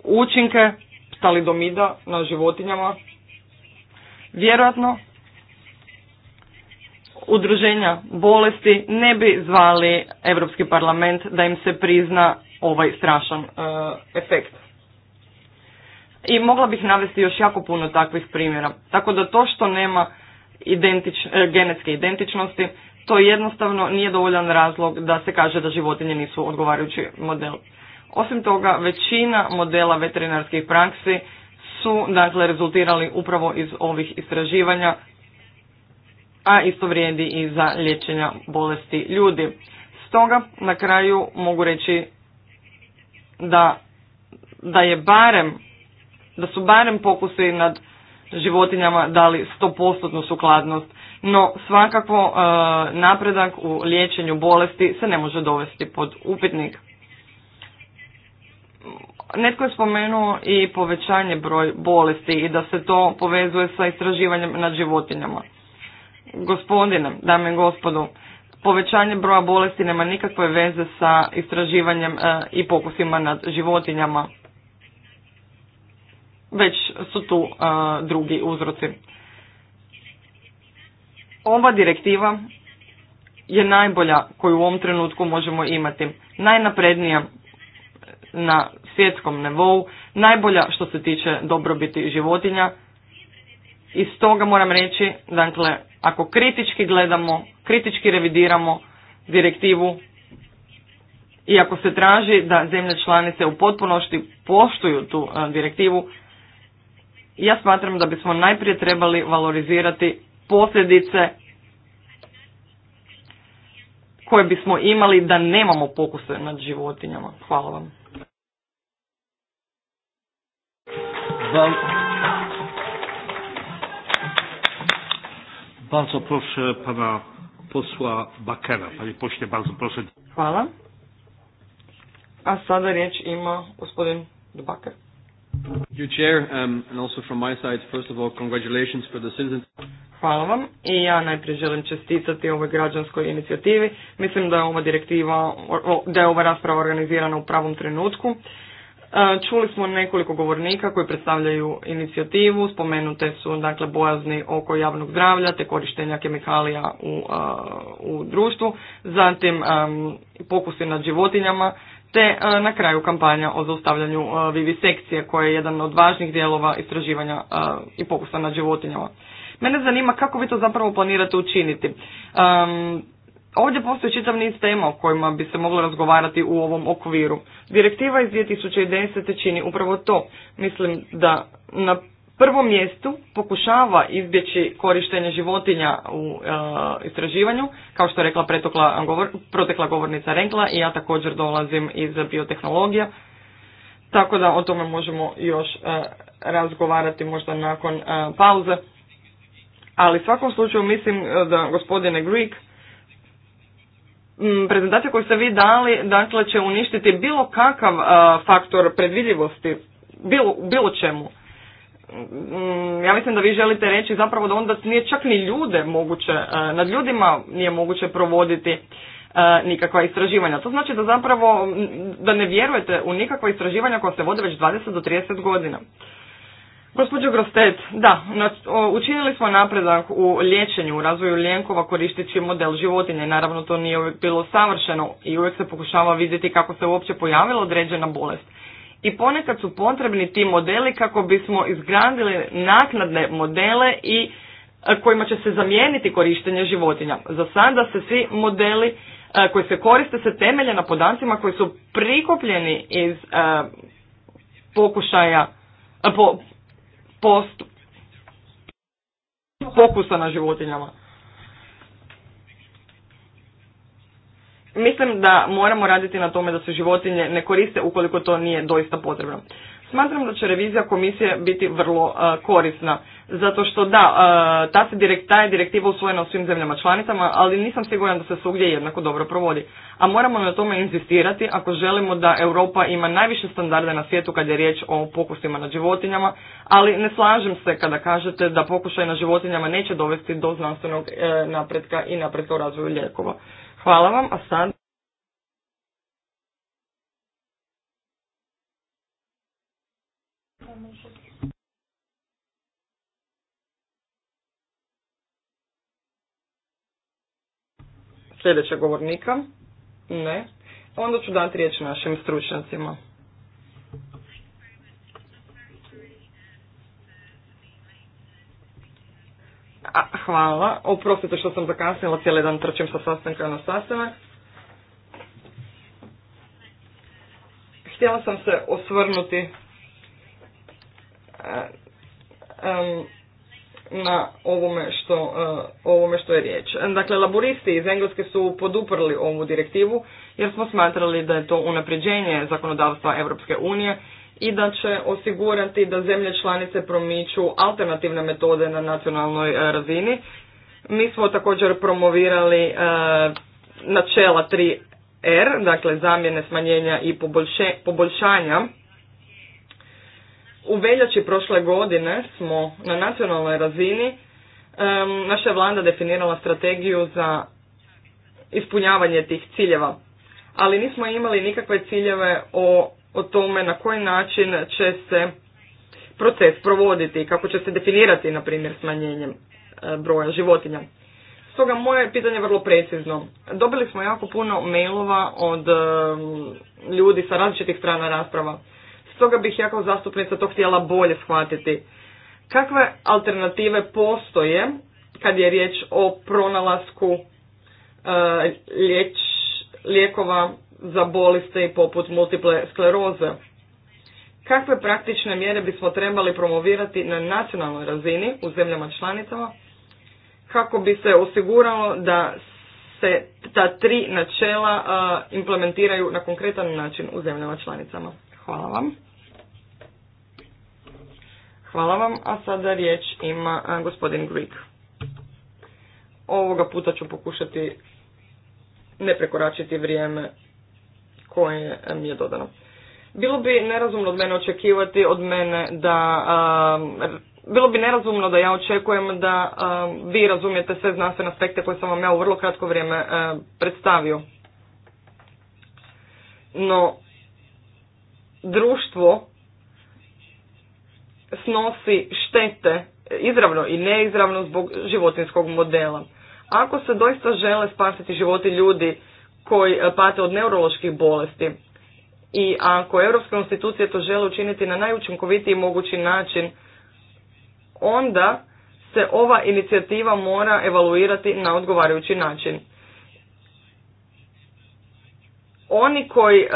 Speaker 2: učinke talidomida na životinjama? Vjerojatno udruženja bolesti ne bi zvali Europski parlament da im se prizna ovaj strašan e, efekt. I mogla bih navesti još jako puno takvih primjera. Tako da to što nema identič, e, genetske identičnosti, to jednostavno nije dovoljan razlog da se kaže da životinje nisu odgovarajući model. Osim toga, većina modela veterinarskih praksi su dakle rezultirali upravo iz ovih istraživanja, a isto vrijedi i za liječenja bolesti ljudi. Stoga na kraju mogu reći da, da je barem da su barem pokusi nad životinjama dali 100% sukladnost, no svakako e, napredak u liječenju bolesti se ne može dovesti pod upitnik. Netko je spomenuo i povećanje broj bolesti i da se to povezuje sa istraživanjem nad životinjama. Gospodine, dame i gospodo, povećanje broja bolesti nema nikakve veze sa istraživanjem e, i pokusima nad životinjama već su tu drugi uzroci. Ova direktiva je najbolja koju u ovom trenutku možemo imati. Najnaprednija na svjetskom nivou, najbolja što se tiče dobrobiti životinja. I stoga moram reći, dakle, ako kritički gledamo, kritički revidiramo direktivu i ako se traži da zemlje članice u potpunosti poštuju tu direktivu, ja smatram da bismo najprije trebali valorizirati posljedice koje bismo imali da nemamo pokuse nad životinjama. Hvala vam.
Speaker 1: Bardzo proszę pana posła Bakera. Panie pośle, bardzo proszę.
Speaker 2: Hvala. A sada riječ ima gospodin Baker. Hvala vam i ja najprije želim čestitati ovoj građanskoj inicijativi. Mislim da je ova direktiva, da je ova rasprava organizirana u pravom trenutku. E, čuli smo nekoliko govornika koji predstavljaju inicijativu, spomenute su dakle bojazni oko javnog zdravlja te korištenja kemikalija u, e, u društvu, zatim pokusi nad životinjama, te e, na kraju kampanja o zaustavljanju e, vivisekcije koja je jedan od važnih dijelova istraživanja e, i pokusa na životinjama. Mene zanima kako vi to zapravo planirate učiniti. ovdje postoji čitav niz tema o kojima bi se moglo razgovarati u ovom okviru. Direktiva iz 2010. čini upravo to. Mislim da na prvom mjestu pokušava izbjeći korištenje životinja u e, istraživanju, kao što je rekla govor, protekla govornica Renkla i ja također dolazim iz biotehnologija, tako da o tome možemo još e, razgovarati možda nakon e, pauze. Ali u svakom slučaju mislim e, da gospodine Greek, prezentacija koju ste vi dali dakle, će uništiti bilo kakav faktor predvidljivosti, bilo, bilo čemu Mm, ja mislim da vi želite reći zapravo da onda nije čak ni ljude moguće, e, nad ljudima nije moguće provoditi e, nikakva istraživanja. To znači da zapravo mm, da ne vjerujete u nikakva istraživanja koja se vode već 20 do 30 godina. Gospođo Grostet, da, učinili smo napredak u liječenju, u razvoju ljenkova, koristeći model životinje. Naravno, to nije bilo savršeno i uvijek se pokušava vidjeti kako se uopće pojavila određena bolest i ponekad su potrebni ti modeli kako bismo izgradili naknadne modele i e, kojima će se zamijeniti korištenje životinja. Za sada se svi modeli e, koji se koriste se temelje na podacima koji su prikopljeni iz e, pokušaja po, pokusa na životinjama. Mislim da moramo raditi na tome da se životinje ne koriste ukoliko to nije doista potrebno. Smatram da će revizija komisije biti vrlo korisna, zato što da, ta, se direkt, ta je direktiva usvojena u svim zemljama članicama, ali nisam siguran da se svugdje jednako dobro provodi. A moramo na tome inzistirati ako želimo da Europa ima najviše standarde na svijetu kad je riječ o pokusima na životinjama, ali ne slažem se kada kažete da pokušaj na životinjama neće dovesti do znanstvenog e, napretka i napretka u razvoju lijekova. Hvala vam, a sad... Sljedećeg govornika? Ne. Onda ću dati riječ našim stručnjacima. A, hvala. Oprostite što sam zakasnila, cijeli dan trčim sa sastanka na sastanak. Htjela sam se osvrnuti e, na ovome što, e, ovome što je riječ. Dakle, laboristi iz Engleske su poduprli ovu direktivu jer smo smatrali da je to unapređenje zakonodavstva Europske unije i da će osigurati da zemlje članice promiču alternativne metode na nacionalnoj e, razini. Mi smo također promovirali e, načela 3R, dakle zamjene smanjenja i poboljšanja. U veljači prošle godine smo na nacionalnoj razini e, naša vlada definirala strategiju za ispunjavanje tih ciljeva, ali nismo imali nikakve ciljeve o o tome na koji način će se proces provoditi i kako će se definirati, na primjer, smanjenjem e, broja životinja. Stoga moje pitanje je vrlo precizno. Dobili smo jako puno mailova od e, ljudi sa različitih strana rasprava. Stoga bih jako kao zastupnica to htjela bolje shvatiti. Kakve alternative postoje kad je riječ o pronalasku e, lijekova za bolesti poput multiple skleroze. Kakve praktične mjere bismo trebali promovirati na nacionalnoj razini u zemljama članicama kako bi se osiguralo da se ta tri načela implementiraju na konkretan način u zemljama članicama? Hvala vam. Hvala vam, a sada riječ ima gospodin Grig. Ovoga puta ću pokušati ne prekoračiti vrijeme koje mi je dodano. Bilo bi nerazumno od mene očekivati od mene da um, bilo bi nerazumno da ja očekujem da um, vi razumijete sve znanstvene aspekte koje sam vam ja u vrlo kratko vrijeme um, predstavio. No, društvo snosi štete izravno i neizravno zbog životinskog modela. Ako se doista žele spasiti životi ljudi koji e, pate od neuroloških bolesti. I ako europske institucije to žele učiniti na najučinkovitiji mogući način, onda se ova inicijativa mora evaluirati na odgovarajući način. Oni koji e,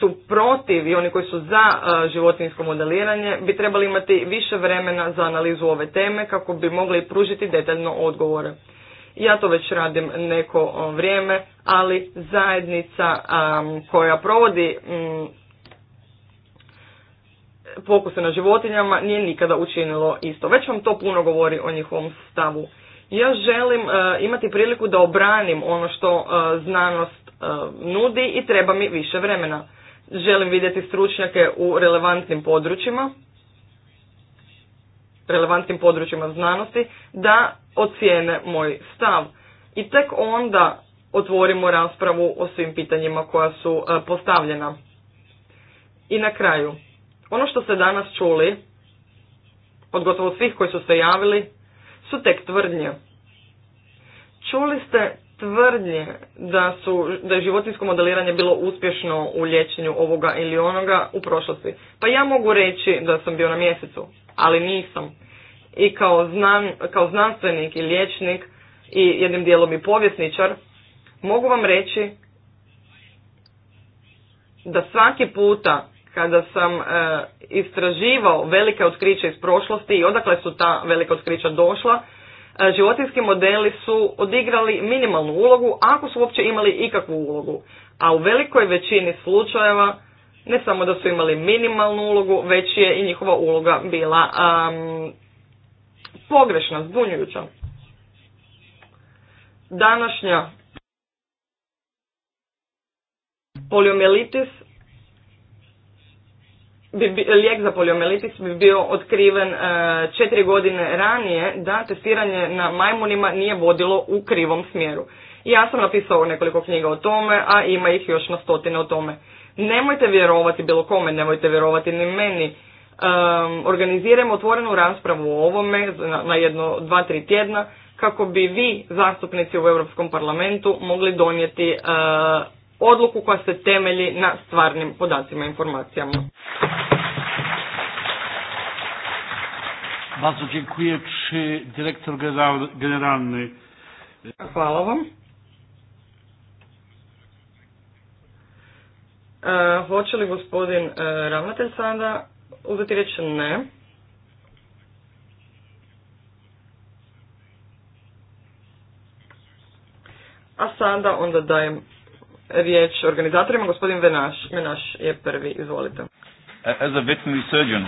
Speaker 2: su protiv i oni koji su za e, životinjsko modeliranje bi trebali imati više vremena za analizu ove teme kako bi mogli pružiti detaljno odgovore. Ja to već radim neko vrijeme, ali zajednica koja provodi pokuse mm, na životinjama nije nikada učinilo isto. Već vam to puno govori o njihovom stavu. Ja želim e, imati priliku da obranim ono što e, znanost e, nudi i treba mi više vremena. Želim vidjeti stručnjake u relevantnim područjima relevantnim područjima znanosti da ocijene moj stav i tek onda otvorimo raspravu o svim pitanjima koja su e, postavljena. I na kraju, ono što ste danas čuli od gotovo svih koji su se javili su tek tvrdnje. Čuli ste tvrdnje da, su, da je životinsko modeliranje bilo uspješno u liječenju ovoga ili onoga u prošlosti. Pa ja mogu reći da sam bio na mjesecu, ali nisam i kao, znan, kao znanstvenik i liječnik i jednim dijelom i povjesničar mogu vam reći da svaki puta kada sam e, istraživao velike otkriće iz prošlosti i odakle su ta velika otkrića došla, e, životinski modeli su odigrali minimalnu ulogu, ako su uopće imali ikakvu ulogu. A u velikoj većini slučajeva ne samo da su imali minimalnu ulogu, već je i njihova uloga bila pogrešna, zbunjujuća. Današnja poliomelitis bi, lijek za poliomelitis bi bio otkriven e, četiri godine ranije da testiranje na majmunima nije vodilo u krivom smjeru. Ja sam napisao nekoliko knjiga o tome, a ima ih još na stotine o tome. Nemojte vjerovati bilo kome, nemojte vjerovati ni meni um, otvorenu raspravu o ovome na, jedno dva, tri tjedna kako bi vi zastupnici u Europskom parlamentu mogli donijeti e, odluku koja se temelji na stvarnim podacima i informacijama.
Speaker 1: Bardzo dziękuję. Czy dyrektor generalny... Hvala vam.
Speaker 2: E, hoće li gospodin e, ravnatelj sada uzeti riječ ne. A sada onda dajem riječ organizatorima. Gospodin Venaš, Venaš je prvi, izvolite.
Speaker 1: As a veterinary surgeon,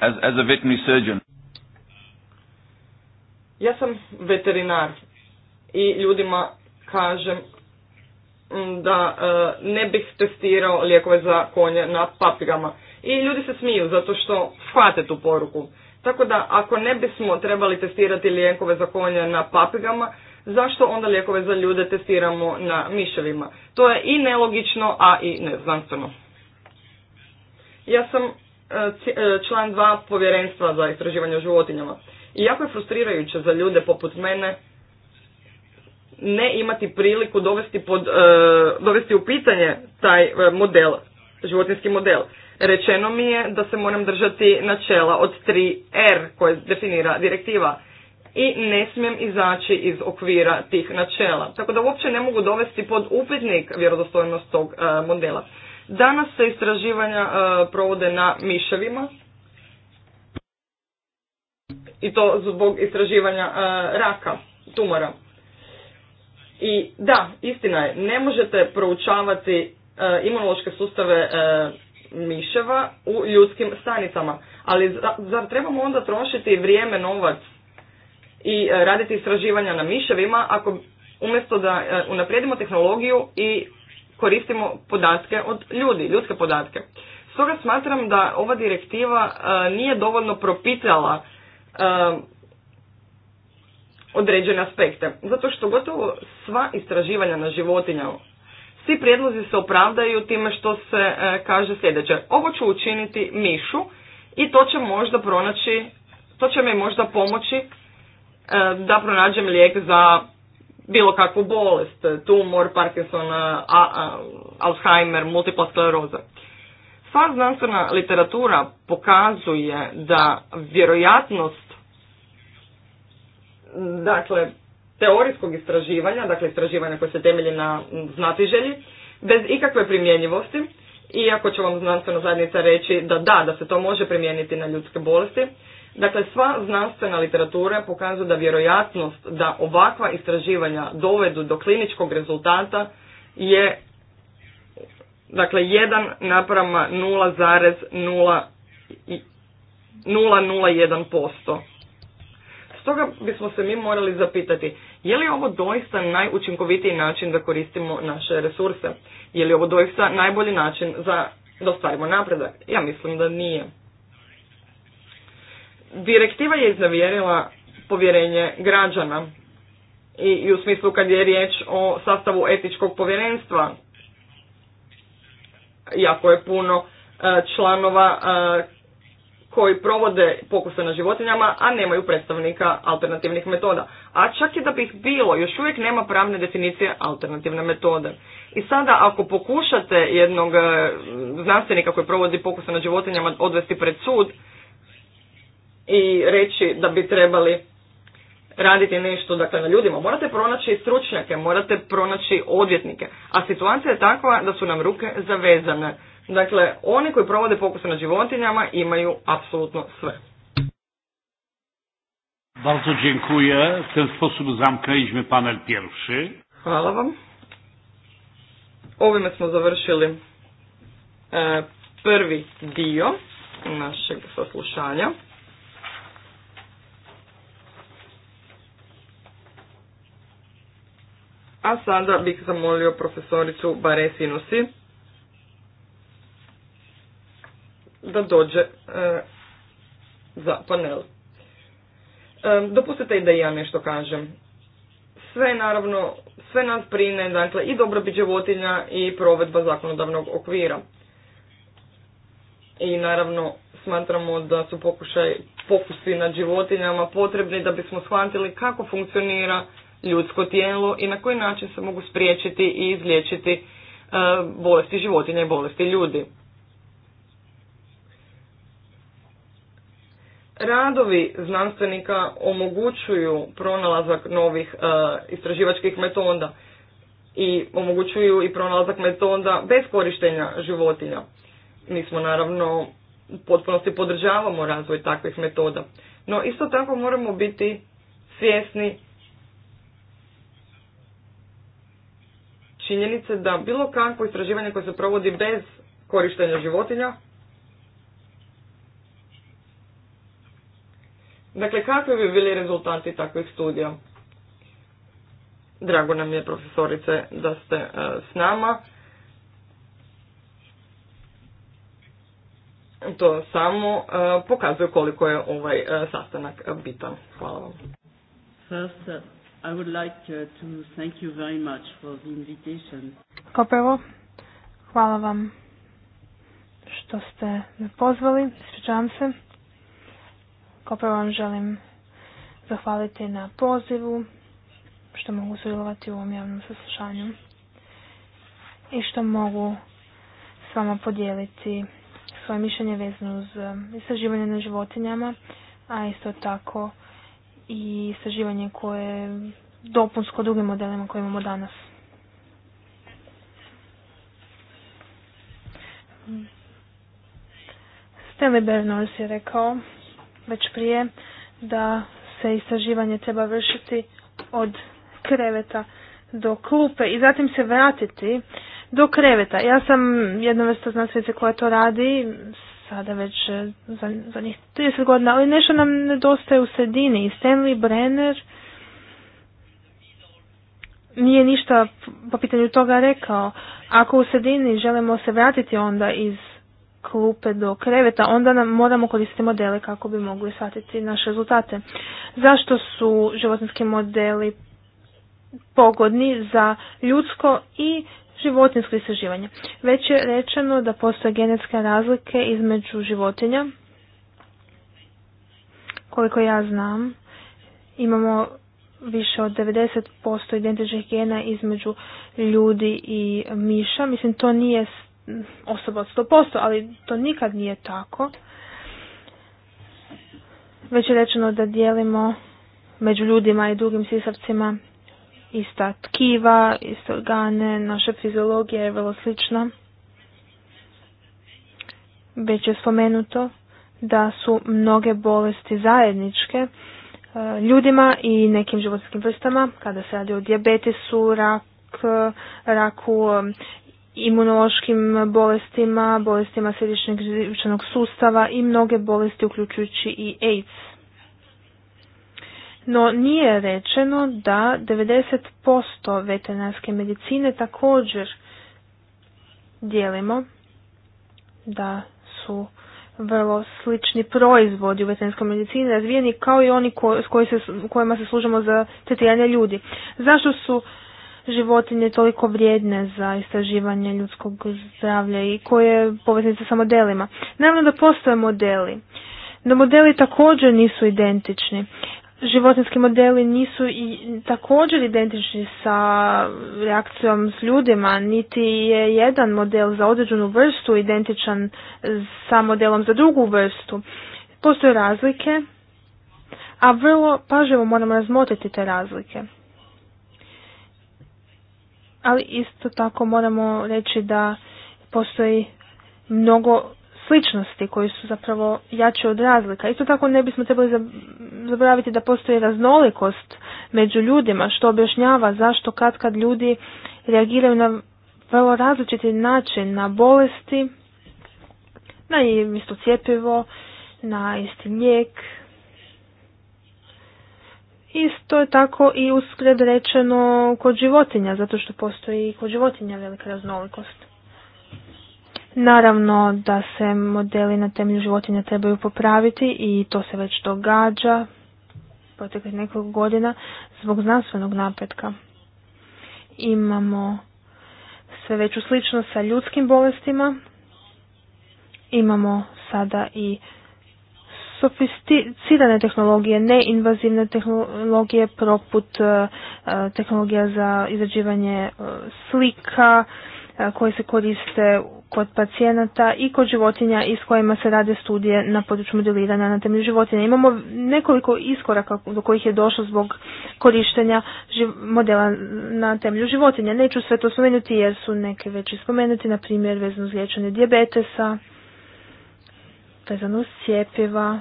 Speaker 1: as, as a veterinary surgeon.
Speaker 2: Ja sam veterinar i ljudima kažem mm, da e, ne bih testirao lijekove za konje na papigama i ljudi se smiju zato što shvate tu poruku. Tako da ako ne bismo trebali testirati lijekove za konje na papigama, zašto onda lijekove za ljude testiramo na miševima? To je i nelogično, a i neznanstveno. Ja sam e, e, član dva povjerenstva za istraživanje životinjama. I jako je frustrirajuće za ljude poput mene ne imati priliku dovesti, e, dovesti u pitanje taj model, životinski model. Rečeno mi je da se moram držati načela od 3R koje definira direktiva i ne smijem izaći iz okvira tih načela. Tako da uopće ne mogu dovesti pod upitnik vjerodostojnost tog e, modela. Danas se istraživanja e, provode na miševima i to zbog istraživanja e, raka, tumora. I da, istina je, ne možete proučavati imunološke sustave miševa u ljudskim stanicama. Ali zar trebamo onda trošiti vrijeme, novac i e, raditi istraživanja na miševima ako umjesto da e, unaprijedimo tehnologiju i koristimo podatke od ljudi, ljudske podatke. Stoga smatram da ova direktiva e, nije dovoljno propitala određene aspekte. Zato što gotovo sva istraživanja na životinjama svi prijedlozi se opravdaju time što se e, kaže sljedeće. Ovo ću učiniti mišu i to će možda pronaći, to će mi možda pomoći e, da pronađem lijek za bilo kakvu bolest, tumor, Parkinson, a, Alzheimer, multipla skleroza. Sva znanstvena literatura pokazuje da vjerojatnost dakle teorijskog istraživanja, dakle istraživanja koje se temelji na znatiželji, bez ikakve primjenjivosti, iako će vam znanstvena zajednica reći da da, da se to može primijeniti na ljudske bolesti, dakle sva znanstvena literatura pokazuje da vjerojatnost da ovakva istraživanja dovedu do kliničkog rezultata je dakle 1 naprama 0,001%. Stoga bismo se mi morali zapitati, je li ovo doista najučinkovitiji način da koristimo naše resurse? Je li ovo doista najbolji način za da ostvarimo napredak? Ja mislim da nije. Direktiva je iznavjerila povjerenje građana i, i u smislu kad je riječ o sastavu etičkog povjerenstva, jako je puno e, članova e, koji provode pokuse na životinjama, a nemaju predstavnika alternativnih metoda. A čak i da bi ih bilo, još uvijek nema pravne definicije alternativne metode. I sada ako pokušate jednog e, znanstvenika koji provodi pokuse na životinjama odvesti pred sud i reći da bi trebali raditi nešto dakle, na ljudima, morate pronaći stručnjake, morate pronaći odvjetnike. A situacija je takva da su nam ruke zavezane Dakle, oni koji provode pokuse na životinjama imaju apsolutno sve.
Speaker 1: Bardzo dziękuję. W ten sposób panel pierwszy.
Speaker 2: Hvala vam. Ovime smo završili e, prvi dio našeg saslušanja. A sada bih zamolio profesoricu Baresinusi. da dođe e, za panel. E, dopustite i da ja nešto kažem. Sve naravno, sve nas prine, dakle i dobrobit životinja i provedba zakonodavnog okvira. I naravno smatramo da su pokušaj, pokusi nad životinjama potrebni da bismo shvatili kako funkcionira ljudsko tijelo i na koji način se mogu spriječiti i izliječiti e, bolesti životinja i bolesti ljudi. Radovi znanstvenika omogućuju pronalazak novih e, istraživačkih metoda i omogućuju i pronalazak metoda bez korištenja životinja. Mi smo naravno u potpunosti podržavamo razvoj takvih metoda. No isto tako moramo biti svjesni činjenice da bilo kakvo istraživanje koje se provodi bez korištenja životinja Dakle, kakvi bi bili rezultati takvih studija? Drago nam je, profesorice, da ste e, s nama. To samo e, pokazuje koliko je ovaj e, sastanak bitan. Hvala vam.
Speaker 3: Kao prvo, hvala vam što ste me pozvali. Sviđam se. Kao vam želim zahvaliti na pozivu što mogu sudjelovati u ovom javnom saslušanju i što mogu s vama podijeliti svoje mišljenje vezano uz eh, istraživanje na životinjama, a isto tako i istraživanje koje dopunsko drugim modelima koje imamo danas. Stanley Berners je rekao već prije da se istraživanje treba vršiti od kreveta do klupe i zatim se vratiti do kreveta. Ja sam jedna vrsta znanstvenice koja to radi sada već e, za, za njih 30 godina, ali nešto nam nedostaje u sredini. Stanley Brenner nije ništa po pitanju toga rekao. Ako u sredini želimo se vratiti onda iz klupe do kreveta, onda nam moramo koristiti modele kako bi mogli shvatiti naše rezultate. Zašto su životinski modeli pogodni za ljudsko i životinsko istraživanje? Već je rečeno da postoje genetske razlike između životinja. Koliko ja znam, imamo više od 90% identičnih gena između ljudi i miša. Mislim, to nije osoba od 100%, ali to nikad nije tako. Već je rečeno da dijelimo među ljudima i drugim sisavcima ista tkiva, iste organe, naša fiziologija je vrlo slična. Već je spomenuto da su mnoge bolesti zajedničke e, ljudima i nekim životinskim vrstama, kada se radi o dijabetesu, rak, e, raku e, imunološkim bolestima, bolestima središnjeg živčanog sustava i mnoge bolesti uključujući i AIDS. No nije rečeno da 90% veterinarske medicine također dijelimo da su vrlo slični proizvodi u veterinarskoj medicini razvijeni kao i oni koji se, kojima se služimo za tretiranje ljudi. Zašto su životinje toliko vrijedne za istraživanje ljudskog zdravlja i koje je poveznica sa modelima. Naravno da postoje modeli, no modeli također nisu identični. Životinski modeli nisu i također identični sa reakcijom s ljudima, niti je jedan model za određenu vrstu identičan sa modelom za drugu vrstu. Postoje razlike, a vrlo pažljivo moramo razmotriti te razlike ali isto tako moramo reći da postoji mnogo sličnosti koji su zapravo jače od razlika. Isto tako ne bismo trebali zaboraviti da postoji raznolikost među ljudima što objašnjava zašto kad kad ljudi reagiraju na vrlo različiti način na bolesti, na isto cjepivo, na isti lijek, Isto je tako i uskred rečeno kod životinja, zato što postoji i kod životinja velika raznolikost. Naravno da se modeli na temelju životinja trebaju popraviti i to se već događa proteklih nekoliko godina zbog znanstvenog napretka. Imamo sve veću sličnost sa ljudskim bolestima, imamo sada i sofisticirane tehnologije, neinvazivne tehnologije poput e, e, tehnologija za izrađivanje e, slika koje se koriste kod pacijenata i kod životinja i s kojima se rade studije na području modeliranja na temelju životinja. Imamo nekoliko iskoraka do kojih je došlo zbog korištenja modela na temelju životinja. Neću sve to spomenuti jer su neke već spomenuti, na primjer vezano uz liječenje diabetesa, vezano uz cijepiva.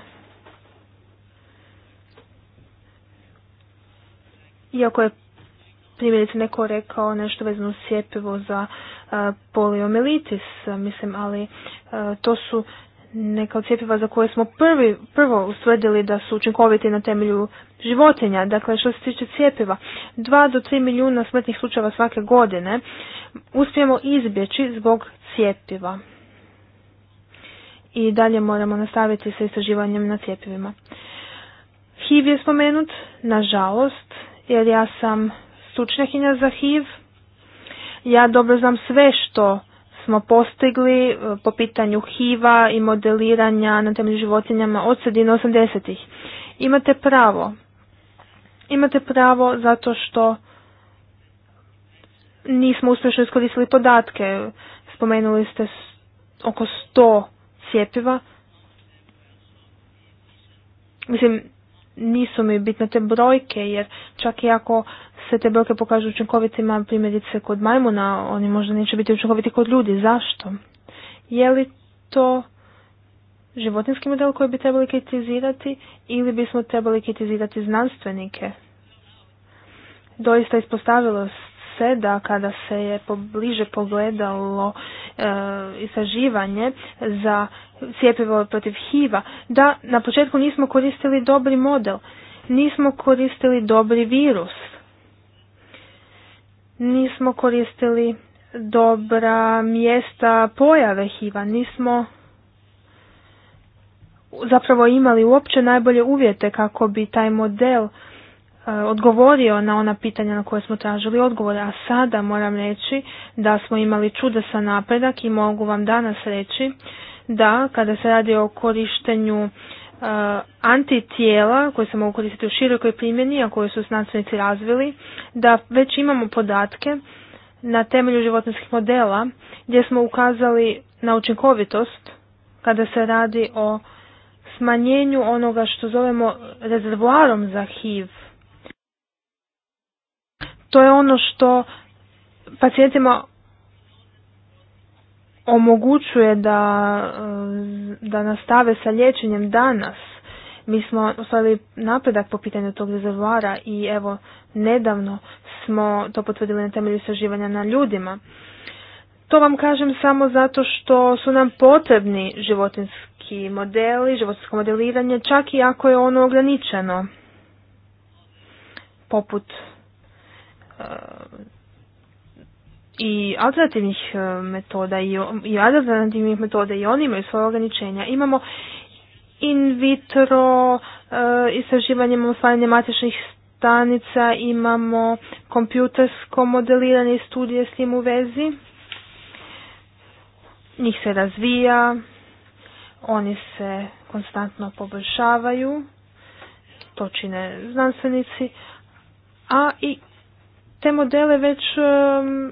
Speaker 3: Iako je primjerice neko rekao nešto vezano uz cijepivo za poliomelitis, mislim, ali to su neka od cijepiva za koje smo prvi, prvo ustvrdili da su učinkoviti na temelju životinja. Dakle, što se tiče cijepiva, 2 do 3 milijuna smrtnih slučajeva svake godine uspijemo izbjeći zbog cijepiva i dalje moramo nastaviti sa istraživanjem na cjepivima. HIV je spomenut, nažalost, jer ja sam stručnjakinja za HIV. Ja dobro znam sve što smo postigli eh, po pitanju HIV-a i modeliranja na temelju životinjama od sredine 80-ih. Imate pravo. Imate pravo zato što nismo uspješno iskoristili podatke. Spomenuli ste oko 100 cijepiva. Mislim, nisu mi bitne te brojke, jer čak i ako se te brojke pokažu učinkovitima, primjerice kod majmuna, oni možda neće biti učinkoviti kod ljudi. Zašto? Je li to životinski model koji bi trebali kritizirati ili bismo trebali kritizirati znanstvenike? Doista ispostavilo se da kada se je pobliže pogledalo e, istraživanje za cijepivo protiv hiva. da na početku nismo koristili dobri model, nismo koristili dobri virus, nismo koristili dobra mjesta pojave Hiva, nismo zapravo imali uopće najbolje uvjete kako bi taj model E, odgovorio na ona pitanja na koje smo tražili odgovore, a sada moram reći da smo imali čudesan napredak i mogu vam danas reći da kada se radi o korištenju e, antitijela koje se mogu koristiti u širokoj primjeni, a koje su znanstvenici razvili, da već imamo podatke na temelju životinskih modela gdje smo ukazali na učinkovitost kada se radi o smanjenju onoga što zovemo rezervoarom za HIV to je ono što pacijentima omogućuje da, eh, da nastave sa liječenjem danas. Mi smo ostali napredak po pitanju tog rezervara i evo nedavno smo to potvrdili na temelju istraživanja na ljudima. To vam kažem samo zato što su nam potrebni životinski modeli, životinsko modeliranje, čak i ako je ono ograničeno, poput E, i alternativnih e, metoda i, alternativnih metoda i oni imaju svoje ograničenja. Imamo in vitro e, istraživanje, imamo matičnih stanica, imamo kompjutersko modelirane studije s tim u vezi. Njih se razvija, oni se konstantno poboljšavaju, to čine znanstvenici, a i te modele već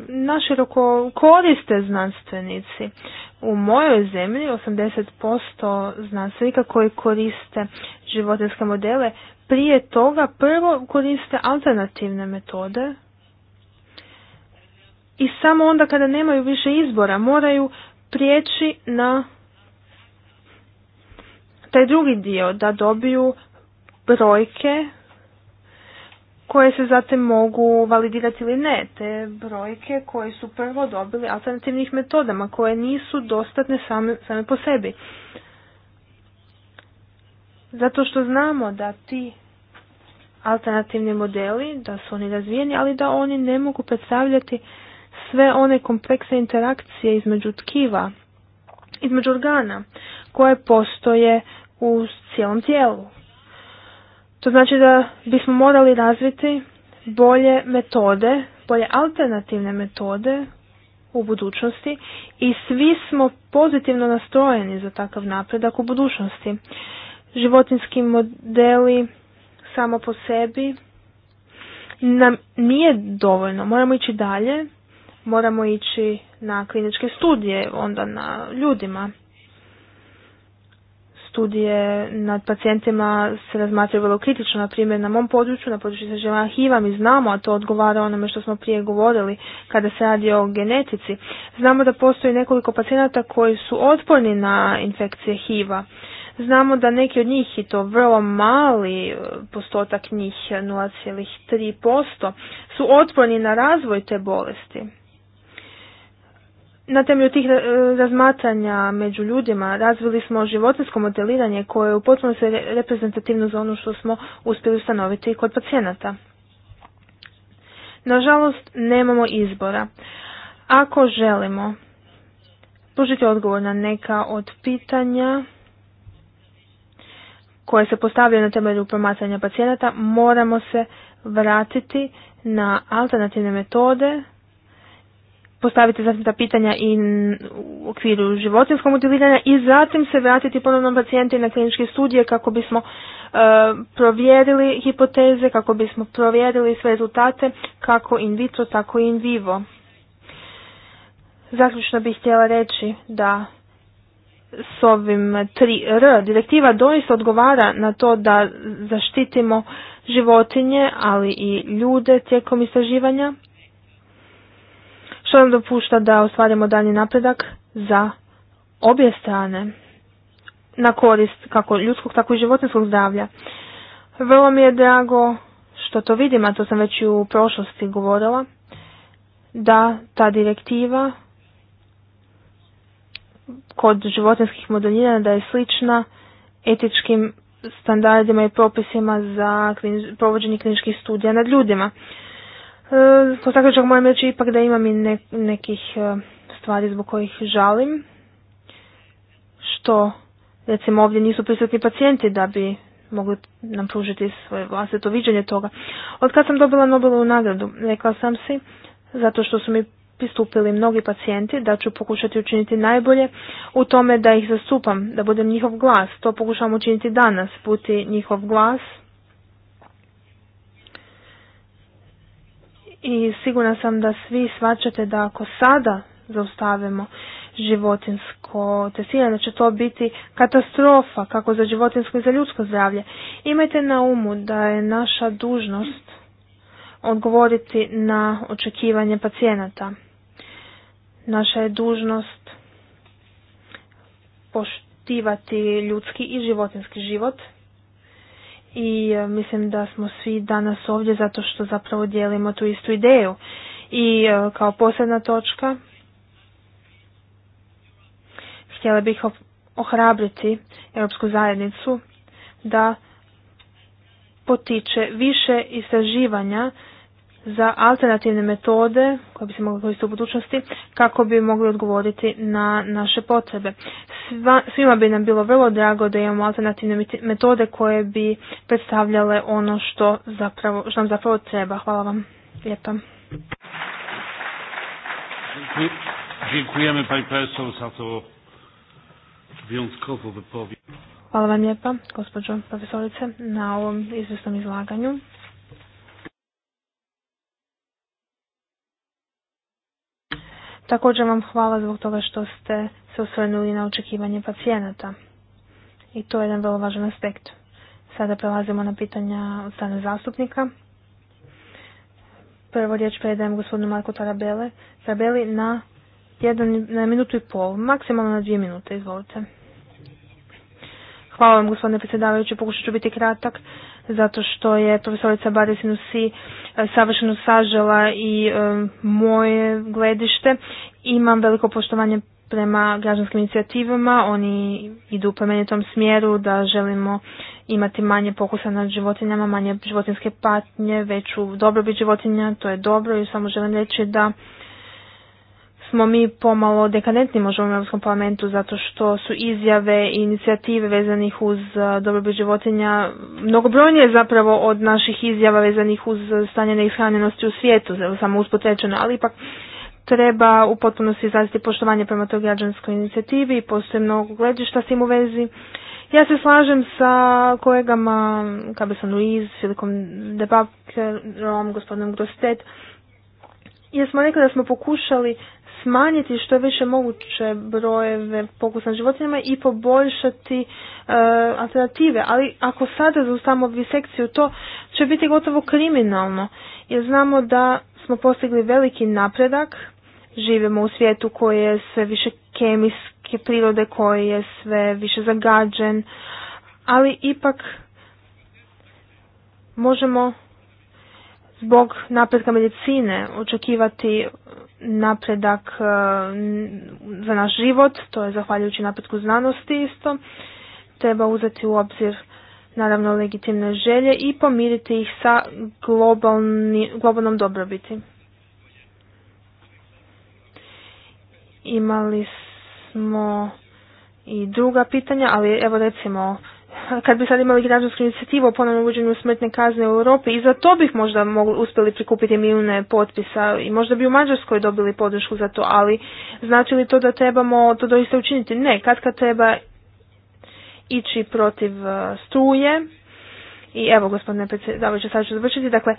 Speaker 3: naširoko koriste znanstvenici. U mojoj zemlji 80% znanstvenika koji koriste životinske modele prije toga prvo koriste alternativne metode i samo onda kada nemaju više izbora moraju prijeći na taj drugi dio da dobiju brojke koje se zatim mogu validirati ili ne, te brojke koje su prvo dobili alternativnih metodama koje nisu dostatne same, same po sebi. Zato što znamo da ti alternativni modeli, da su oni razvijeni, ali da oni ne mogu predstavljati sve one kompleksne interakcije između tkiva, između organa koje postoje u cijelom tijelu. To znači da bismo morali razviti bolje metode, bolje alternativne metode u budućnosti i svi smo pozitivno nastrojeni za takav napredak u budućnosti. Životinski modeli samo po sebi nam nije dovoljno. Moramo ići dalje, moramo ići na kliničke studije, onda na ljudima studije nad pacijentima se razmatraju vrlo kritično. Na primjer, na mom području, na području istraživanja HIV-a, mi znamo, a to odgovara onome što smo prije govorili kada se radi o genetici, znamo da postoji nekoliko pacijenata koji su otporni na infekcije HIV-a. Znamo da neki od njih, i to vrlo mali e, postotak njih, 0,3%, su otporni na razvoj te bolesti. Na temelju tih e, razmatranja među ljudima razvili smo životinsko modeliranje koje je u potpunosti reprezentativno za ono što smo uspjeli ustanoviti kod pacijenata. Nažalost, nemamo izbora. Ako želimo pružiti odgovor na neka od pitanja koje se postavljaju na temelju promatranja pacijenata, moramo se vratiti na alternativne metode postaviti zatim pitanja i u okviru životinskog motiviranja i zatim se vratiti ponovno pacijenti na kliničke studije kako bismo e, provjerili hipoteze, kako bismo provjerili sve rezultate kako in vitro, tako i in vivo. Zaključno bih htjela reći da s ovim 3R direktiva doista odgovara na to da zaštitimo životinje, ali i ljude tijekom istraživanja što nam dopušta da ostvarimo dalji napredak za obje strane na korist kako ljudskog tako i životinskog zdravlja. Vrlo mi je drago što to vidim, a to sam već i u prošlosti govorila, da ta direktiva kod životinskih modeljina da je slična etičkim standardima i propisima za provođenje kliničkih studija nad ljudima tako e, čak moram reći ipak da imam i nekih e, stvari zbog kojih žalim, što recimo ovdje nisu prisutni pacijenti da bi mogli nam pružiti svoje vlastito viđenje toga. Od kad sam dobila Nobelovu nagradu, rekla sam si, zato što su mi pristupili mnogi pacijenti, da ću pokušati učiniti najbolje u tome da ih zastupam, da budem njihov glas. To pokušavam učiniti danas, puti njihov glas I sigurna sam da svi svačate da ako sada zaustavimo životinsko testiranje, da će to biti katastrofa kako za životinsko i za ljudsko zdravlje. Imajte na umu da je naša dužnost odgovoriti na očekivanje pacijenata. Naša je dužnost poštivati ljudski i životinski život i e, mislim da smo svi danas ovdje zato što zapravo dijelimo tu istu ideju. I e, kao posljedna točka htjela bih ohrabriti Europsku zajednicu da potiče više istraživanja za alternativne metode koje bi se mogle koristiti u budućnosti kako bi mogli odgovoriti na naše potrebe. svima bi nam bilo vrlo drago da imamo alternativne metode koje bi predstavljale ono što, zapravo, što nam zapravo treba. Hvala vam lijepa. Hvala vam lijepa, gospođo profesorice, na ovom izvjesnom izlaganju. Također vam hvala zbog toga što ste se osvrnuli na očekivanje pacijenata. I to je jedan vrlo važan aspekt. Sada prelazimo na pitanja od strane zastupnika. Prvo riječ predajem gospodinu Marku Tarabele. Tarabeli na, jedan, na minutu i pol, maksimalno na dvije minute, izvolite. Hvala vam gospodine predsjedavajući, pokušat ću biti kratak zato što je profesorica si e, savršeno sažela i e, moje gledište. Imam veliko poštovanje prema građanskim inicijativama, oni idu u tom smjeru da želimo imati manje pokusa nad životinjama, manje životinske patnje, veću dobrobit životinja, to je dobro i samo želim reći da smo mi pomalo dekadentni možemo u Europskom parlamentu zato što su izjave i inicijative vezanih uz e, dobrobit životinja mnogobrojnije zapravo od naših izjava vezanih uz stanje neishranjenosti u svijetu, samo uspotrečeno, ali ipak treba u potpunosti izraziti poštovanje prema toj građanskoj inicijativi i postoje mnogo gledišta s tim u vezi. Ja se slažem sa kolegama Kabesan Luiz, Filikom Debakrom, gospodinom Grostet, jer smo rekli da smo pokušali smanjiti što je više moguće brojeve pokusa na životinjama i poboljšati e, alternative. Ali ako sada zaustavimo disekciju to će biti gotovo kriminalno. Jer znamo da smo postigli veliki napredak, živimo u svijetu koji je sve više kemijske prirode, koji je sve više zagađen, ali ipak možemo zbog napredka medicine očekivati napredak e, za naš život, to je zahvaljujući napretku znanosti isto. Treba uzeti u obzir naravno legitimne želje i pomiriti ih sa globalni, globalnom dobrobiti. Imali smo i druga pitanja, ali evo recimo kad bi sad imali građansku inicijativu o ponovnom uvođenju smrtne kazne u Europi i za to bih možda mogli, uspjeli prikupiti milijune potpisa i možda bi u Mađarskoj dobili podršku za to, ali znači li to da trebamo to doista učiniti? Ne, kad kad treba ići protiv e, struje i evo gospodine predsjedavajuće, sad ću završiti, dakle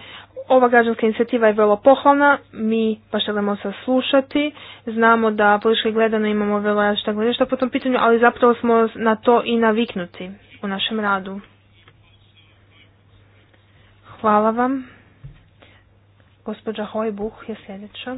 Speaker 3: ova građanska inicijativa je vrlo pohvalna, mi pa želimo saslušati, znamo da politički gledano imamo vrlo različita gledišta po tom pitanju, ali zapravo smo na to i naviknuti u našem radu. Hvala vam. Gospođa Hojbuh je sljedeća.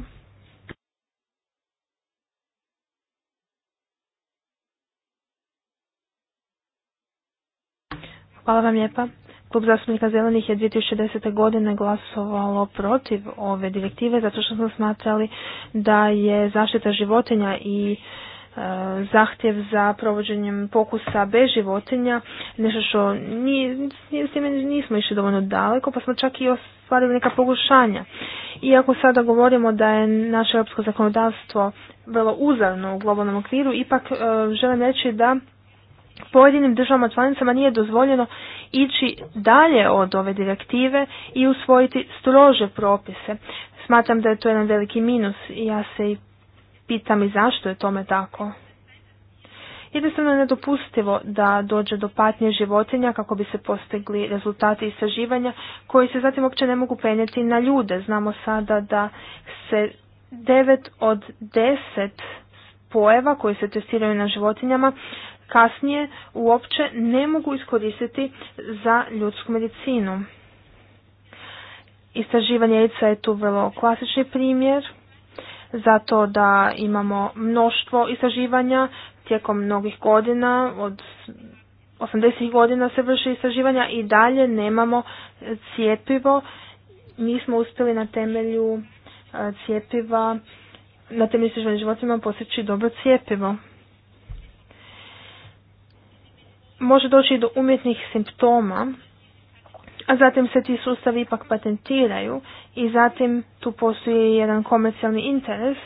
Speaker 3: Hvala vam lijepa. Klub zastupnika zelenih je 2010. godine glasovalo protiv ove direktive zato što smo smatrali da je zaštita životinja i zahtjev za provođenjem pokusa bez životinja, nešto što s time nismo išli dovoljno daleko, pa smo čak i ostvarili neka pogušanja. Iako sada govorimo da je naše europsko zakonodavstvo vrlo uzavno u globalnom okviru, ipak e, želim reći da pojedinim državama članicama nije dozvoljeno ići dalje od ove direktive i usvojiti strože propise. Smatram da je to jedan veliki minus i ja se i pitam i zašto je tome tako. Jednostavno je nedopustivo da dođe do patnje životinja kako bi se postigli rezultati istraživanja koji se zatim uopće ne mogu prenijeti na ljude. Znamo sada da se 9 od 10 pojeva koji se testiraju na životinjama kasnije uopće ne mogu iskoristiti za ljudsku medicinu. Istraživanje jajca je tu vrlo klasični primjer zato da imamo mnoštvo istraživanja tijekom mnogih godina, od 80. godina se vrši istraživanja i dalje nemamo cijepivo. Mi smo uspjeli na temelju e, cijepiva, na temelju istraživanja životima posjeći dobro cijepivo. Može doći i do umjetnih simptoma a zatim se ti sustavi ipak patentiraju i zatim tu postoji jedan komercijalni interes,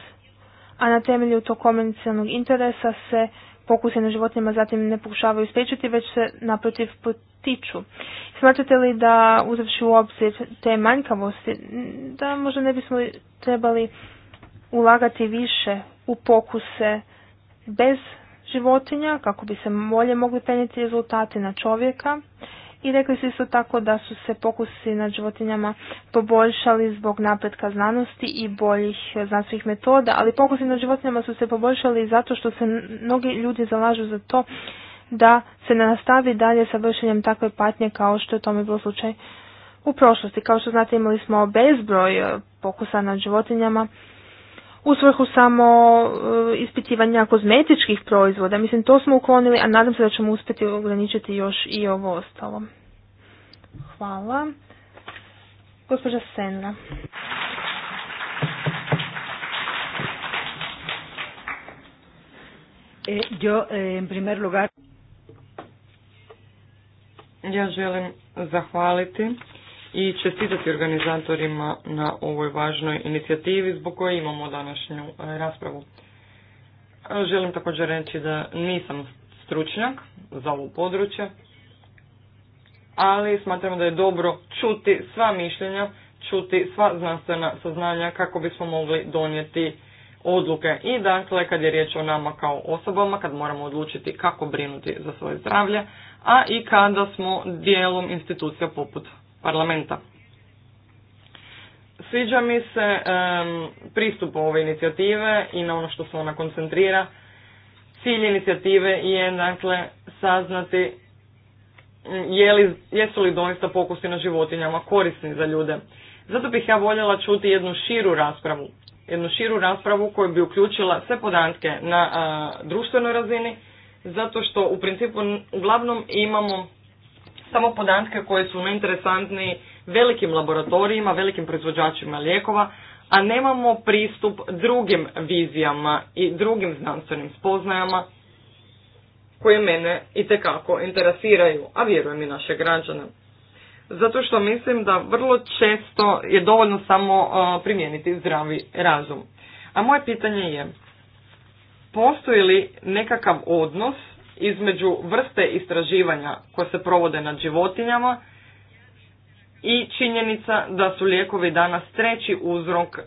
Speaker 3: a na temelju tog komercijalnog interesa se pokuse na životinjama zatim ne pokušavaju spriječiti, već se naprotiv potiču. Smatrate li da, uzavši u obzir te manjkavosti, da možda ne bismo trebali ulagati više u pokuse bez životinja, kako bi se bolje mogli prenijeti rezultati na čovjeka, i rekli su isto tako da su se pokusi nad životinjama poboljšali zbog napretka znanosti i boljih znanstvenih metoda, ali pokusi nad životinjama su se poboljšali zato što se mnogi ljudi zalažu za to da se ne nastavi dalje sa vršenjem takve patnje kao što je tome bilo slučaj u prošlosti. Kao što znate imali smo bezbroj pokusa nad životinjama u svrhu samo e, ispitivanja kozmetičkih proizvoda. Mislim, to smo uklonili, a nadam se da ćemo uspjeti ograničiti još i ovo ostalo. Hvala. Gospođa Senra. E,
Speaker 2: e, primer lugar... Ja želim zahvaliti i čestitati organizatorima na ovoj važnoj inicijativi zbog koje imamo današnju e, raspravu. E, želim također reći da nisam stručnjak za ovo područje, ali smatram da je dobro čuti sva mišljenja, čuti sva znanstvena saznanja kako bismo mogli donijeti odluke. I dakle, kad je riječ o nama kao osobama, kad moramo odlučiti kako brinuti za svoje zdravlje, a i kada smo dijelom institucija poput parlamenta. Sviđa mi se pristup ove inicijative i na ono što se ona koncentrira. Cilj inicijative je dakle saznati mm, je jesu li doista pokusi na životinjama korisni za ljude. Zato bih ja voljela čuti jednu širu raspravu, jednu širu raspravu koja bi uključila sve podatke na društvenoj razini, zato što u principu uglavnom imamo samo podatke koje su interesantni velikim laboratorijima, velikim proizvođačima lijekova, a nemamo pristup drugim vizijama i drugim znanstvenim spoznajama koje mene i tekako interesiraju, a vjerujem i naše građane. Zato što mislim da vrlo često je dovoljno samo e, primijeniti zdravi razum. A moje pitanje je, postoji li nekakav odnos između vrste istraživanja koje se provode nad životinjama i činjenica da su lijekovi danas treći uzrok e,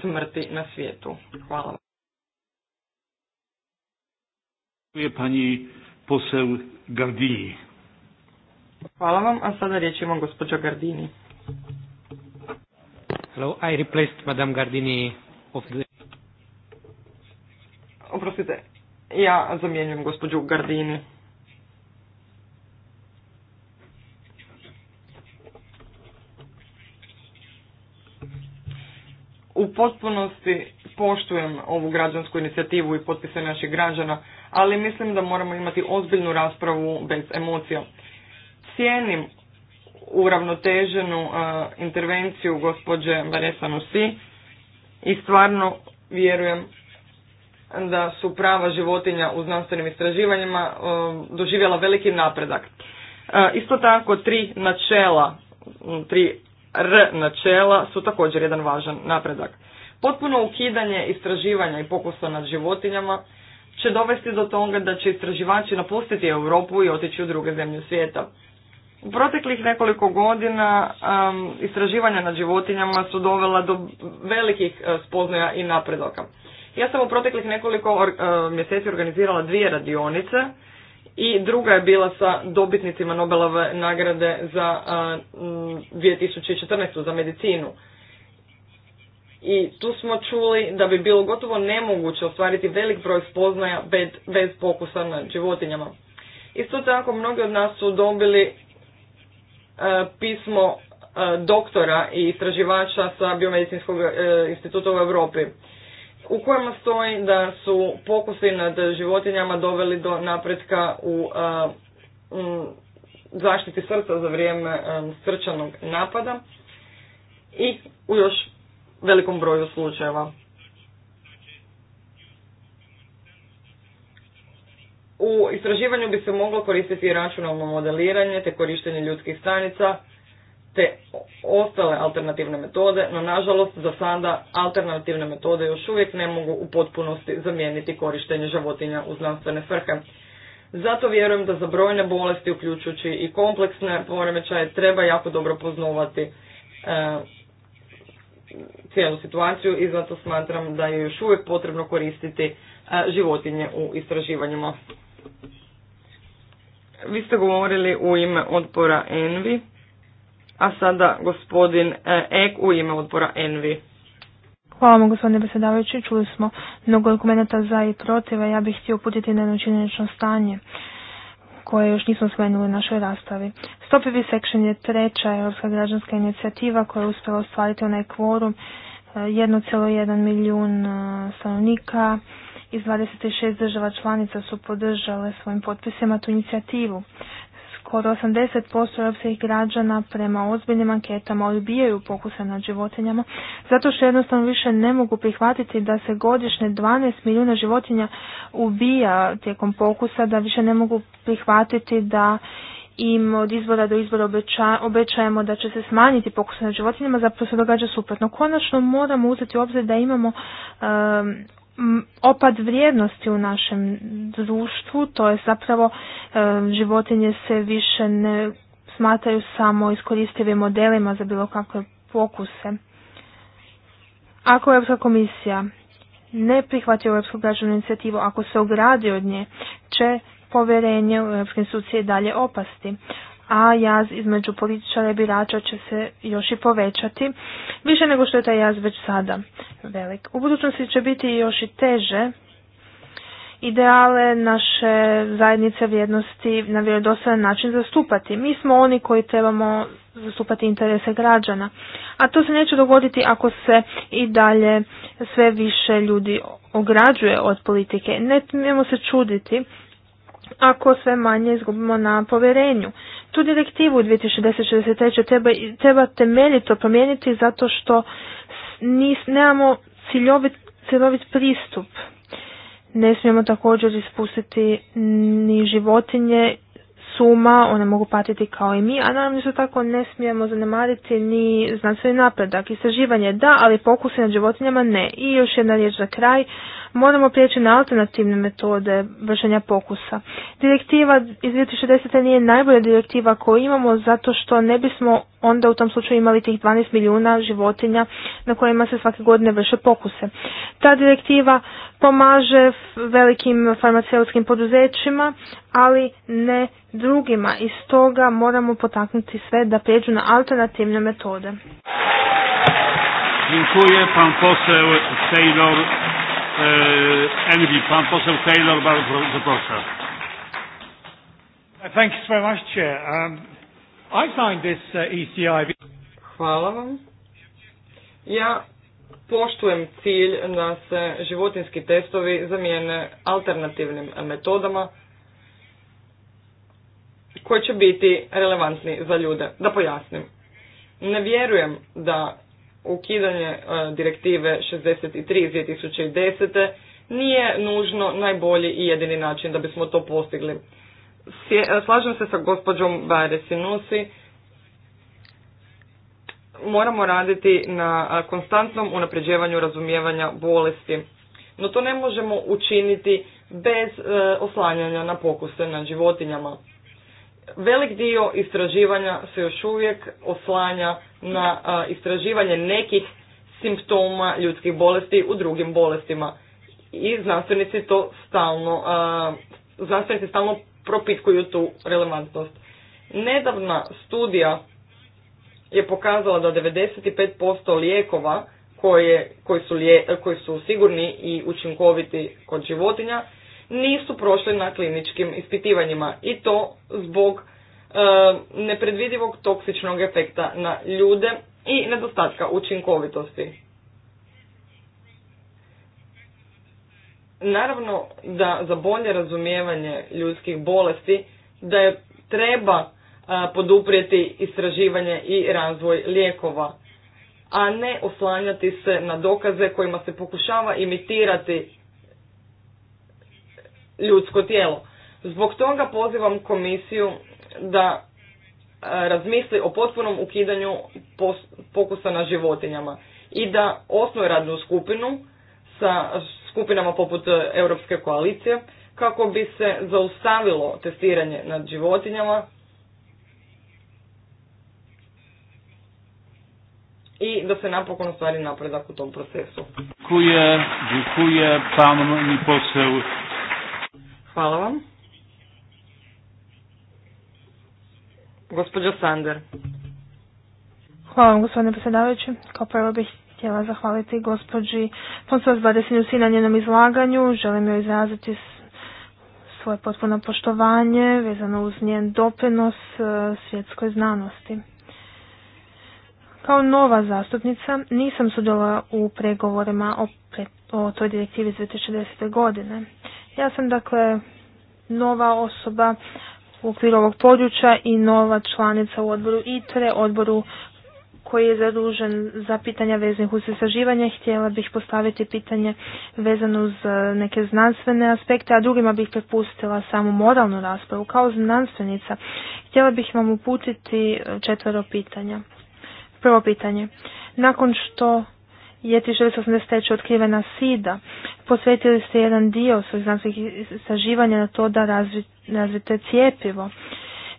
Speaker 2: smrti na svijetu. Hvala vam.
Speaker 1: Pani posel Gardini.
Speaker 2: Hvala vam, a sada riječ ima gospođa Gardini. Hello, I replaced Madame Gardini of Oprostite, ja zamjenjujem gospođu Gardini. U potpunosti poštujem ovu građansku inicijativu i potpise naših građana, ali mislim da moramo imati ozbiljnu raspravu bez emocija. Cijenim uravnoteženu e, intervenciju gospođe Vanessa Nussi i stvarno vjerujem da su prava životinja u znanstvenim istraživanjima e, doživjela veliki napredak. E, isto tako tri načela, tri R načela su također jedan važan napredak. Potpuno ukidanje istraživanja i pokusa nad životinjama će dovesti do toga da će istraživači napustiti Europu i otići u druge zemlje svijeta. U proteklih nekoliko godina istraživanja nad životinjama su dovela do velikih e, spoznaja i napredaka. Ja sam u proteklih nekoliko e, mjeseci organizirala dvije radionice i druga je bila sa dobitnicima Nobelove nagrade za 2014. E, za medicinu. I tu smo čuli da bi bilo gotovo nemoguće ostvariti velik broj spoznaja bez pokusa na životinjama. Isto tako, mnogi od nas su dobili e, pismo doktora i istraživača sa Biomedicinskog instituta u Europi u kojima stoji da su pokusi nad životinjama doveli do napretka u zaštiti srca za vrijeme srčanog napada i u još velikom broju slučajeva. U istraživanju bi se moglo koristiti i računalno modeliranje te korištenje ljudskih stanica te ostale alternativne metode, no nažalost za sada alternativne metode još uvijek ne mogu u potpunosti zamijeniti korištenje životinja u znanstvene svrhe. Zato vjerujem da za brojne bolesti, uključujući i kompleksne poremećaje, treba jako dobro poznovati e, cijelu situaciju i zato smatram da je još uvijek potrebno koristiti e, životinje u istraživanjima. Vi ste govorili u ime odpora Envi a sada gospodin e, Ek u ime odbora Envi.
Speaker 3: Hvala vam gospodine predsjedavajući, čuli smo mnogo dokumenta za i protiv, a ja bih htio uputiti na jedno činjenično stanje koje još nismo spomenuli u našoj rastavi. Stop je treća europska građanska inicijativa koja je uspjela ostvariti onaj kvorum 1,1 e, milijun e, stanovnika iz 26 država članica su podržale svojim potpisima tu inicijativu. Skoro 80% europskih građana prema ozbiljnim anketama odbijaju pokuse nad životinjama, zato što jednostavno više ne mogu prihvatiti da se godišnje 12 milijuna životinja ubija tijekom pokusa, da više ne mogu prihvatiti da im od izvora do izbora obećajemo da će se smanjiti pokus na životinjama, zapravo se događa suprotno. Konačno moramo uzeti u obzir da imamo opad vrijednosti u našem društvu, to je zapravo e, životinje se više ne smatraju samo iskoristivim modelima za bilo kakve pokuse. Ako Europska komisija ne prihvati Europsku građanu inicijativu, ako se ogradi od nje, će povjerenje u Europske institucije dalje opasti a jaz između političara i birača će se još i povećati, više nego što je taj jaz već sada velik. U budućnosti će biti još i teže ideale naše zajednice vrijednosti na vjerodostojan način zastupati. Mi smo oni koji trebamo zastupati interese građana, a to se neće dogoditi ako se i dalje sve više ljudi ograđuje od politike. Ne smijemo se čuditi ako sve manje izgubimo na povjerenju. Tu direktivu 2063 treba, treba temeljito promijeniti zato što nis, nemamo ciljovit, ciljovit pristup. Ne smijemo također ispustiti ni životinje suma, one mogu patiti kao i mi, a naravno isto tako ne smijemo zanemariti ni znanstveni napredak, istraživanje da, ali pokuse nad životinjama ne. I još jedna riječ za kraj, moramo prijeći na alternativne metode vršenja pokusa. Direktiva iz 2010. nije najbolja direktiva koju imamo zato što ne bismo onda u tom slučaju imali tih 12 milijuna životinja na kojima se svake godine vrše pokuse. Ta direktiva pomaže velikim farmaceutskim poduzećima, ali ne drugima i stoga moramo potaknuti sve da prijeđu na alternativne metode.
Speaker 1: Pan Taylor,
Speaker 2: Hvala vam. Ja poštujem cilj da se životinski testovi zamijene alternativnim metodama koji će biti relevantni za ljude. Da pojasnim. Ne vjerujem da ukidanje e, direktive 63 iz 2010. nije nužno najbolji i jedini način da bismo to postigli. E, slažem se sa gospođom Bajre Moramo raditi na e, konstantnom unapređivanju razumijevanja bolesti. No to ne možemo učiniti bez oslanjanja na pokuse na životinjama. Velik dio istraživanja se još uvijek oslanja na istraživanje nekih simptoma ljudskih bolesti u drugim bolestima. I znanstvenici to stalno, znanstvenici stalno propitkuju tu relevantnost. Nedavna studija je pokazala da 95% lijekova koje, koji, su koji su sigurni i učinkoviti kod životinja nisu prošli na kliničkim ispitivanjima i to zbog E, nepredvidivog toksičnog efekta na ljude i nedostatka učinkovitosti. Naravno da za bolje razumijevanje ljudskih bolesti da je treba e, poduprijeti istraživanje i razvoj lijekova, a ne oslanjati se na dokaze kojima se pokušava imitirati ljudsko tijelo. Zbog toga pozivam komisiju da e, razmisli o potpunom ukidanju pokusa na životinjama i da osnuje radnu skupinu sa skupinama poput e, Europske koalicije kako bi se zaustavilo testiranje nad životinjama i da se napokon ostvari napredak u tom procesu. Hvala vam. Gospođo Sander.
Speaker 3: Hvala vam gospodine predsjedavajući. Kao prvo bih htjela zahvaliti gospođi Fonsovac dvadeset na njenom izlaganju. Želim joj izraziti svoje potpuno poštovanje vezano uz njen doprinos e, svjetskoj znanosti. Kao nova zastupnica nisam sudjela u pregovorima o, o toj direktivi iz 2010. godine. Ja sam dakle nova osoba u okviru ovog područja i nova članica u odboru ITRE, odboru koji je zadužen za pitanja veznih uz istraživanje. Htjela bih postaviti pitanje vezano uz e, neke znanstvene aspekte, a drugima bih prepustila samo moralnu raspravu. Kao znanstvenica htjela bih vam uputiti e, četvero pitanja. Prvo pitanje. Nakon što je 1983. otkrivena sida, posvetili ste jedan dio svojih znanstvenih istraživanja na to da razvijete nazvite, cijepivo.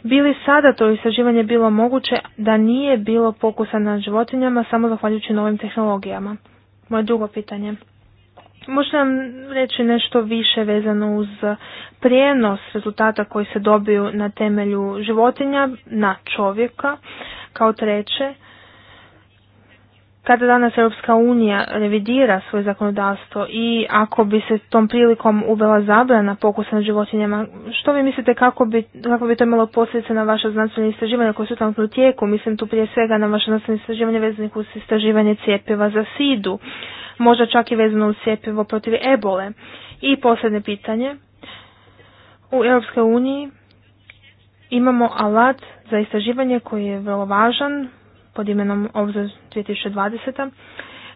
Speaker 3: Bili sada to istraživanje bilo moguće da nije bilo pokusa na životinjama samo zahvaljujući novim tehnologijama? Moje drugo pitanje. Možete nam reći nešto više vezano uz prijenos rezultata koji se dobiju na temelju životinja na čovjeka? Kao treće, kada danas Europska unija revidira svoje zakonodavstvo i ako bi se tom prilikom uvela zabrana pokusa na životinjama, što vi mislite kako bi, kako bi to imalo posljedice na vaše znanstvene istraživanja koje su tamo u tijeku? Mislim tu prije svega na vaše znanstvene istraživanje vezanih uz istraživanje cijepiva za sidu, možda čak i vezano uz cijepivo protiv ebole. I posljedne pitanje. U Europskoj uniji imamo alat za istraživanje koji je vrlo važan, pod imenom Obzor 2020.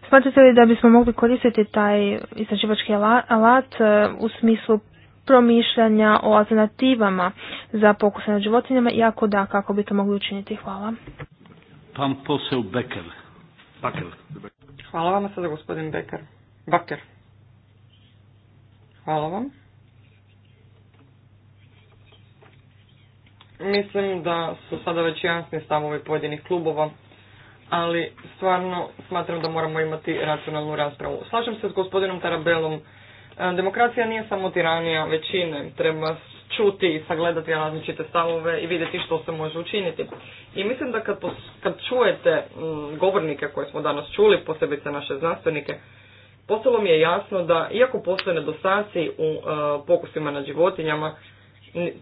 Speaker 3: Smatrate li da bismo mogli koristiti taj istraživački alat e, u smislu promišljanja o alternativama za pokuse na životinjama i da, kako bi to mogli učiniti? Hvala.
Speaker 1: Becker.
Speaker 2: Hvala vam sada gospodin Becker. Becker. Hvala vam. Mislim da su sada već jasni stavovi pojedinih klubova ali stvarno smatram da moramo imati racionalnu raspravu. Slažem se s gospodinom Tarabelom, e, demokracija nije samo tiranija većine, treba čuti i sagledati različite stavove i vidjeti što se može učiniti. I mislim da kad, kad čujete mm, govornike koje smo danas čuli, posebice naše znanstvenike, postalo mi je jasno da iako postoje nedostaci u e, pokusima na životinjama,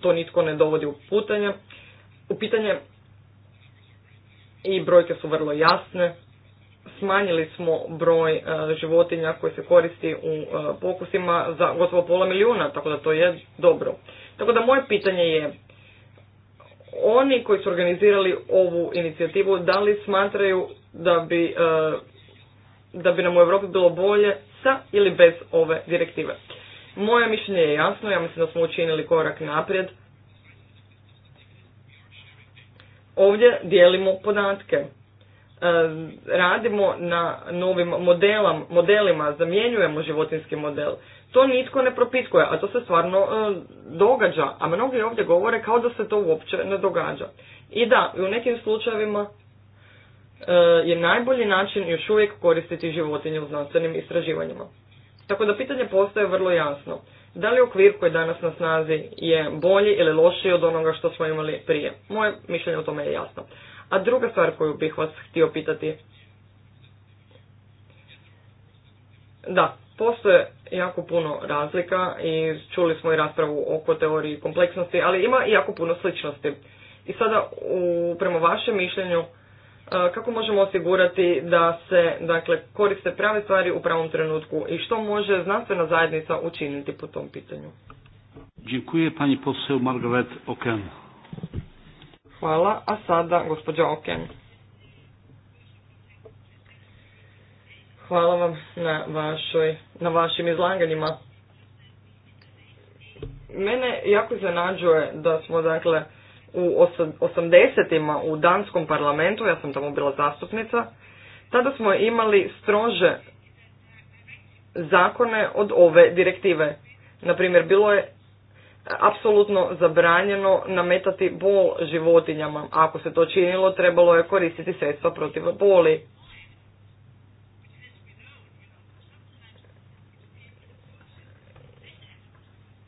Speaker 2: to nitko ne dovodi u putanje, u pitanje i brojke su vrlo jasne. Smanjili smo broj e, životinja koji se koristi u e, pokusima za gotovo pola milijuna, tako da to je dobro. Tako da moje pitanje je, oni koji su organizirali ovu inicijativu, da li smatraju da bi, e, da bi nam u Europi bilo bolje sa ili bez ove direktive? Moje mišljenje je jasno, ja mislim da smo učinili korak naprijed Ovdje dijelimo podatke. E, radimo na novim modelam, modelima, zamjenjujemo životinski model. To nitko ne propitkuje, a to se stvarno e, događa. A mnogi ovdje govore kao da se to uopće ne događa. I da, u nekim slučajevima e, je najbolji način još uvijek koristiti životinje u znanstvenim istraživanjima. Tako da pitanje postaje vrlo jasno. Da li okvir koji danas na snazi je bolji ili lošiji od onoga što smo imali prije? Moje mišljenje o tome je jasno. A druga stvar koju bih vas htio pitati. Da, postoje jako puno razlika i čuli smo i raspravu oko teoriji kompleksnosti, ali ima i jako puno sličnosti. I sada u, prema vašem mišljenju kako možemo osigurati da se dakle, koriste prave stvari u pravom trenutku i što može znanstvena zajednica učiniti po tom pitanju.
Speaker 1: Dziękuję pani poseł Margaret Oken.
Speaker 2: Hvala, a sada gospođa Oken. Hvala vam na, vašoj, na vašim izlaganjima. Mene jako zanađuje da smo dakle u osamdesetima u Danskom parlamentu, ja sam tamo bila zastupnica, tada smo imali strože zakone od ove direktive. Naprimjer, bilo je apsolutno zabranjeno nametati bol životinjama. Ako se to činilo, trebalo je koristiti sredstva protiv boli.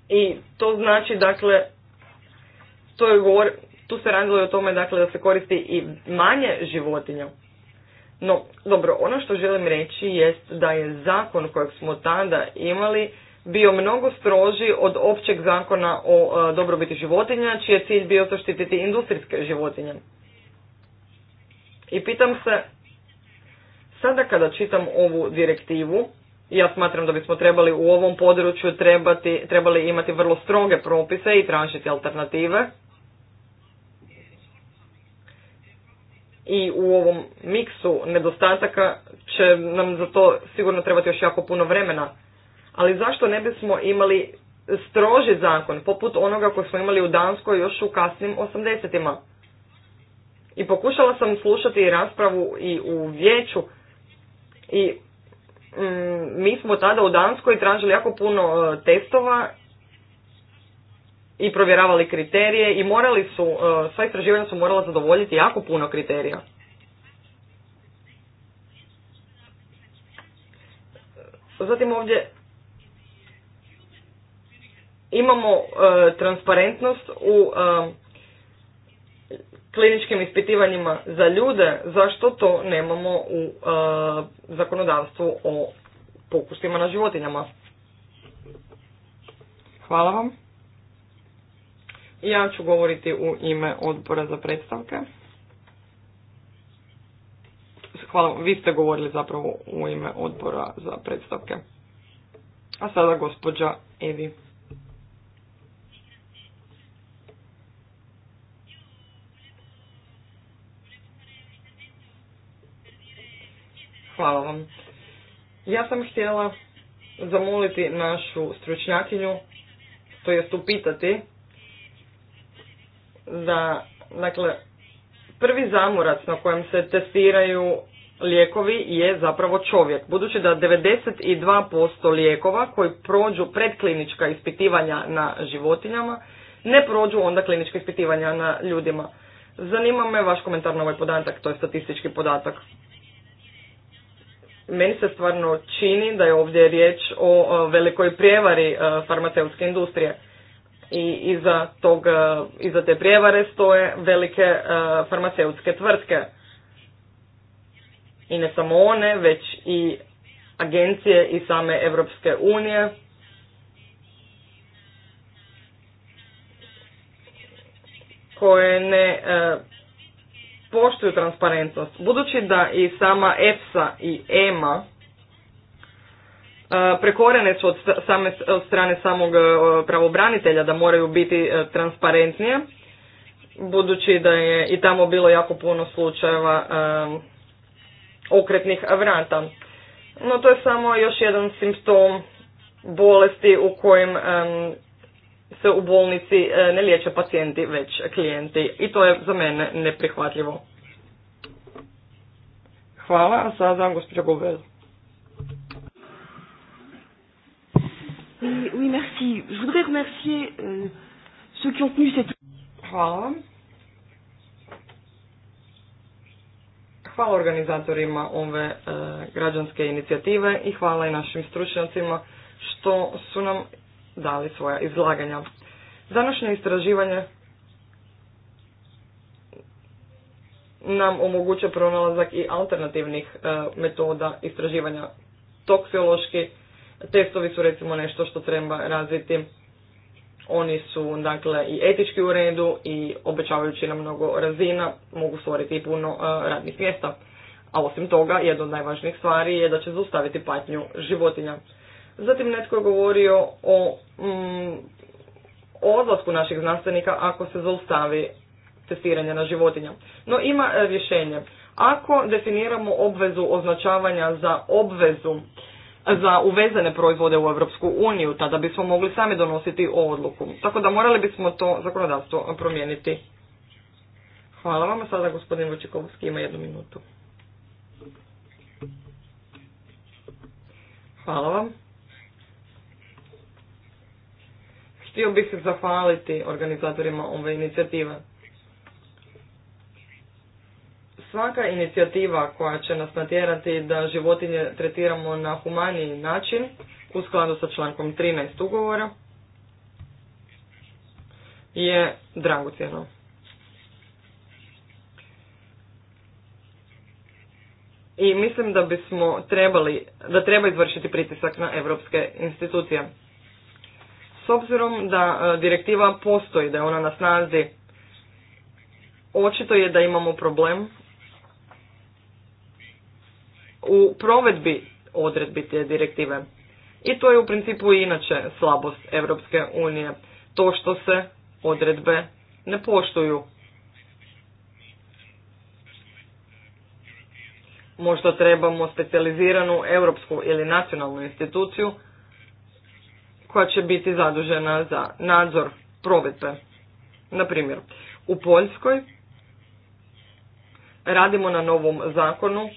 Speaker 2: I to znači, dakle, to je govor, tu se radilo o tome dakle, da se koristi i manje životinja. No, dobro, ono što želim reći jest da je zakon kojeg smo tada imali bio mnogo stroži od općeg zakona o e, dobrobiti životinja, čiji je cilj bio zaštititi industrijske životinje. I pitam se, sada kada čitam ovu direktivu, ja smatram da bismo trebali u ovom području trebati, trebali imati vrlo stroge propise i tražiti alternative, i u ovom miksu nedostataka će nam za to sigurno trebati još jako puno vremena. Ali zašto ne bismo imali stroži zakon, poput onoga koji smo imali u Danskoj još u kasnim 80 I pokušala sam slušati raspravu i u vijeću i mm, mi smo tada u Danskoj tražili jako puno e, testova i provjeravali kriterije i morali su, e, sva istraživanja su morala zadovoljiti jako puno kriterija. Zatim ovdje imamo e, transparentnost u e, kliničkim ispitivanjima za ljude, zašto to nemamo u zakonodavstvu o pokusima na životinjama. Hvala vam. Ja ću govoriti u ime odbora za predstavke. Hvala, vi ste govorili zapravo u ime odbora za predstavke. A sada gospođa Evi. Hvala vam. Ja sam htjela zamoliti našu stručnjakinju, to jest upitati da, dakle, prvi zamorac na kojem se testiraju lijekovi je zapravo čovjek. Budući da 92% lijekova koji prođu predklinička ispitivanja na životinjama ne prođu onda klinička ispitivanja na ljudima. Zanima me vaš komentar na ovaj podatak, to je statistički podatak. Meni se stvarno čini da je ovdje riječ o velikoj prijevari e, farmaceutske industrije i iza, tog, e, iza te prijevare stoje velike e, farmaceutske tvrtke. I ne samo one, već i agencije i same Europske unije. koje ne e, poštuju transparentnost. Budući da i sama EFSA i EMA E, prekorene su od, same, od strane samog e, pravobranitelja da moraju biti e, transparentnije, budući da je i tamo bilo jako puno slučajeva okretnih vrata. No to je samo još jedan simptom bolesti u kojem se u bolnici ne liječe pacijenti već klijenti i to je za mene neprihvatljivo. Hvala, a sada gospođa
Speaker 4: Oui, merci. Je voudrais remercier
Speaker 3: euh,
Speaker 2: Hvala organizatorima ove e, građanske inicijative i hvala i našim stručnjacima što su nam dali svoja izlaganja. Današnje istraživanje nam omogućuje pronalazak i alternativnih e, metoda istraživanja toksiološki Testovi su recimo nešto što treba razviti. Oni su dakle i etički u redu i obećavajući na mnogo razina mogu stvoriti i puno e, radnih mjesta. A osim toga, jedna od najvažnijih stvari je da će zaustaviti patnju životinja. Zatim netko je govorio o mm, odlasku naših znanstvenika ako se zaustavi testiranje na životinja. No ima e, rješenje. Ako definiramo obvezu označavanja za obvezu za uvezene proizvode u Europsku uniju, tada bismo mogli sami donositi odluku. Tako da morali bismo to zakonodavstvo promijeniti. Hvala vam, sada gospodin Vočikovski ima jednu minutu. Hvala vam. Htio bih se zahvaliti organizatorima ove inicijative svaka inicijativa koja će nas natjerati da životinje tretiramo na humaniji način u skladu sa člankom 13 ugovora je dragocjeno. I mislim da bismo trebali, da treba izvršiti pritisak na europske institucije. S obzirom da e, direktiva postoji, da je ona na snazi, očito je da imamo problem u provedbi odredbi te direktive. I to je u principu inače slabost Europske unije, to što se odredbe ne poštuju. Možda trebamo specijaliziranu europsku ili nacionalnu instituciju koja će biti zadužena za nadzor provedbe. Na primjer, u Poljskoj radimo na novom zakonu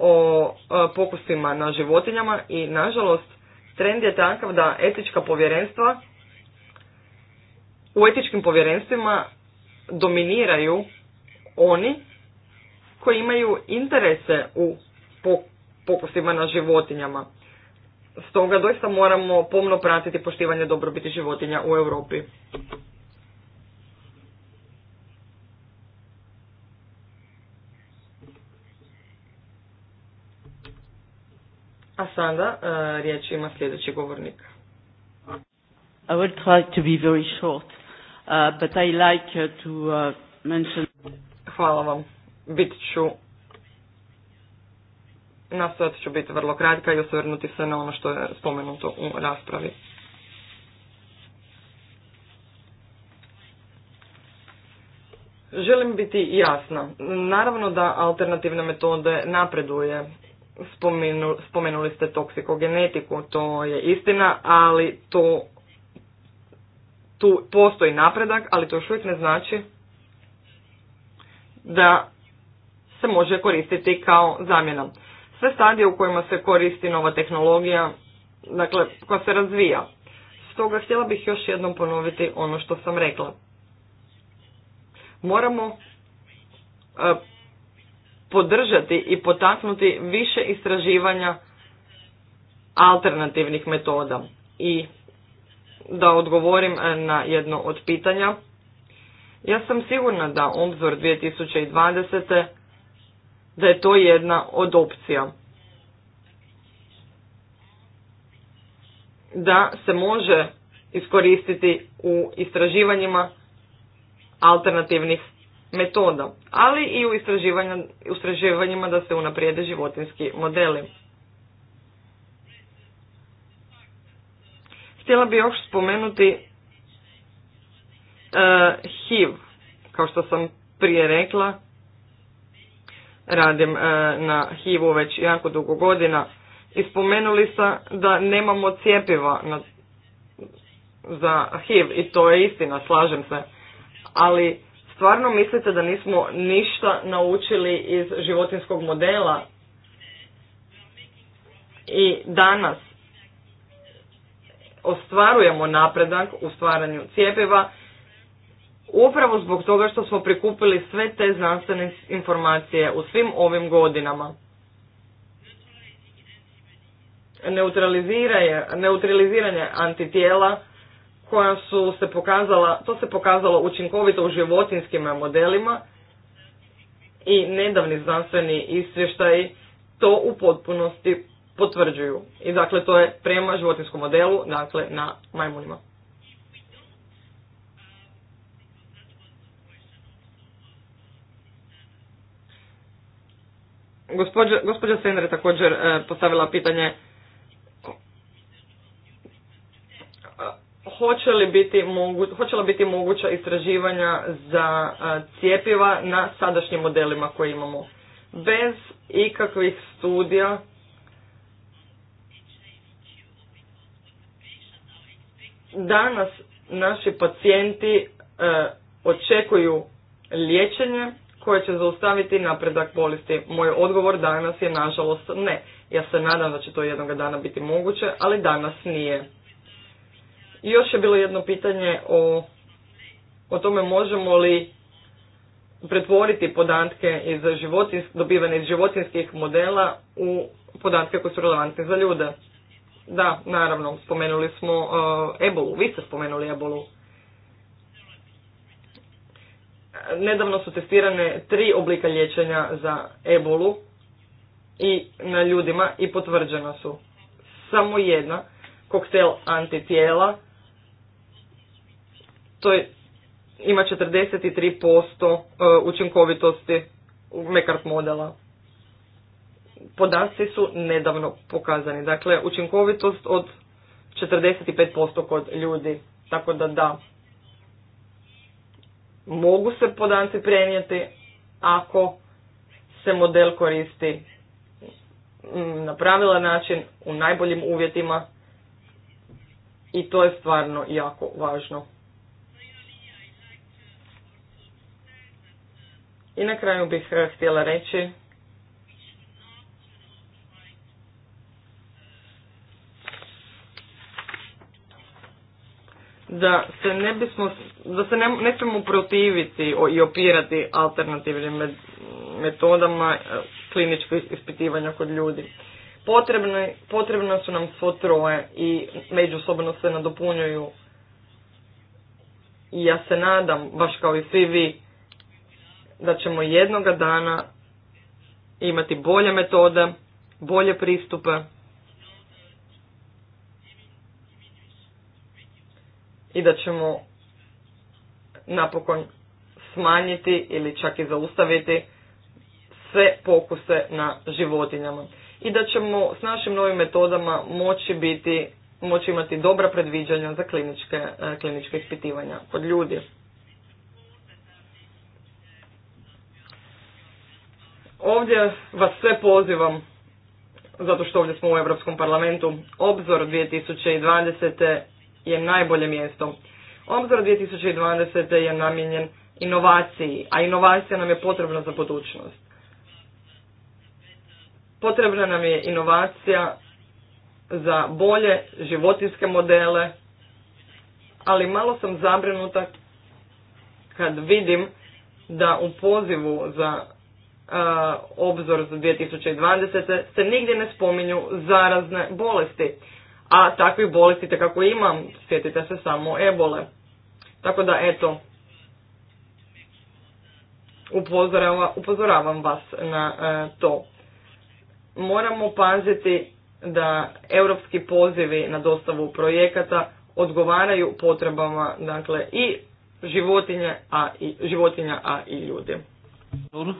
Speaker 2: o pokusima na životinjama i nažalost trend je takav da etička povjerenstva u etičkim povjerenstvima dominiraju oni koji imaju interese u pokusima na životinjama. Stoga doista moramo pomno pratiti poštivanje dobrobiti životinja u Europi. A sada uh, riječ ima sljedeći govornik.
Speaker 4: I will try to be very short,
Speaker 2: uh, but I like uh, to uh, mention... Hvala vam. Bit ću... Nastojat ću biti vrlo kratka i osvrnuti se na ono što je spomenuto u raspravi. Želim biti jasna. Naravno da alternativne metode napreduje spomenu, spomenuli ste toksikogenetiku, to je istina, ali to tu postoji napredak, ali to još uvijek ne znači da se može koristiti kao zamjena. Sve stadije u kojima se koristi nova tehnologija, dakle, koja se razvija. Stoga htjela bih još jednom ponoviti ono što sam rekla. Moramo e, podržati i potaknuti više istraživanja alternativnih metoda. I da odgovorim e, na jedno od pitanja. Ja sam sigurna da obzor 2020. da je to jedna od opcija. Da se može iskoristiti u istraživanjima alternativnih metoda, ali i u istraživanjima da se unaprijede životinski modeli. Htjela bi još spomenuti e, HIV. Kao što sam prije rekla, radim e, na HIV-u već jako dugo godina i spomenuli sa da nemamo cjepiva na, za HIV i to je istina, slažem se. Ali Stvarno mislite da nismo ništa naučili iz životinskog modela i danas ostvarujemo napredak u stvaranju cijepiva upravo zbog toga što smo prikupili sve te znanstvene informacije u svim ovim godinama. Neutraliziranje antitijela koja su se pokazala, to se pokazalo učinkovito u životinskim modelima i nedavni znanstveni izvještaji to u potpunosti potvrđuju. I dakle to je prema životinskom modelu, dakle na majmunima. Gospođa, gospođa Sender je također e, postavila pitanje hoće li biti, mogu, biti moguća istraživanja za cijepiva na sadašnjim modelima koje imamo. Bez ikakvih studija danas naši pacijenti e, očekuju liječenje koje će zaustaviti napredak bolesti. Moj odgovor danas je nažalost ne. Ja se nadam da će to jednoga dana biti moguće, ali danas nije. I još je bilo jedno pitanje o, o tome možemo li pretvoriti podatke iz dobivene iz životinskih modela u podatke koji su relevantni za ljude. Da, naravno, spomenuli smo uh, ebolu, vi ste spomenuli ebolu. Nedavno su testirane tri oblika liječenja za ebolu i na ljudima i potvrđena su. Samo jedna, koktel antitijela to je, ima 43% e, učinkovitosti Mekart modela. Podaci su nedavno pokazani. Dakle, učinkovitost od 45% kod ljudi. Tako da da, mogu se podaci prenijeti ako se model koristi na pravilan način, u najboljim uvjetima i to je stvarno jako važno. I na kraju bih eh, htjela reći da se ne bismo, da se ne, smijemo protiviti i opirati alternativnim metodama eh, kliničkog ispitivanja kod ljudi. Potrebne, potrebno su nam svo troje i međusobno se nadopunjuju. I ja se nadam, baš kao i svi vi, da ćemo jednoga dana imati bolje metode, bolje pristupe i da ćemo napokon smanjiti ili čak i zaustaviti sve pokuse na životinjama. I da ćemo s našim novim metodama moći biti, moći imati dobra predviđanja za kliničke, eh, kliničke ispitivanja kod ljudi. Ovdje vas sve pozivam, zato što ovdje smo u Europskom parlamentu, obzor 2020. je najbolje mjesto. Obzor 2020. je namijenjen inovaciji, a inovacija nam je potrebna za budućnost. Potrebna nam je inovacija za bolje životinske modele, ali malo sam zabrinuta kad vidim da u pozivu za E, obzor za 2020. se nigdje ne spominju zarazne bolesti. A takvih bolesti kako imam, sjetite se samo ebole. Tako da eto, upozoravam vas na e, to. Moramo paziti da europski pozivi na dostavu projekata odgovaraju potrebama dakle i životinje a i životinja a i ljudi. Dobro.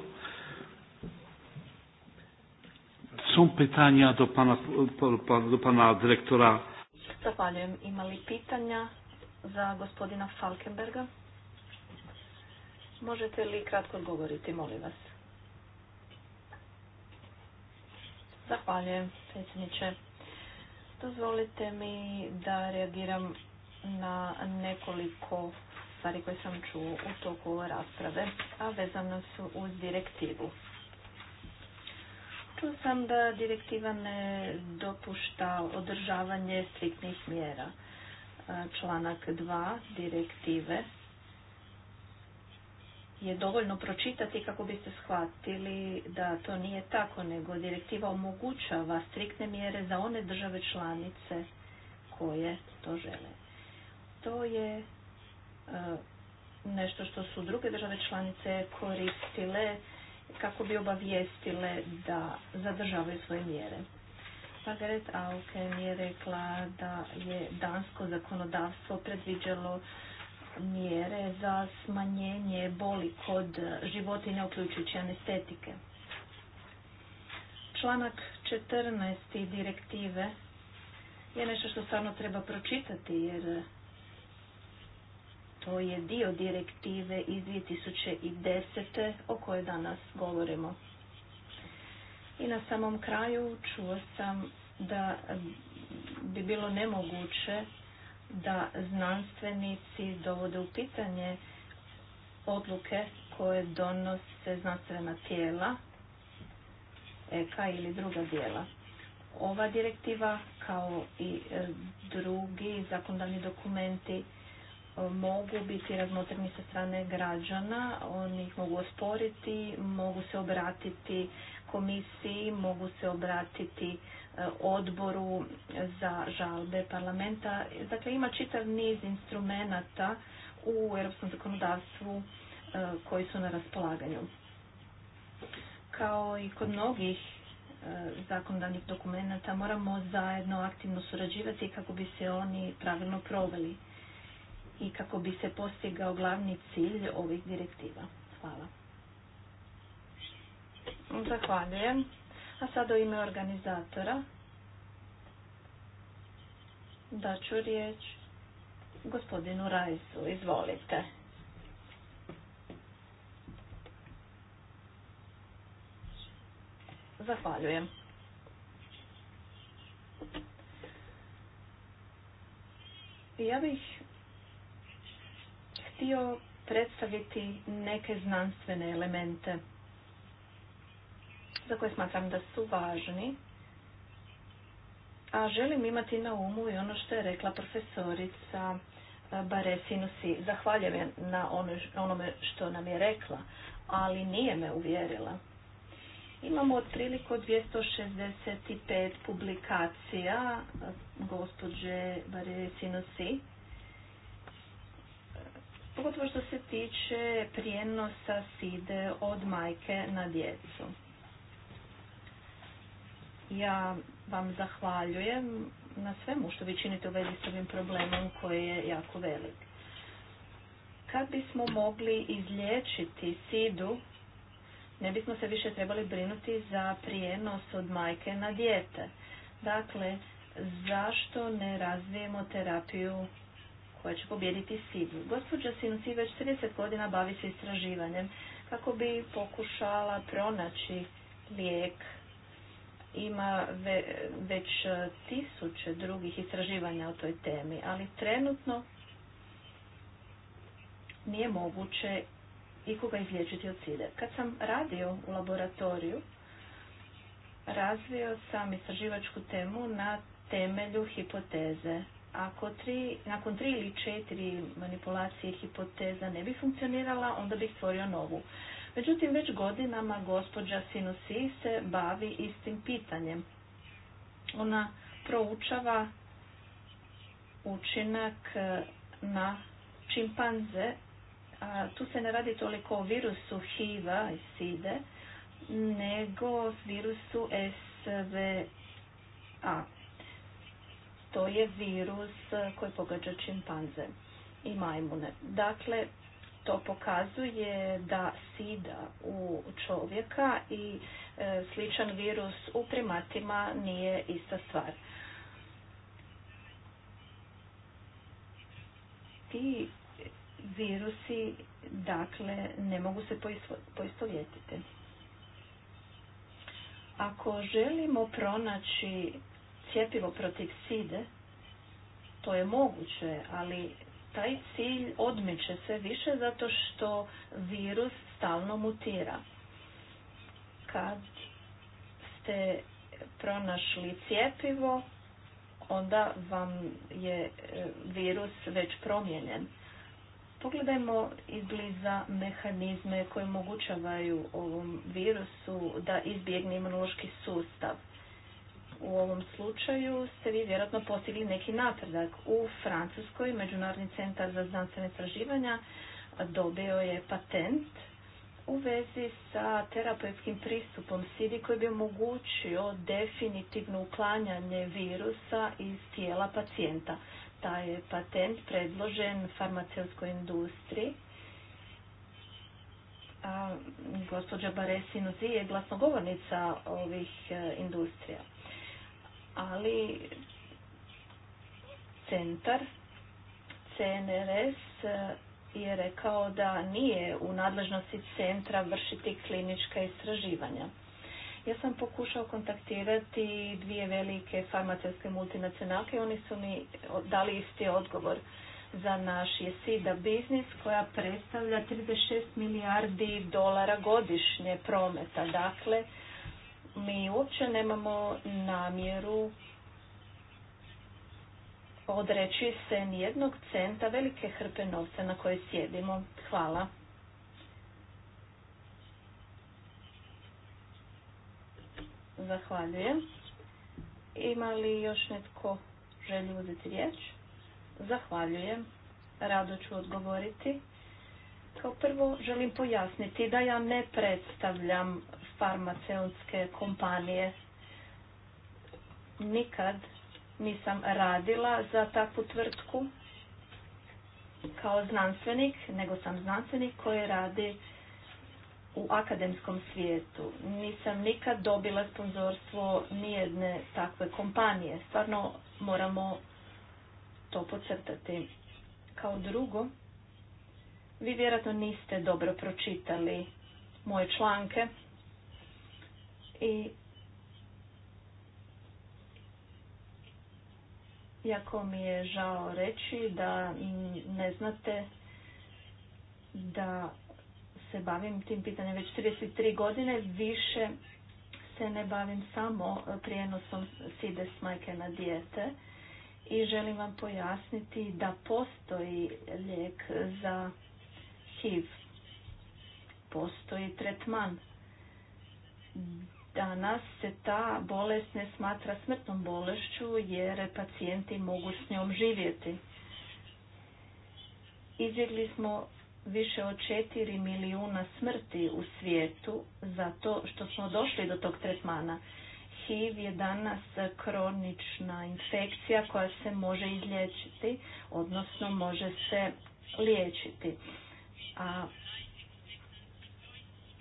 Speaker 1: Są pytania do pana, do pana dyrektora.
Speaker 4: Zahvaljujem. Ima li pitanja za gospodina Falkenberga? Možete li kratko odgovoriti, molim vas? Zahvaljujem, predsjedniče. Dozvolite mi da reagiram na nekoliko stvari koje sam čuo u toku ove rasprave, a vezano su uz direktivu čitala sam da direktiva ne dopušta održavanje striktnih mjera. E, članak 2 direktive je dovoljno pročitati kako biste shvatili da to nije tako, nego direktiva omogućava striktne mjere za one države članice koje to žele. To je e, nešto što su druge države članice koristile kako bi obavijestile da zadržavaju svoje mjere. Margaret Auken je rekla da je dansko zakonodavstvo predviđalo mjere za smanjenje boli kod životinja uključujući anestetike. Članak 14. direktive je nešto što stvarno treba pročitati jer to je dio direktive iz 2010. o kojoj danas govorimo. I na samom kraju čuo sam da bi bilo nemoguće da znanstvenici dovode u pitanje odluke koje donose znanstvena tijela, EKA ili druga dijela. Ova direktiva kao i drugi zakonodavni dokumenti mogu biti razmotreni sa strane građana, oni ih mogu osporiti, mogu se obratiti komisiji, mogu se obratiti e, odboru za žalbe parlamenta. Dakle, ima čitav niz instrumenata u europskom zakonodavstvu e, koji su na raspolaganju. Kao i kod mnogih e, zakonodavnih dokumenata moramo zajedno aktivno surađivati kako bi se oni pravilno proveli i kako bi se postigao glavni cilj ovih direktiva. Hvala. Zahvaljujem. A sada u ime organizatora daću riječ gospodinu Rajsu. Izvolite. Zahvaljujem. Ja bih htio predstaviti neke znanstvene elemente za koje smatram da su važni, a želim imati na umu i ono što je rekla profesorica eh, Baresinusi. Zahvaljujem na ono onome što nam je rekla, ali nije me uvjerila. Imamo otprilike 265 publikacija eh, gospođe Baresinusi pogotovo što se tiče prijenosa side od majke na djecu. Ja vam zahvaljujem na svemu što vi činite u vezi s ovim problemom koji je jako velik. Kad bismo mogli izlječiti sidu, ne bismo se više trebali brinuti za prijenos od majke na dijete. Dakle, zašto ne razvijemo terapiju koja će pobijediti sivu. Gospođa Sinci već 30 godina bavi se istraživanjem kako bi pokušala pronaći lijek. Ima već e, tisuće drugih istraživanja o toj temi, ali trenutno nije moguće ikoga izlječiti od side. Kad sam radio u laboratoriju, razvio sam istraživačku temu na temelju hipoteze ako tri, nakon tri ili četiri manipulacije hipoteza ne bi funkcionirala, onda bih stvorio novu. Međutim, već godinama gospođa Sinusi se bavi istim pitanjem. Ona proučava učinak e, na čimpanze. A tu se ne radi toliko o virusu HIV-a i SIDE, nego virusu SVA to je virus koji pogađa čimpanze i majmune. Dakle, to pokazuje da sida u čovjeka i e, sličan virus u primatima nije ista stvar. Ti virusi dakle ne mogu se poistovjetiti. Ako želimo pronaći cjepivo protiv side, to je moguće, ali taj cilj odmiče se više zato što virus stalno mutira. Kad ste pronašli cjepivo, onda vam je e, virus već promijenjen. Pogledajmo izbliza mehanizme koje omogućavaju ovom virusu da izbjegne imunološki sustav. U ovom slučaju ste vi vjerojatno postigli neki napredak. U Francuskoj Međunarodni centar za znanstvene istraživanja dobio je patent u vezi sa terapeutskim pristupom SIDI koji bi omogućio definitivno uklanjanje virusa iz tijela pacijenta. Taj je patent predložen farmaceutskoj industriji. A, gospođa Baresinuzi je glasnogovornica ovih e, industrija ali centar CNRS eh, je rekao da nije u nadležnosti centra vršiti klinička istraživanja. Ja sam pokušao kontaktirati dvije velike farmaceutske multinacionalke i oni su mi dali isti odgovor za naš je SIDA biznis koja predstavlja 36 milijardi dolara godišnje prometa. Dakle, mi uopće nemamo namjeru odreći se nijednog centa velike hrpe novca na koje sjedimo. Hvala. Zahvaljujem. Ima li još netko želi uzeti riječ? Zahvaljujem. Rado ću odgovoriti. Kao prvo želim pojasniti da ja ne predstavljam farmaceutske kompanije. Nikad nisam radila za takvu tvrtku kao znanstvenik, nego sam znanstvenik koji radi u akademskom svijetu. Nisam nikad dobila sponzorstvo nijedne takve kompanije. Stvarno moramo to podcrtati. Kao drugo, vi vjerojatno niste dobro pročitali moje članke i Jako mi je žao reći da ne znate da se bavim tim pitanjem već 33 godine, više se ne bavim samo prijenosom side s majke na dijete i želim vam pojasniti da postoji lijek za HIV. Postoji tretman Danas se ta bolest ne smatra smrtnom bolešću jer pacijenti mogu s njom živjeti. Izbjegli smo više od 4 milijuna smrti u svijetu zato što smo došli do tog tretmana. HIV je danas kronična infekcija koja se može izlječiti, odnosno može se liječiti. A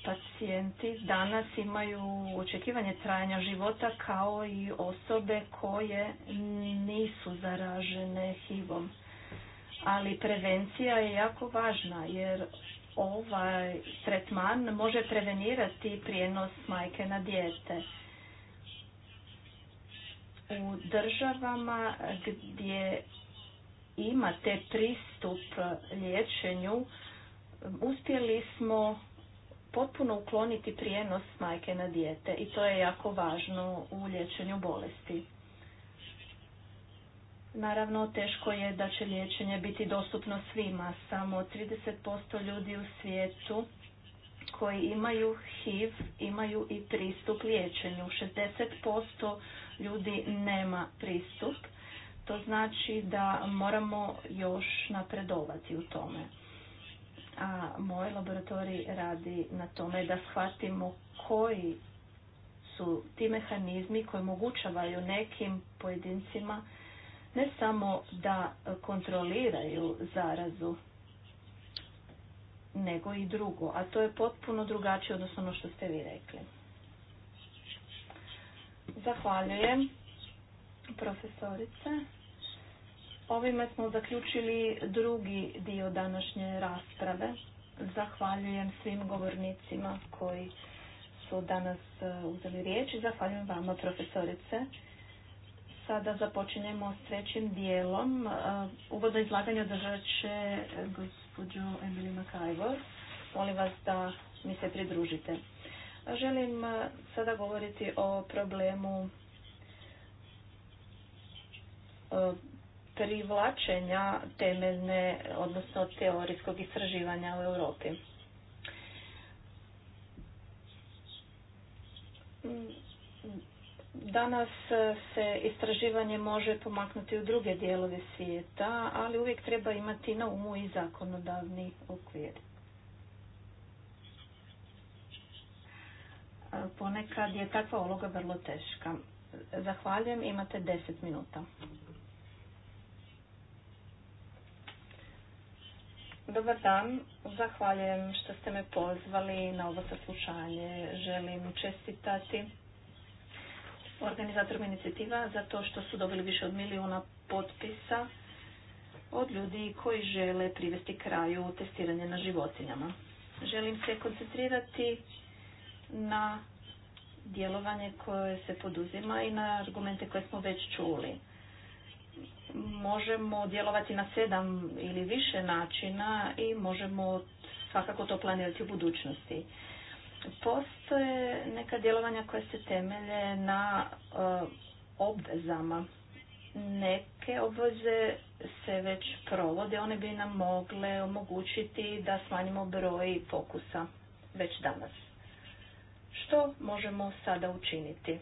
Speaker 4: pacijenti danas imaju očekivanje trajanja života kao i osobe koje nisu zaražene HIV-om. Ali prevencija je jako važna jer ovaj tretman može prevenirati prijenos majke na dijete. U državama gdje imate pristup liječenju uspjeli smo potpuno ukloniti prijenos majke na dijete i to je jako važno u liječenju bolesti. Naravno, teško je da će liječenje biti dostupno svima. Samo 30% ljudi u svijetu koji imaju HIV imaju i pristup liječenju. 60% ljudi nema pristup. To znači da moramo još napredovati u tome a moj laboratorij radi na tome da shvatimo koji su ti mehanizmi koji omogućavaju nekim pojedincima ne samo da kontroliraju zarazu, nego i drugo, a to je potpuno drugačije odnosno ono što ste vi rekli. Zahvaljujem profesorice. Ovime smo zaključili drugi dio današnje rasprave. Zahvaljujem svim govornicima koji su danas e, uzeli riječ i zahvaljujem vama profesorice. Sada započinjemo s trećim dijelom. E, uvodno izlaganje održat će gospođu Emily Makajvor. Molim vas da mi se pridružite. Želim e, sada govoriti o problemu privlačenja temeljne, odnosno teorijskog istraživanja u Europi. Danas se istraživanje može pomaknuti u druge dijelove svijeta, ali uvijek treba imati na umu i zakonodavni okvir. Ponekad je takva uloga vrlo teška. Zahvaljujem, imate 10 minuta. Dobar dan, zahvaljujem što ste me pozvali na ovo saslušanje. Želim čestitati organizatorima inicijativa za to što su dobili više od milijuna potpisa od ljudi koji žele privesti kraju testiranje na životinjama. Želim se koncentrirati na djelovanje koje se poduzima i na argumente koje smo već čuli možemo djelovati na sedam ili više načina i možemo svakako to planirati u budućnosti. Postoje neka djelovanja koja se temelje na e, obvezama. Neke obveze se već provode, one bi nam mogle omogućiti da smanjimo broj fokusa već danas. Što možemo sada učiniti?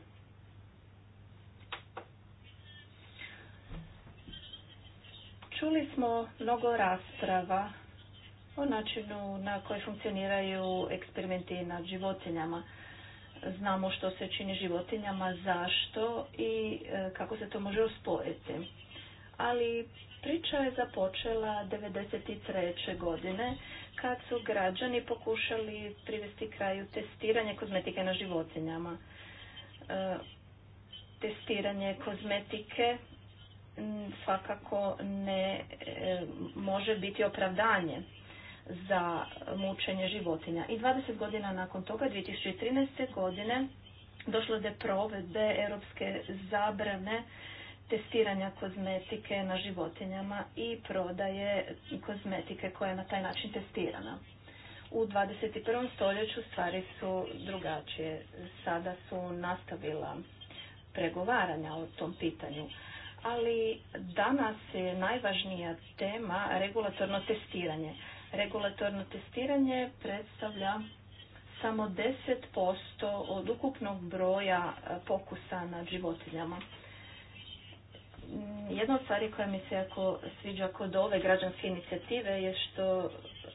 Speaker 4: Čuli smo mnogo rasprava o načinu na koji funkcioniraju eksperimenti nad životinjama. Znamo što se čini životinjama, zašto i e, kako se to može usporiti. Ali priča je započela 1993. godine kad su građani pokušali privesti kraju testiranje kozmetike na životinjama. E, testiranje kozmetike Mm, svakako ne e, može biti opravdanje za mučenje životinja. I 20 godina nakon toga, 2013. godine, došlo do provedbe europske zabrane testiranja kozmetike na životinjama i prodaje kozmetike koja je na taj način testirana. U 21. stoljeću stvari su drugačije. Sada su nastavila pregovaranja o tom pitanju ali danas je najvažnija tema regulatorno testiranje. Regulatorno testiranje predstavlja samo 10% od ukupnog broja e, pokusa nad životinjama. Mm, jedna od stvari koja mi se jako sviđa kod ove građanske inicijative je što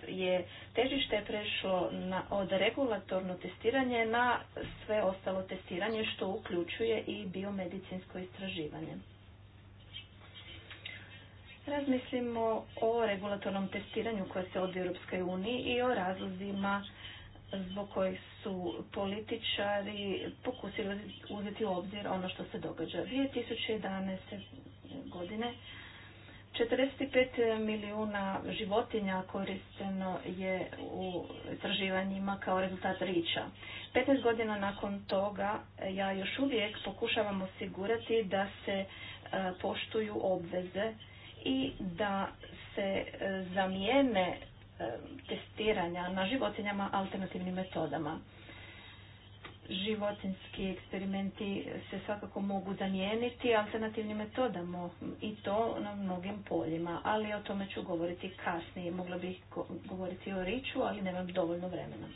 Speaker 4: je težište prešlo na, od regulatorno testiranje na sve ostalo testiranje što uključuje i biomedicinsko istraživanje razmislimo o regulatornom testiranju koje se odvije u Europskoj uniji i o razlozima zbog kojih su političari pokusili uzeti u obzir ono što se događa. 2011. godine 45 milijuna životinja koristeno je u istraživanjima kao rezultat riča. 15 godina nakon toga ja još uvijek pokušavam osigurati da se e, poštuju obveze i da se e, zamijene e, testiranja na životinjama alternativnim metodama. Životinski eksperimenti se svakako mogu zamijeniti alternativnim metodama i to na mnogim poljima, ali o tome ću govoriti kasnije. Mogla bih govoriti o riču, ali nemam dovoljno vremena.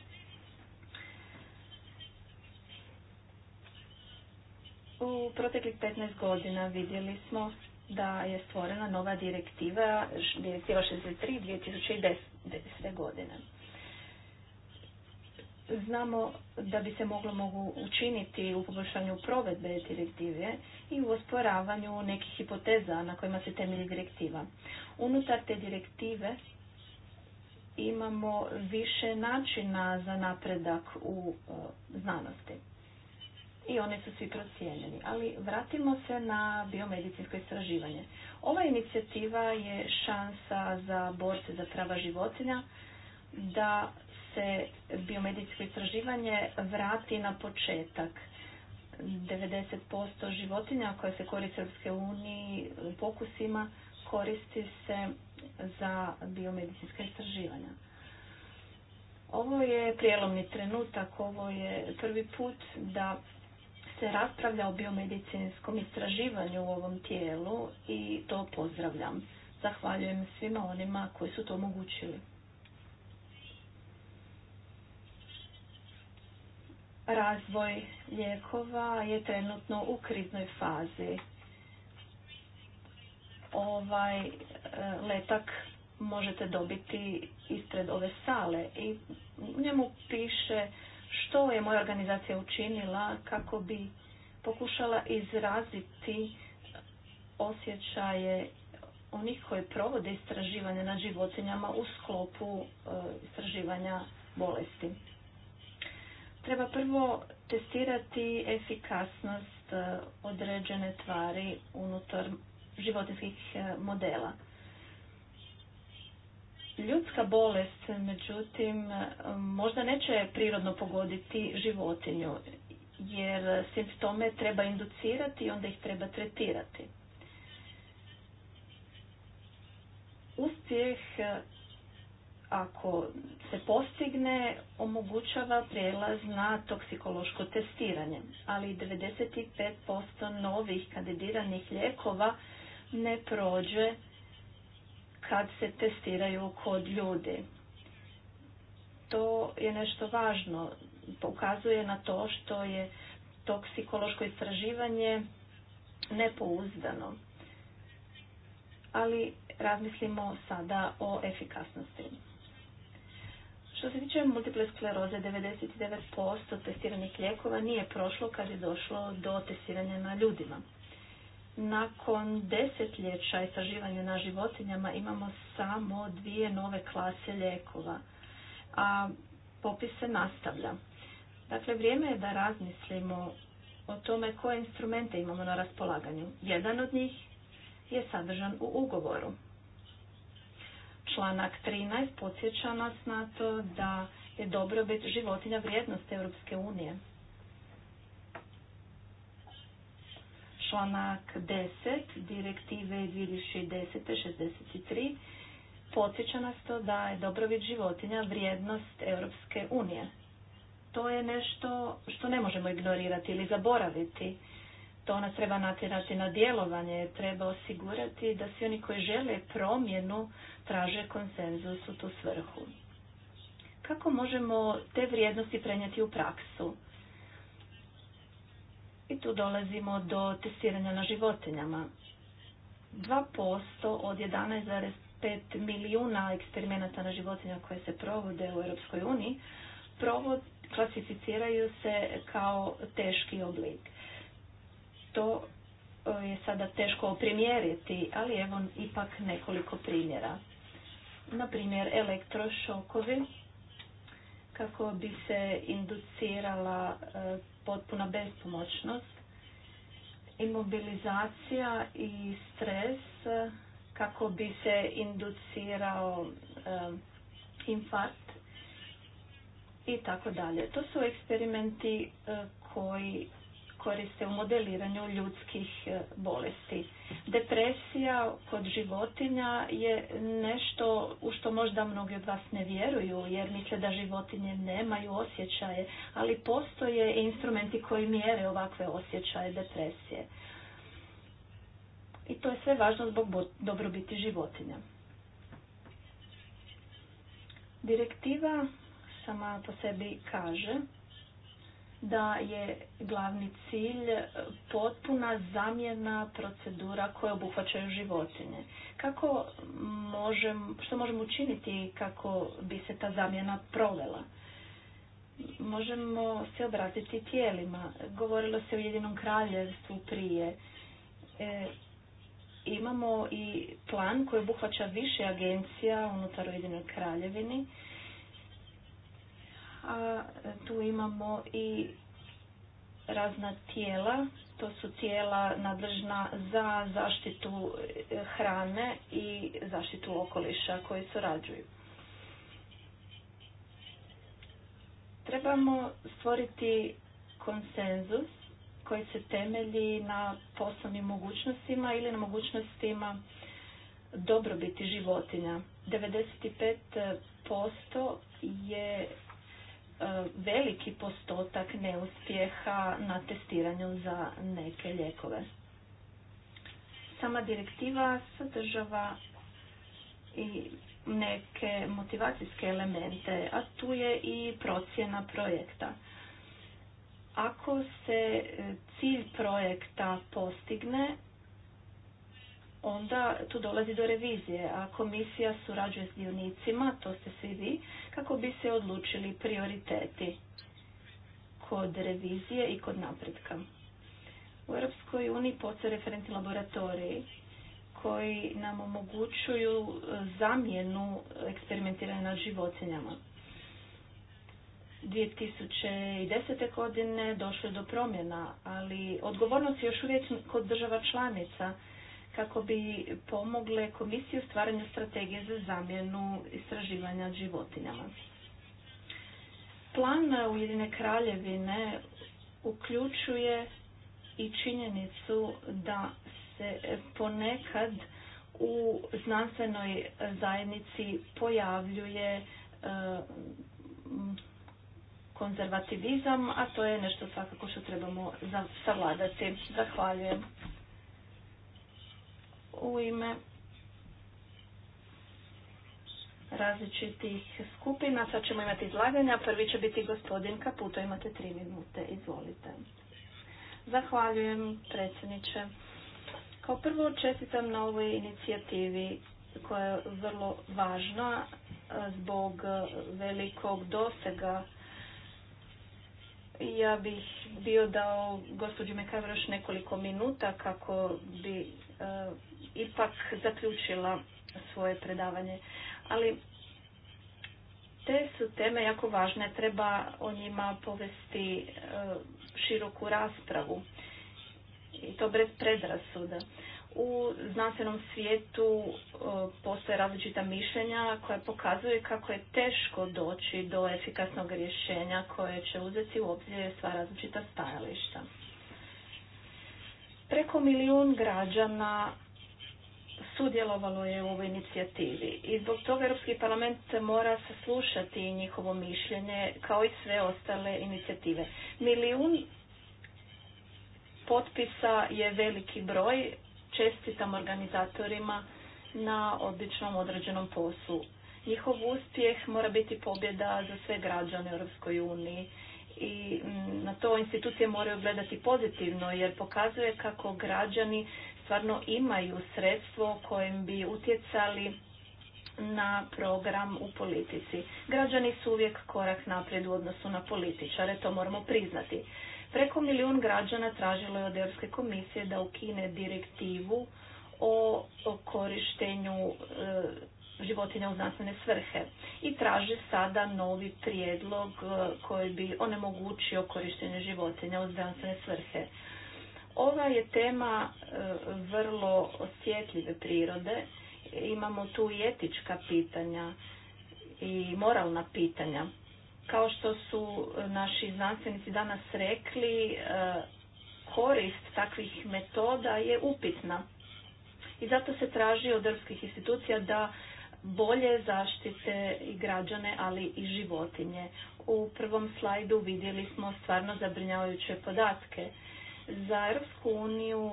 Speaker 4: U proteklih 15 godina vidjeli smo da je stvorena nova direktiva, direktiva 63 2010. godine. Znamo da bi se moglo mogu učiniti u poboljšanju provedbe direktive i u osporavanju nekih hipoteza na kojima se temelji direktiva. Unutar te direktive imamo više načina za napredak u e, znanosti i oni su svi procijenjeni. Ali vratimo se na biomedicinsko istraživanje. Ova inicijativa je šansa za borce za prava životinja da se biomedicinsko istraživanje vrati na početak. 90% životinja koje se koriste u EU uniji pokusima koristi se za biomedicinska istraživanja. Ovo je prijelomni trenutak, ovo je prvi put da se raspravlja o biomedicinskom istraživanju u ovom tijelu i to pozdravljam. Zahvaljujem svima onima koji su to omogućili. Razvoj lijekova je trenutno u kriznoj fazi. Ovaj e, letak možete dobiti ispred ove sale i u njemu piše što je moja organizacija učinila kako bi pokušala izraziti osjećaje onih koji provode istraživanja na životinjama u sklopu e, istraživanja bolesti. Treba prvo testirati efikasnost e, određene tvari unutar životinskih e, modela. Ljudska bolest, međutim, možda neće prirodno pogoditi životinju, jer simptome treba inducirati i onda ih treba tretirati. Uspjeh, ako se postigne, omogućava prijelaz na toksikološko testiranje, ali 95% novih kandidiranih lijekova ne prođe kad se testiraju kod ljudi. To je nešto važno, pokazuje na to što je toksikološko istraživanje nepouzdano. Ali razmislimo sada o efikasnosti. Što se tiče multiple skleroze, 99% testiranih lijekova nije prošlo kad je došlo do testiranja na ljudima nakon desetljeća istraživanja na životinjama imamo samo dvije nove klase lijekova, a popis se nastavlja. Dakle, vrijeme je da razmislimo o tome koje instrumente imamo na raspolaganju. Jedan od njih je sadržan u ugovoru. Članak 13 podsjeća nas na to da je dobrobit životinja vrijednost Europske unije. članak 10 direktive 2010-63 podsjeća nas to da je dobrobit životinja vrijednost Europske unije. To je nešto što ne možemo ignorirati ili zaboraviti. To nas treba natjerati na djelovanje, treba osigurati da svi oni koji žele promjenu traže konsenzus u tu svrhu. Kako možemo te vrijednosti prenijeti u praksu? I tu dolazimo do testiranja na životinjama. 2% od 11,5 milijuna eksperimenata na životinja koje se provode u Europskoj uniji klasificiraju se kao teški oblik. To eh, je sada teško oprimjeriti, ali evo ipak nekoliko primjera. Na primjer, elektrošokovi kako bi se inducirala e, potpuna bespomoćnost, imobilizacija i stres e, kako bi se inducirao e, infarkt i tako dalje. To su eksperimenti koji koriste u modeliranju ljudskih e, bolesti. Depresija kod životinja je nešto u što možda mnogi od vas ne vjeruju jer misle da životinje nemaju osjećaje, ali postoje instrumenti koji mjere ovakve osjećaje depresije. I to je sve važno zbog dobrobiti životinja. Direktiva sama po sebi kaže da je glavni cilj potpuna zamjena procedura koje obuhvaćaju životinje. Kako možem, što možemo učiniti kako bi se ta zamjena provela? Možemo se obratiti tijelima. Govorilo se o jedinom kraljevstvu prije. E, imamo i plan koji obuhvaća više agencija unutar Ujedinoj kraljevini a tu imamo i razna tijela, to su tijela nadležna za zaštitu e, hrane i zaštitu okoliša koje surađuju. Trebamo stvoriti konsenzus koji se temelji na poslovnim mogućnostima ili na mogućnostima dobrobiti životinja. 95% je E, veliki postotak neuspjeha na testiranju za neke lijekove. Sama direktiva sadržava i neke motivacijske elemente, a tu je i procjena projekta. Ako se e, cilj projekta postigne, onda tu dolazi do revizije, a komisija surađuje s dionicima, to ste svi vi, kako bi se odlučili prioriteti kod revizije i kod napretka. U Europskoj uniji postoje referentni laboratoriji koji nam omogućuju e, zamjenu eksperimentiranja nad životinjama. 2010. godine došlo je do promjena, ali odgovornost je još uvijek kod država članica kako bi pomogle komisiju stvaranja strategije za zamjenu istraživanja životinjama. Plan Ujedine kraljevine uključuje i činjenicu da se ponekad u znanstvenoj zajednici pojavljuje e, konzervativizam, a to je nešto svakako što trebamo savladati. Zahvaljujem u ime različitih skupina. Sad ćemo imati izlaganja. Prvi će biti gospodin Kaputo. Imate tri minute. Izvolite. Zahvaljujem predsjedniče. Kao prvo čestitam na ovoj inicijativi koja je vrlo važna e, zbog velikog dosega. Ja bih bio dao gospođi Mekavroš nekoliko minuta kako bi e, ipak zaključila svoje predavanje. Ali te su teme jako važne, treba o njima povesti e, široku raspravu i to bez predrasuda. U znanstvenom svijetu e, postoje različita mišljenja koja pokazuje kako je teško doći do efikasnog rješenja koje će uzeti u obzir sva različita stajališta. Preko milijun građana sudjelovalo je u ovoj inicijativi i zbog toga Europski parlament mora saslušati njihovo mišljenje kao i sve ostale inicijative. Milijun potpisa je veliki broj, čestitam organizatorima na odličnom određenom poslu. Njihov uspjeh mora biti pobjeda za sve građane Europskoj uniji i mm, na to institucije moraju gledati pozitivno jer pokazuje kako građani stvarno imaju sredstvo kojim bi utjecali na program u politici. Građani su uvijek korak naprijed u odnosu na političare, to moramo priznati. Preko milijun građana tražilo je od Europske komisije da ukine direktivu o, korištenju e, životinja u znanstvene svrhe i traži sada novi prijedlog e, koji bi onemogućio korištenje životinja u znanstvene svrhe. Ova je tema e, vrlo osjetljive prirode. Imamo tu i etička pitanja i moralna pitanja. Kao što su naši znanstvenici danas rekli, e, korist takvih metoda je upitna. I zato se traži od drvskih institucija da bolje zaštite i građane, ali i životinje. U prvom slajdu vidjeli smo stvarno zabrinjavajuće podatke. Za Europsku uniju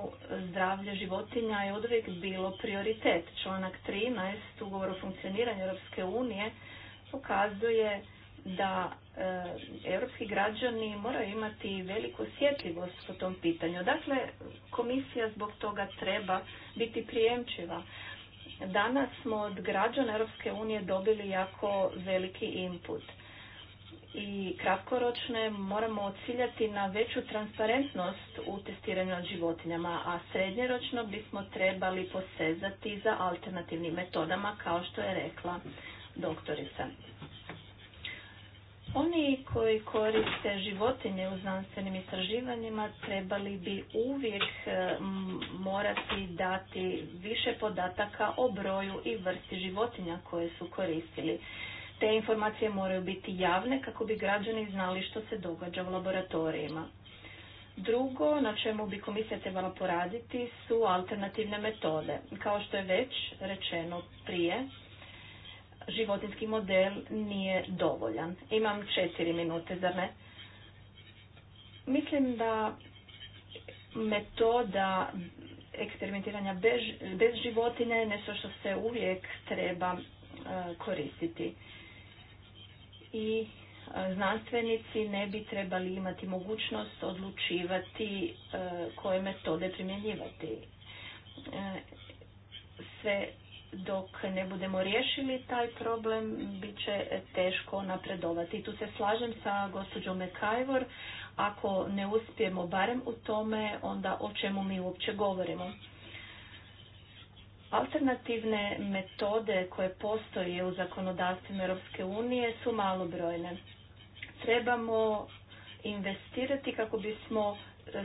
Speaker 4: zdravlje životinja je uvijek bilo prioritet. Članak 13 ugovor o funkcioniranju Europske unije pokazuje da e, europski građani moraju imati veliku osjetljivost po tom pitanju. Dakle, komisija zbog toga treba biti prijemčiva. Danas smo od građana Europske unije dobili jako veliki input i kratkoročne moramo ciljati na veću transparentnost u testiranju nad životinjama, a srednjeročno bismo trebali posezati za alternativnim metodama kao što je rekla doktorica. Oni koji koriste životinje u znanstvenim istraživanjima trebali bi uvijek e, morati dati više podataka o broju i vrsti životinja koje su koristili. Te informacije moraju biti javne kako bi građani znali što se događa u laboratorijima. Drugo, na čemu bi komisija trebala poraditi, su alternativne metode. Kao što je već rečeno prije, životinski model nije dovoljan. Imam četiri minute, zar ne? Mislim da metoda eksperimentiranja bez, bez životine je nešto što se uvijek treba e, koristiti i e, znanstvenici ne bi trebali imati mogućnost odlučivati e, koje metode primjenjivati. E, sve dok ne budemo riješili taj problem, bit će teško napredovati. Tu se slažem sa gospođom Mekajvor, ako ne uspijemo barem u tome, onda o čemu mi uopće govorimo. Alternativne metode koje postoje u zakonodavstvima Europske unije su malobrojne. Trebamo investirati kako bismo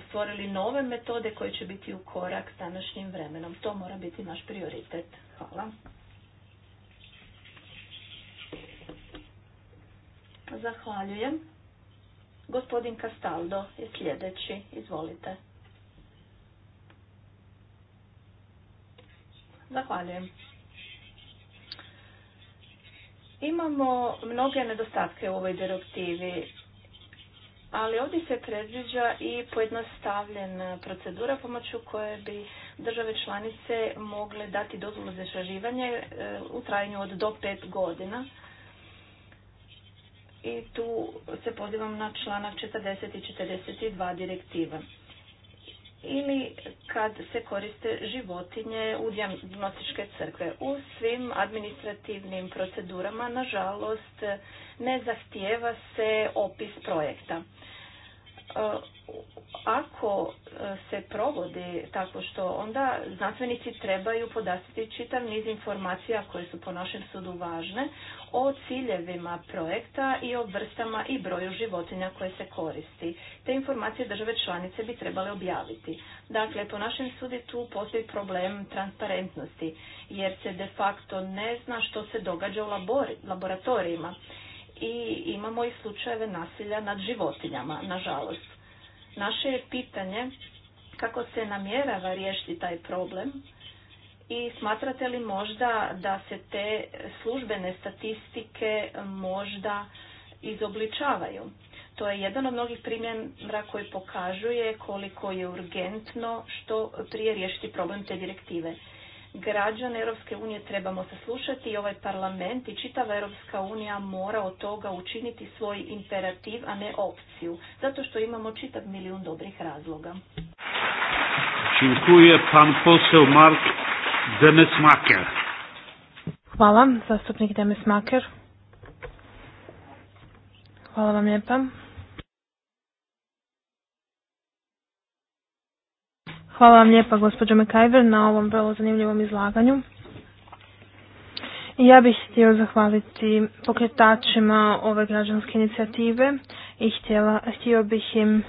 Speaker 4: stvorili nove metode koje će biti u korak s današnjim vremenom. To mora biti naš prioritet. Hvala. Zahvaljujem. Gospodin Kastaldo je sljedeći. Izvolite. Zahvaljujem. Imamo mnoge nedostatke u ovoj direktivi, ali ovdje se predviđa i pojednostavljena procedura pomoću koje bi države članice mogle dati dozvolu za istraživanje e, u trajanju od do pet godina. I tu se pozivam na članak 40 i 42 direktiva ili kad se koriste životinje u dijagnostičke crkve. U svim administrativnim procedurama, nažalost, ne zahtijeva se opis projekta. E, ako e, se provodi tako što onda znanstvenici trebaju podastiti čitav niz informacija koje su po našem sudu važne o ciljevima projekta i o vrstama i broju životinja koje se koristi. Te informacije države članice bi trebale objaviti. Dakle, po našem sudi tu postoji problem transparentnosti jer se de facto ne zna što se događa u laboratorijima i imamo i slučajeve nasilja nad životinjama, nažalost. Naše je pitanje kako se namjerava riješiti taj problem i smatrate li možda da se te službene statistike možda izobličavaju? To je jedan od mnogih primjera koji pokazuje koliko je urgentno što prije riješiti problem te direktive građane Europske unije trebamo saslušati i ovaj parlament i čitava Europska unija mora od toga učiniti svoj imperativ, a ne opciju, zato što imamo čitav milijun dobrih razloga.
Speaker 1: Činkuje pan posel Mark Demesmaker.
Speaker 3: Hvala, zastupnik Demesmaker. Hvala vam lijepa. Hvala vam lijepa gospođo Mekajver, na ovom vrlo zanimljivom izlaganju. Ja bih htio zahvaliti pokretačima ove građanske inicijative i htjela, htio bih im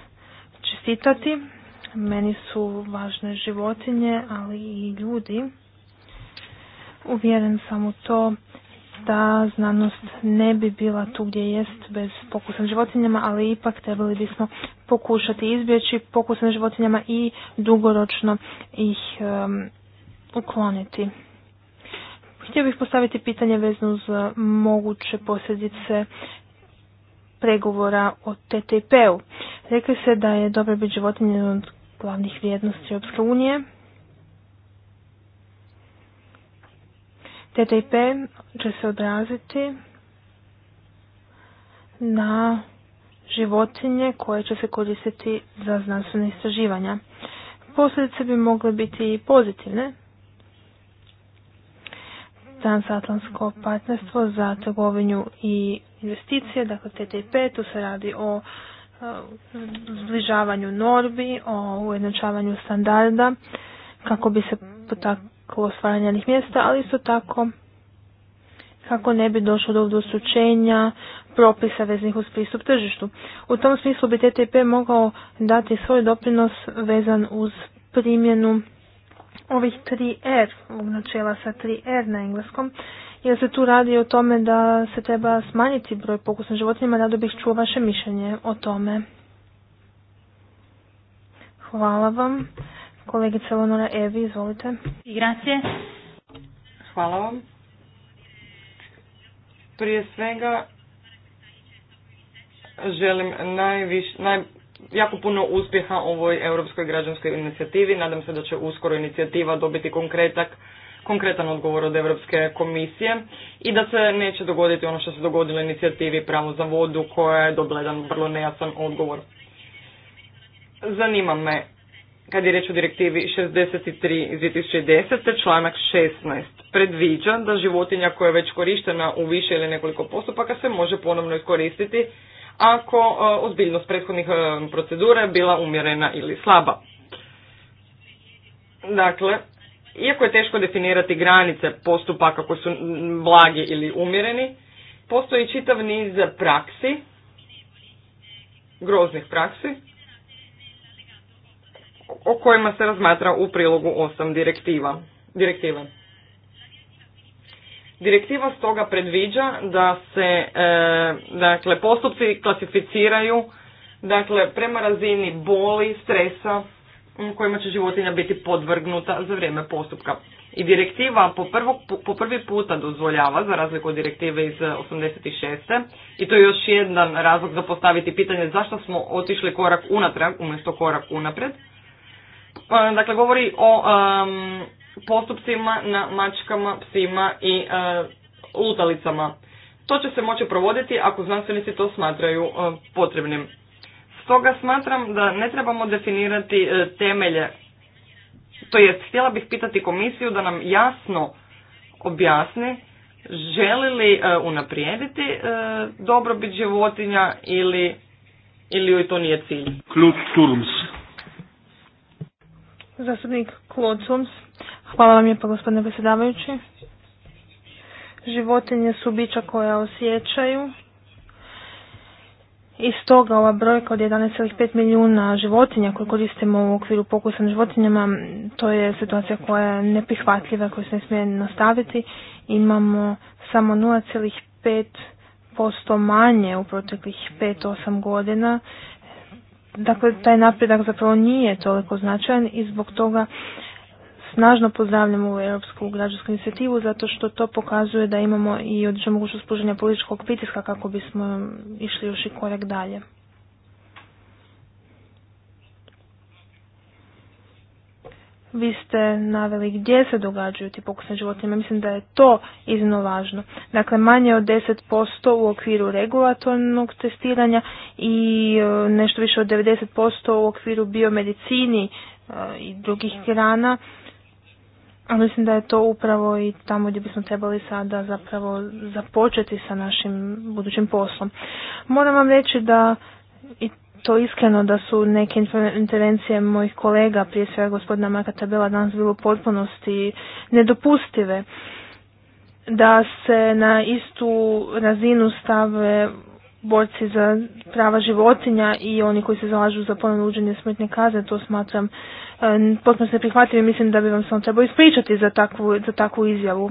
Speaker 3: čestitati. Meni su važne životinje, ali i ljudi. Uvjeren sam u to da, znanost ne bi bila tu gdje jest bez pokusa na životinjama, ali ipak trebali bismo pokušati izbjeći pokuse na životinjama i dugoročno ih um, ukloniti. Htio bih postaviti pitanje vezno uz eh, moguće posljedice pregovora o ttp u Rekli se da je dobrobit životinja od glavnih vrijednosti Europske unije, TTIP će se odraziti na životinje koje će se koristiti za znanstvene istraživanja. Posljedice bi mogle biti i pozitivne. Transatlantsko partnerstvo za trgovinju i investicije, dakle TTIP, tu se radi o e, zbližavanju norbi, o ujednačavanju standarda kako bi se kod stvaranja njih mjesta, ali isto tako kako ne bi došlo do udvostručenja propisa veznih uz pristup tržištu. U tom smislu bi TTP mogao dati svoj doprinos vezan uz primjenu ovih 3R, načela sa 3R na engleskom, jer se tu radi o tome da se treba smanjiti broj pokusnih životinjama, rado bih čuo vaše mišljenje o tome. Hvala vam. Kolegica Lonora Evi, izvolite. Hvala
Speaker 2: vam. Prije svega želim najviš, naj, jako puno uspjeha ovoj Europskoj građanskoj inicijativi. Nadam se da će uskoro inicijativa dobiti konkretak, konkretan odgovor od Europske komisije i da se neće dogoditi ono što se dogodilo inicijativi pravo za vodu koja je dobila jedan vrlo nejasan odgovor. Zanima me kad je riječ o direktivi 63 iz 2010. članak 16 predviđa da životinja koja je već korištena u više ili nekoliko postupaka se može ponovno iskoristiti ako e, ozbiljnost prethodnih e, procedura je bila umjerena ili slaba. Dakle, iako je teško definirati granice postupaka koji su blagi ili umjereni, postoji čitav niz praksi, groznih praksi, o kojima se razmatra u prilogu 8 direktiva, Direktiva Direktiva stoga predviđa da se e, dakle, postupci klasificiraju dakle, prema razini boli, stresa kojima će životinja biti podvrgnuta za vrijeme postupka. I direktiva po, po prvi puta dozvoljava, za razliku od direktive iz 86. I to je još jedan razlog za postaviti pitanje zašto smo otišli korak unatrag umjesto korak unaprijed. E, dakle govori o postupcima na mačkama, psima i e, utalicama. To će se moći provoditi ako znanstvenici to smatraju e, potrebnim. Stoga smatram da ne trebamo definirati temelje. To jest, htjela bih pitati komisiju da nam jasno objasni želi li unaprijediti dobrobit životinja ili ili joj to nije cilj. Turms.
Speaker 3: Zastupnik Claude Hvala vam lijepa gospodine predsjedavajući. Životinje su bića koja osjećaju. I stoga ova brojka od 11,5 milijuna životinja koje koristimo u okviru pokusa na životinjama, to je situacija koja je neprihvatljiva, koju se ne smije nastaviti. Imamo samo 0,5% manje u proteklih 5-8 godina Dakle, taj napredak zapravo nije toliko značajan i zbog toga snažno pozdravljam ovu europsku građansku inicijativu zato što to pokazuje da imamo i određenu mogućnost pružanja političkog pritiska kako bismo išli još i korak dalje. Vi ste naveli gdje se događaju ti pokusne životinje. Mislim da je to iznimno važno. Dakle, manje od 10% u okviru regulatornog testiranja i e, nešto više od 90% u okviru biomedicini e, i drugih grana. A mislim da je to upravo i tamo gdje bismo trebali sada zapravo započeti sa našim budućim poslom. Moram vam reći da i to iskreno da su neke intervencije mojih kolega, prije svega gospodina Marka Tabela, danas bilo u potpunosti nedopustive. Da se na istu razinu stave borci za prava životinja i oni koji se zalažu za ponovno uđenje smrtne kazne, to smatram potpuno se i Mislim da bi vam samo on trebao ispričati za takvu, za takvu izjavu.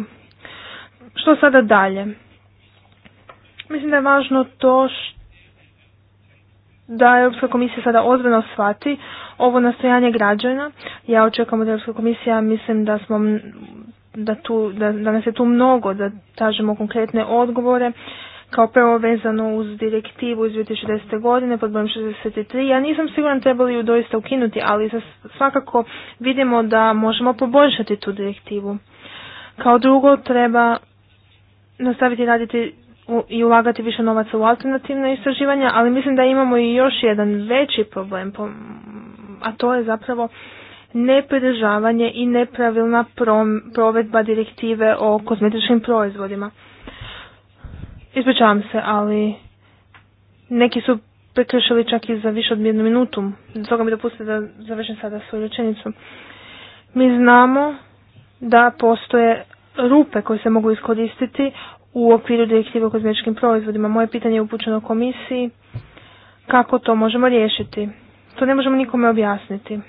Speaker 3: Što sada dalje? Mislim da je važno to što da Europska komisija sada ozbiljno shvati ovo nastojanje građana. Ja očekujem od Europska komisija, mislim da smo da, tu, da, da nas je tu mnogo, da tražimo konkretne odgovore. Kao prvo vezano uz direktivu iz 2010. godine pod brojem 63. Ja nisam siguran trebali ju doista ukinuti, ali svakako vidimo da možemo poboljšati tu direktivu. Kao drugo treba nastaviti raditi i ulagati više novaca u alternativne istraživanja, ali mislim da imamo i još jedan veći problem, a to je zapravo nepridržavanje i nepravilna provedba direktive o kozmetičkim proizvodima. Ispričavam se, ali neki su prekršili čak i za više od jednu minutu. toga mi dopustite da završim sada svoju rečenicu. Mi znamo da postoje rupe koje se mogu iskoristiti u okviru direktive o kozmetičkim proizvodima. Moje pitanje je upućeno komisiji kako to možemo riješiti. To ne možemo nikome objasniti.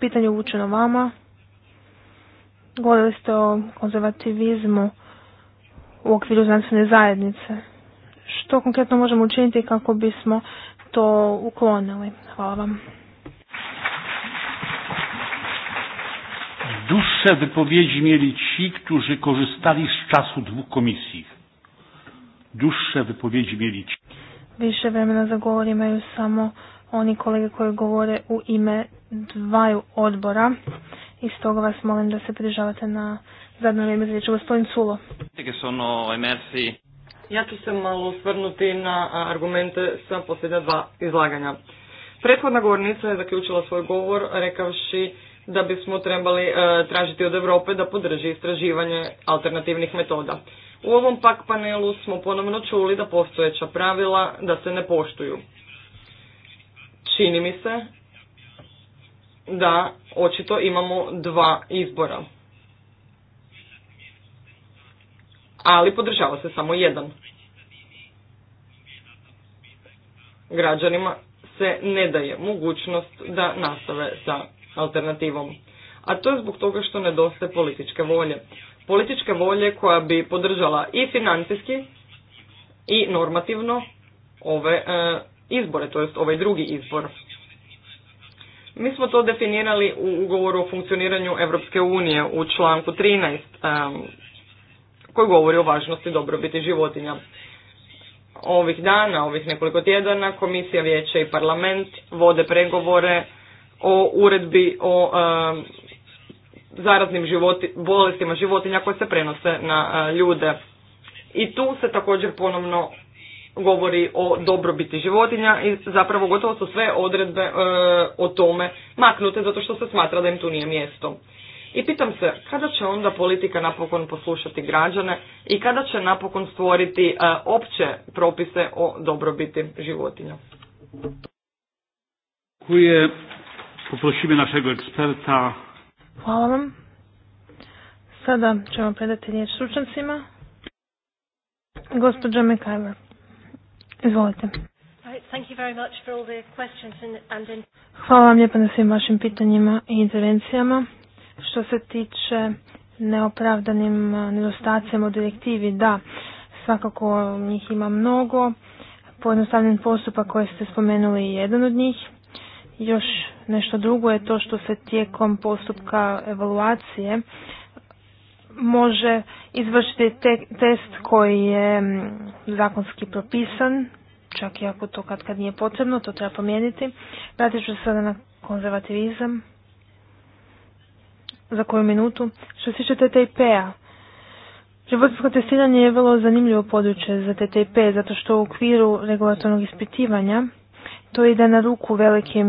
Speaker 3: Pitanje je upućeno vama. Govorili ste o konzervativizmu u okviru znanstvene zajednice. Što konkretno možemo učiniti kako bismo to uklonili? Hvala vam.
Speaker 1: Duše, wypowiedzi mieli ci, którzy korzystali z czasu dwóch komisji.
Speaker 3: Više vremena za govor imaju samo oni kolege koji govore u ime dvaju odbora i stoga vas molim da se pridržavate na zadnje vrijeme za Gospodin Culo.
Speaker 2: Ono, ovaj, ja ću se malo osvrnuti na argumente sa posljednja dva izlaganja. Prethodna govornica je zaključila svoj govor rekavši da bismo trebali e, tražiti od Europe da podrži istraživanje alternativnih metoda. U ovom pak panelu smo ponovno čuli da postojeća pravila da se ne poštuju. Čini mi se da očito imamo dva izbora. Ali podržava se samo jedan. Građanima se ne daje mogućnost da nastave sa alternativom. A to je zbog toga što nedostaje političke volje političke volje koja bi podržala i financijski i normativno ove e, izbore, to jest ovaj drugi izbor. Mi smo to definirali u ugovoru o funkcioniranju Europske unije u članku 13 e, koji govori o važnosti dobrobiti životinja. Ovih dana, ovih nekoliko tjedana, Komisija Vijeće i Parlament vode pregovore o uredbi o e, zaraznim bolestima životinja koje se prenose na e, ljude. I tu se također ponovno govori o dobrobiti životinja i zapravo gotovo su sve odredbe e, o tome maknute zato što se smatra da im tu nije mjesto. I pitam se kada će onda politika napokon poslušati građane i kada će napokon stvoriti e, opće propise o dobrobiti životinja.
Speaker 1: je, poprosimo našeg eksperta
Speaker 3: Hvala vam. Sada ćemo predati riječ stručnjacima. Gospođa Mekajver, izvolite. Hvala vam lijepa na svim vašim pitanjima i intervencijama. Što se tiče neopravdanim nedostacima u direktivi, da, svakako njih ima mnogo. Pojednostavljen postupak koji ste spomenuli je jedan od njih. Još Nešto drugo je to što se tijekom postupka evaluacije može izvršiti test koji je mm, zakonski propisan, čak i ako to kad kad nije potrebno, to treba promijeniti. Vratit ću se sada na konzervativizam. Za koju minutu? Što se tiče TTIP-a, Životinsko testiranje je vrlo zanimljivo područje za TTIP, zato što u okviru regulatornog ispitivanja to ide na ruku velikim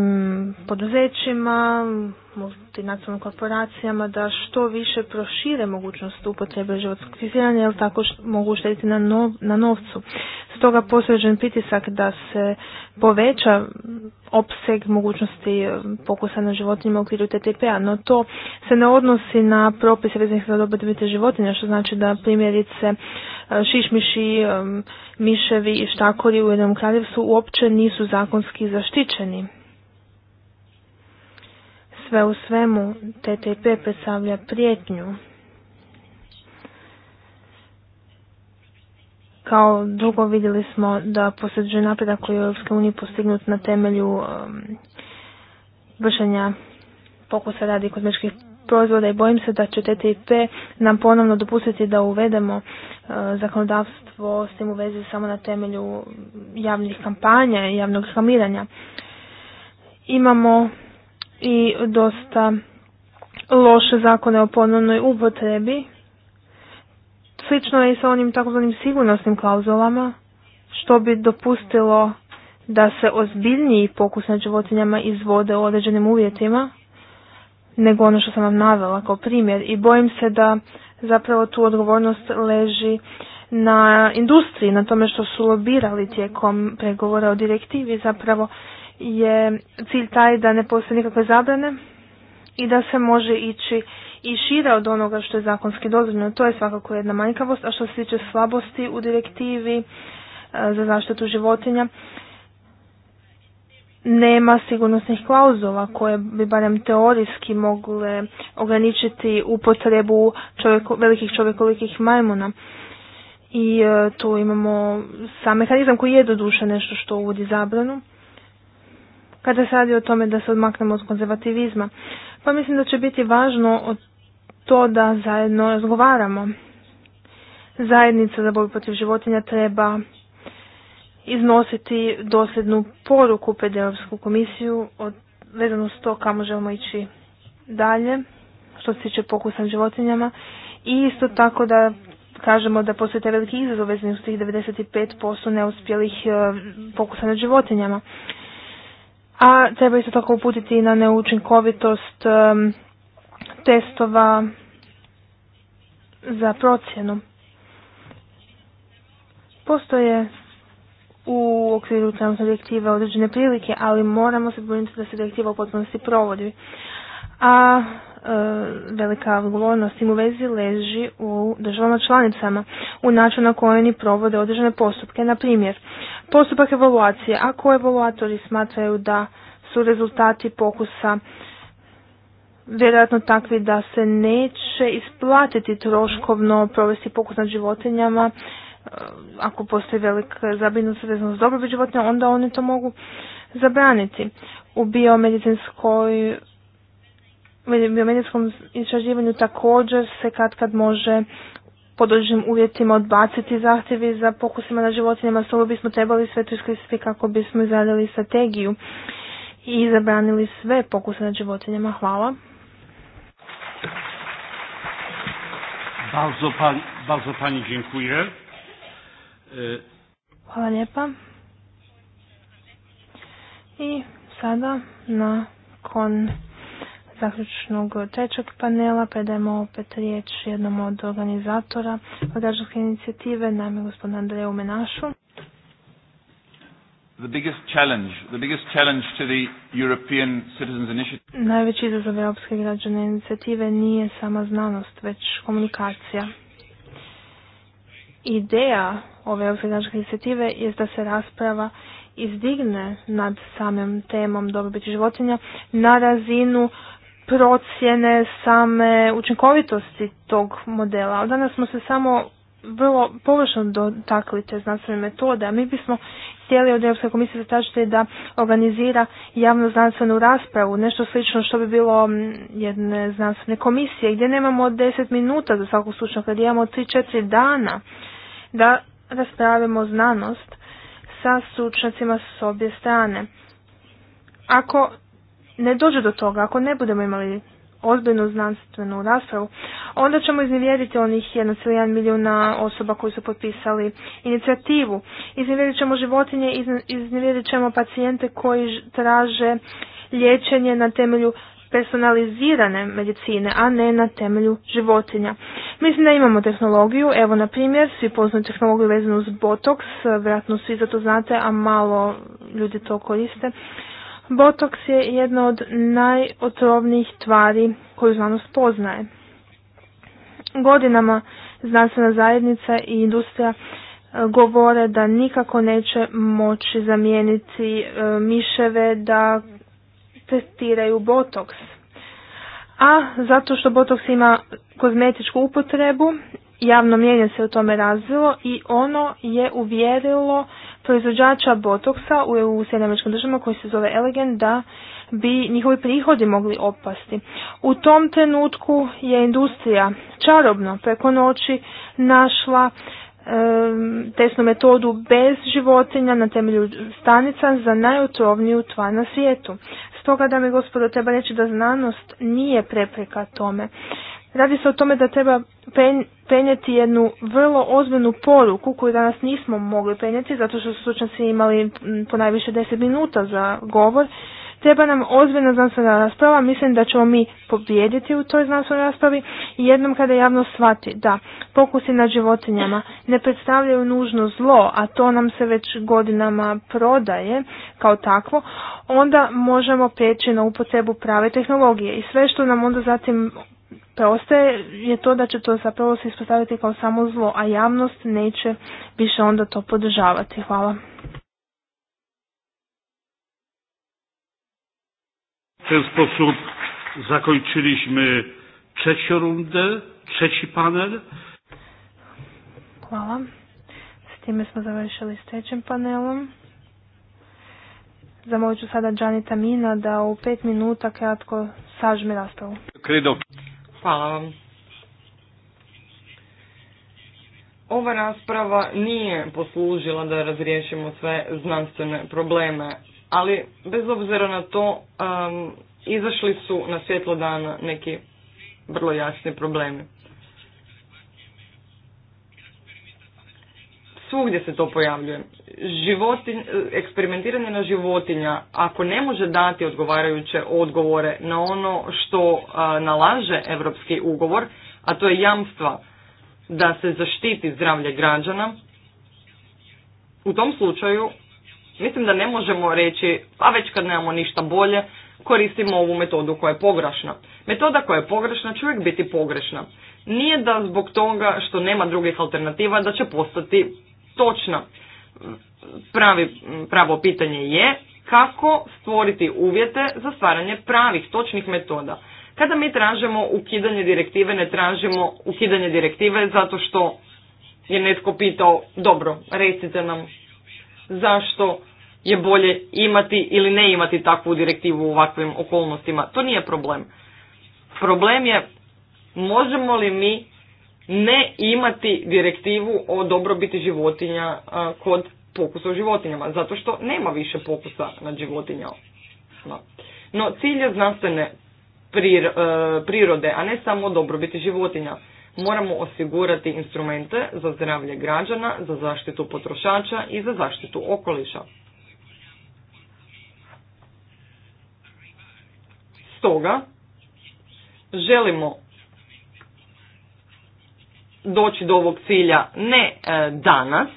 Speaker 3: poduzećima, multinacionalnim korporacijama da što više prošire mogućnost upotrebe životskog fiziranja jer tako mogu štediti na, nov, na novcu. Stoga posveđen pritisak da se poveća opseg mogućnosti e, pokusa na životinjima u okviru TTP-a, no to se ne odnosi na propise vezanih za dobiti životinja, što znači da primjerice šišmiši, miševi i štakori u jednom kraljevstvu uopće nisu zakonski zaštićeni. Sve u svemu TTP predstavlja prijetnju Kao drugo vidjeli smo da posljeduje napredak koji je u EU postignut na temelju vršenja pokusa radi kozmičkih proizvoda i bojim se da će TTIP nam ponovno dopustiti da uvedemo e, zakonodavstvo s tim u vezi samo na temelju javnih kampanja i javnog reklamiranja. Imamo i dosta loše zakone o ponovnoj upotrebi. Slično je i sa onim takozvanim sigurnosnim klauzulama, što bi dopustilo da se ozbiljniji pokus na životinjama izvode u određenim uvjetima, nego ono što sam vam navela kao primjer i bojim se da zapravo tu odgovornost leži na industriji, na tome što su lobirali tijekom pregovora o direktivi zapravo je cilj taj da ne postoje nikakve zabrane i da se može ići i šire od onoga što je zakonski dozvoljeno. To je svakako jedna manjkavost, a što se tiče slabosti u direktivi e, za zaštitu životinja, nema sigurnosnih klauzula koje bi barem teorijski mogle ograničiti upotrebu čovjeko, velikih čovjekolikih majmuna. I e, tu imamo sam mehanizam koji je doduše nešto što uvodi zabranu. Kada se radi o tome da se odmaknemo od konzervativizma, pa mislim da će biti važno to da zajedno razgovaramo. Zajednica za borbu protiv životinja treba iznositi dosljednu poruku pred Europsku komisiju od, vezano s to kamo želimo ići dalje što se tiče pokusa životinjama i isto tako da kažemo da postoje te veliki izazov vezani uz tih 95% neuspjelih e, pokusa na životinjama. A treba isto tako uputiti i na neučinkovitost e, testova za procjenu. Postoje u okviru trenutne direktive određene prilike, ali moramo se boriti da se direktiva u potpunosti provodi. A e, velika odgovornost im u vezi leži u državama članicama, u načinu na koji oni provode određene postupke. Na primjer, postupak evaluacije. Ako evaluatori smatraju da su rezultati pokusa vjerojatno takvi da se neće isplatiti troškovno provesti pokus nad životinjama, Eh, ako postoji velika eh, zabrinutost vezano s dobrobit životinja, onda oni to mogu zabraniti. U biomedicinskoj biomedijskom istraživanju također se kad kad može pod određenim uvjetima odbaciti zahtjevi za pokusima na životinjama, stoga bismo trebali sve to iskoristiti kako bismo izradili strategiju i zabranili sve pokuse na životinjama. Hvala.
Speaker 1: Bardzo, pa-, pani dziękuję. Hvala
Speaker 3: lijepa. I sada na kon zaključnog trećeg panela predajemo opet riječ jednom od organizatora građanske inicijative, naime gospodinu Andreju Menašu.
Speaker 1: The
Speaker 3: Najveći izazov Europske građane inicijative nije sama znanost, već komunikacija. Ideja ove financijske inicijative je da se rasprava izdigne nad samim temom dobrobiti životinja na razinu procjene same učinkovitosti tog modela. Ali danas smo se samo vrlo površno dotakli te znanstvene metode, a mi bismo htjeli od Europske komisije zatražiti da organizira javnu znanstvenu raspravu, nešto slično što bi bilo jedne znanstvene komisije, gdje nemamo 10 minuta za svakog slučaja, kad imamo 3-4 dana da raspravimo znanost sa stručnjacima s obje strane. Ako ne dođe do toga, ako ne budemo imali ozbiljnu znanstvenu raspravu, onda ćemo iznivjeriti onih 1,1 milijuna osoba koji su potpisali inicijativu. Iznivjerit ćemo životinje, iznivjerit ćemo pacijente koji traže liječenje na temelju personalizirane medicine, a ne na temelju životinja. Mislim da imamo tehnologiju, evo na primjer, svi poznaju tehnologiju vezanu uz Botox, vjerojatno svi za to znate, a malo ljudi to koriste. Botoks je jedna od najotrovnijih tvari koju znanost poznaje. Godinama znanstvena zajednica i industrija e, govore da nikako neće moći zamijeniti e, miševe, da testiraju botoks. A zato što botoks ima kozmetičku upotrebu, javno mjenje se o tome razvilo i ono je uvjerilo proizvođača botoksa u EU državama koji se zove Elegen da bi njihovi prihodi mogli opasti. U tom trenutku je industrija čarobno preko noći našla tesnu metodu bez životinja na temelju stanica za najotrovniju tvar na svijetu. Stoga, dame i gospodo, treba reći da znanost nije prepreka tome. Radi se o tome da treba penjeti jednu vrlo ozbiljnu poruku koju danas nismo mogli penjeti zato što su slučajci imali ponajviše 10 minuta za govor Treba nam ozbiljna znanstvena rasprava, mislim da ćemo mi pobijediti u toj znanstvenoj raspravi i jednom kada javnost shvati da pokusi na životinjama ne predstavljaju nužno zlo, a to nam se već godinama prodaje kao takvo, onda možemo prijeći na upotrebu prave tehnologije i sve što nam onda zatim preostaje je to da će to zapravo se ispostaviti kao samo zlo, a javnost neće više onda to podržavati. Hvala.
Speaker 1: W ten sposób zakończyliśmy trzecią rundę, trzeci panel.
Speaker 3: Hvala. S time smo završili s trećim panelom. Zamolit ću sada Džanita Mina da u pet minuta kratko sažme raspravu.
Speaker 2: Kredo. Hvala vam. Ova rasprava nije poslužila da razriješimo sve znanstvene probleme ali bez obzira na to izašli su na svjetlo dana neki vrlo jasni problemi. Svugdje se to pojavljuje. Životin, eksperimentiranje na životinja, ako ne može dati odgovarajuće odgovore na ono što nalaže europski ugovor, a to je jamstva da se zaštiti zdravlje građana, u tom slučaju Mislim da ne možemo reći, pa već kad nemamo ništa bolje, koristimo ovu metodu koja je pogrešna. Metoda koja je pogrešna će uvijek biti pogrešna. Nije da zbog toga što nema drugih alternativa da će postati točna. Pravi, pravo pitanje je kako stvoriti uvjete za stvaranje pravih, točnih metoda. Kada mi tražimo ukidanje direktive, ne tražimo ukidanje direktive zato što je netko pitao, dobro, recite nam zašto je bolje imati ili ne imati takvu direktivu u ovakvim okolnostima. To nije problem. Problem je možemo li mi ne imati direktivu o dobrobiti životinja kod pokusa o životinjama, zato što nema više pokusa nad životinjama. No cilj je znanstvene e, prirode, a ne samo dobrobiti životinja moramo osigurati instrumente za zdravlje građana, za zaštitu potrošača i za zaštitu okoliša. Stoga želimo doći do ovog cilja ne e, danas,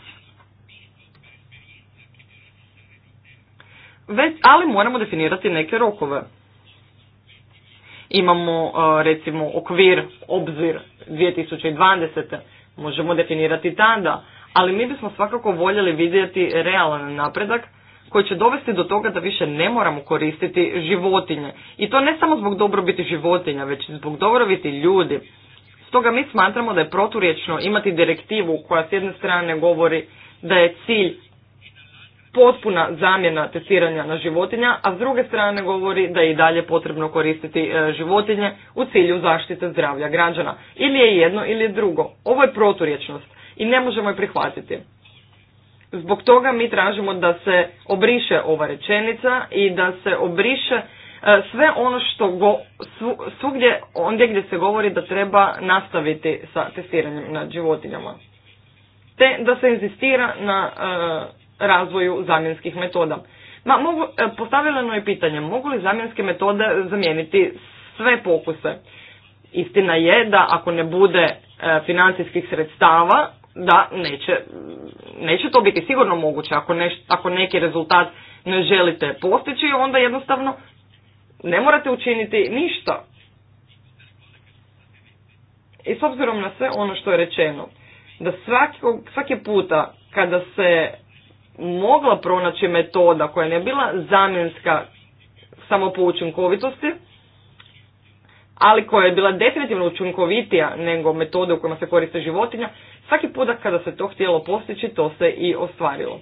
Speaker 2: već, ali moramo definirati neke rokove imamo uh, recimo okvir, obzir 2020. Možemo definirati tada, ali mi bismo svakako voljeli vidjeti realan napredak koji će dovesti do toga da više ne moramo koristiti životinje. I to ne samo zbog dobrobiti životinja, već i zbog dobrobiti ljudi. Stoga mi smatramo da je proturječno imati direktivu koja s jedne strane govori da je cilj potpuna zamjena testiranja na životinja, a s druge strane govori da je i dalje potrebno koristiti e, životinje u cilju zaštite zdravlja građana. Ili je jedno ili je drugo. Ovo je proturječnost i ne možemo je prihvatiti. Zbog toga mi tražimo da se obriše ova rečenica i da se obriše e, sve ono što go, svugdje, ondje gdje se govori da treba nastaviti sa testiranjem nad životinjama. Te da se inzistira na e, razvoju zamjenskih metoda. Ma, mogu, e, postavljeno je pitanje, mogu li zamjenske metode zamijeniti sve pokuse? Istina je da ako ne bude e, financijskih sredstava, da neće, neće to biti sigurno moguće. Ako, ako neki rezultat ne želite postići, onda jednostavno ne morate učiniti ništa. I s obzirom na sve ono što je rečeno, da svaki, svaki puta kada se mogla pronaći metoda koja ne bila zamjenska samo po učinkovitosti, ali koja je bila definitivno učinkovitija nego metode u kojima se koriste životinja, svaki puta kada se to htjelo postići, to se i ostvarilo.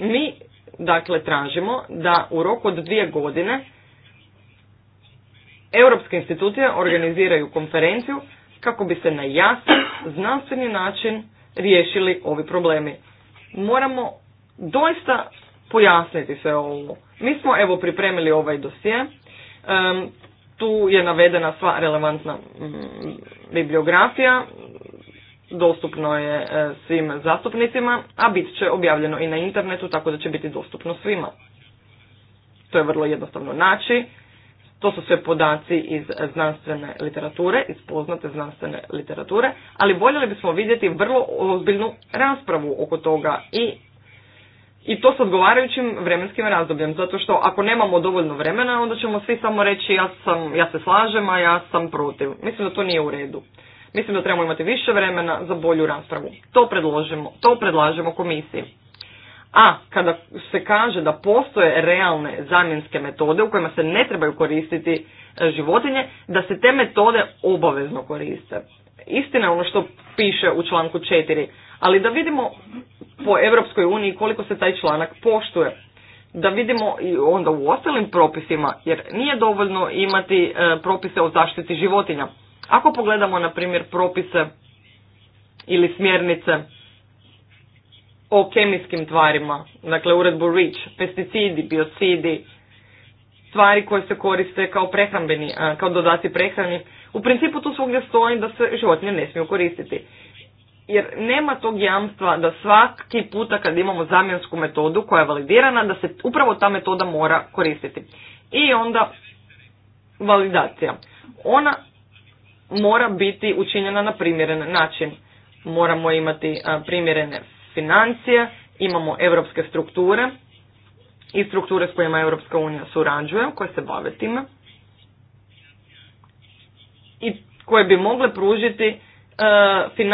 Speaker 2: Mi, dakle, tražimo da u roku od dvije godine europske institucije organiziraju konferenciju kako bi se na jasan, znanstveni način riješili ovi problemi. Moramo doista pojasniti sve ovo. Mi smo evo pripremili ovaj dosje. tu je navedena sva relevantna bibliografija. Dostupno je e, svim zastupnicima, a bit će objavljeno i na internetu, tako da će biti dostupno svima. To je vrlo jednostavno naći. To su sve podaci iz znanstvene literature, iz poznate znanstvene literature, ali voljeli bismo vidjeti vrlo ozbiljnu raspravu oko toga i i to s odgovarajućim vremenskim razdobljem, zato što ako nemamo dovoljno vremena, onda ćemo svi samo reći ja, sam, ja se slažem, a ja sam protiv. Mislim da to nije u redu. Mislim da trebamo imati više vremena za bolju raspravu. To, predložimo, to predlažemo komisiji. A kada se kaže da postoje realne zamjenske metode u kojima se ne trebaju koristiti e, životinje, da se te metode obavezno koriste. Istina je ono što piše u članku 4, ali da vidimo po Europskoj uniji koliko se taj članak poštuje. Da vidimo i onda u ostalim propisima, jer nije dovoljno imati e, propise o zaštiti životinja. Ako pogledamo, na primjer, propise ili smjernice o kemijskim tvarima, dakle uredbu REACH, pesticidi, biocidi, tvari koje se koriste kao prehrambeni, kao dodati prehrani. U principu tu svugdje stoji da se životinje ne smiju koristiti. Jer nema tog jamstva da svaki puta kad imamo zamjensku metodu koja je validirana, da se upravo ta metoda mora koristiti. I onda validacija. Ona mora biti učinjena na primjeren način. Moramo imati primjerene financije, imamo europske strukture i strukture s kojima Europska unija surađuje, koje se bave time i koje bi mogle pružiti e, i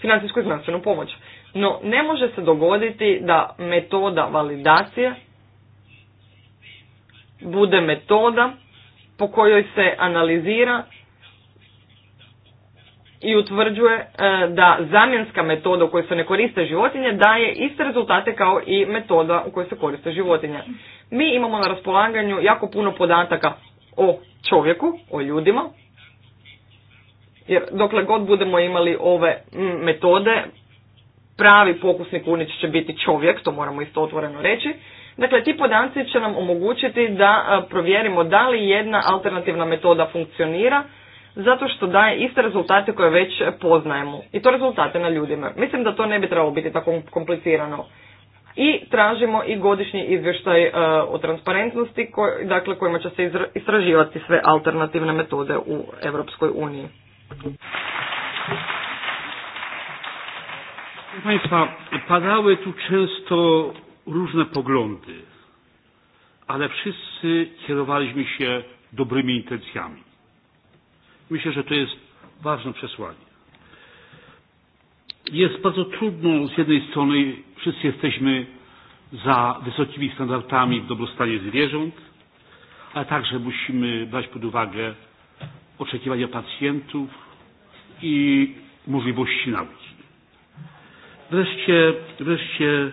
Speaker 2: financijsku i znanstvenu pomoć. No ne može se dogoditi da metoda validacije bude metoda po kojoj se analizira i utvrđuje e, da zamjenska metoda u kojoj se ne koriste životinje daje iste rezultate kao i metoda u kojoj se koriste životinje. Mi imamo na raspolaganju jako puno podataka o čovjeku, o ljudima, jer dokle god budemo imali ove metode, pravi pokusni kunić će biti čovjek, to moramo isto otvoreno reći. Dakle, ti podaci će nam omogućiti da e, provjerimo da li jedna alternativna metoda funkcionira, zato što daje iste rezultate koje već poznajemo i to rezultate na ljudima. Mislim da to ne bi trebalo biti tako komplicirano. I tražimo i godišnji izvještaj e, o transparentnosti dakle, kojima će se istraživati sve alternativne metode u Europskoj uniji. Państwa, padały tu często
Speaker 1: różne poglądy, ale wszyscy kierowaliśmy się dobrymi intencjami Myślę, że to jest ważne przesłanie. Jest bardzo trudno z jednej strony wszyscy jesteśmy za wysokimi standardami w dobrostanie zwierząt, ale także musimy brać pod uwagę oczekiwania pacjentów i możliwości nauki. Wreszcie, wreszcie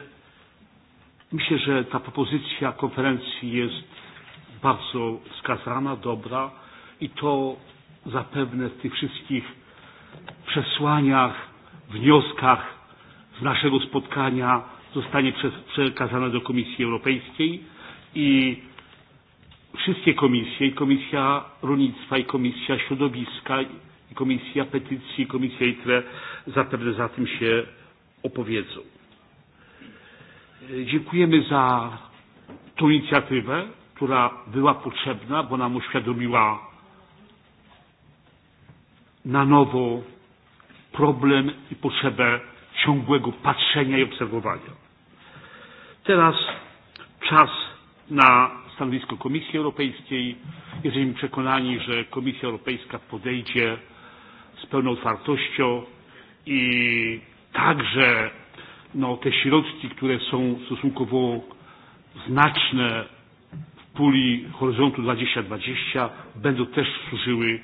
Speaker 1: myślę, że ta propozycja konferencji jest bardzo skazana, dobra i to zapewne w tych wszystkich przesłaniach, wnioskach z naszego spotkania zostanie przekazane do Komisji Europejskiej i wszystkie komisje, i Komisja Rolnictwa, i Komisja Środowiska, i Komisja Petycji, i Komisja ITRE zapewne za tym się opowiedzą. Dziękujemy za tą inicjatywę, która była potrzebna, bo nam uświadomiła na nowo problem i potrzebę ciągłego patrzenia i obserwowania. Teraz czas na stanowisko Komisji Europejskiej. Jesteśmy przekonani, że Komisja Europejska podejdzie z pełną otwartością i także no, te środki, które są stosunkowo znaczne w puli Horyzontu 2020 będą też służyły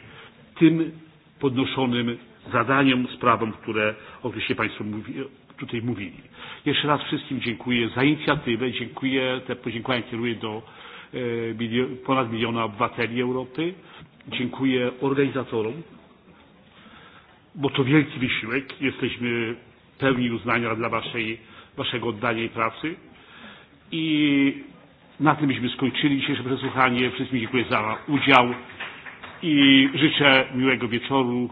Speaker 1: tym podnoszonym zadaniem, sprawom, które oczywiście Państwo tutaj mówili. Jeszcze raz wszystkim dziękuję za inicjatywę, dziękuję, te podziękowania kieruję do e, ponad miliona obywateli Europy. Dziękuję organizatorom, bo to wielki wysiłek. Jesteśmy pełni uznania dla waszej, waszego oddania i pracy. I na tym byśmy skończyli dzisiejsze przesłuchanie. Wszystkim dziękuję za udział i życzę miłego wieczoru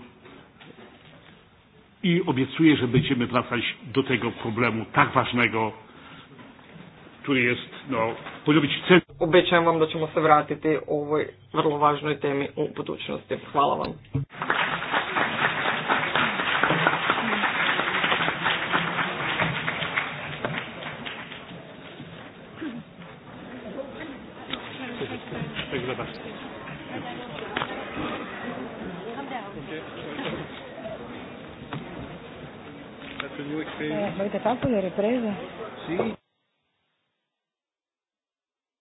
Speaker 1: i obiecuję, że będziemy wracać do tego problemu tak ważnego,
Speaker 2: który jest, no, powinno cel. Obiecam vam da ćemo se vratiti ovoj vrlo važnoj temi u budućnosti. Hvala vam.
Speaker 3: dopo je
Speaker 1: si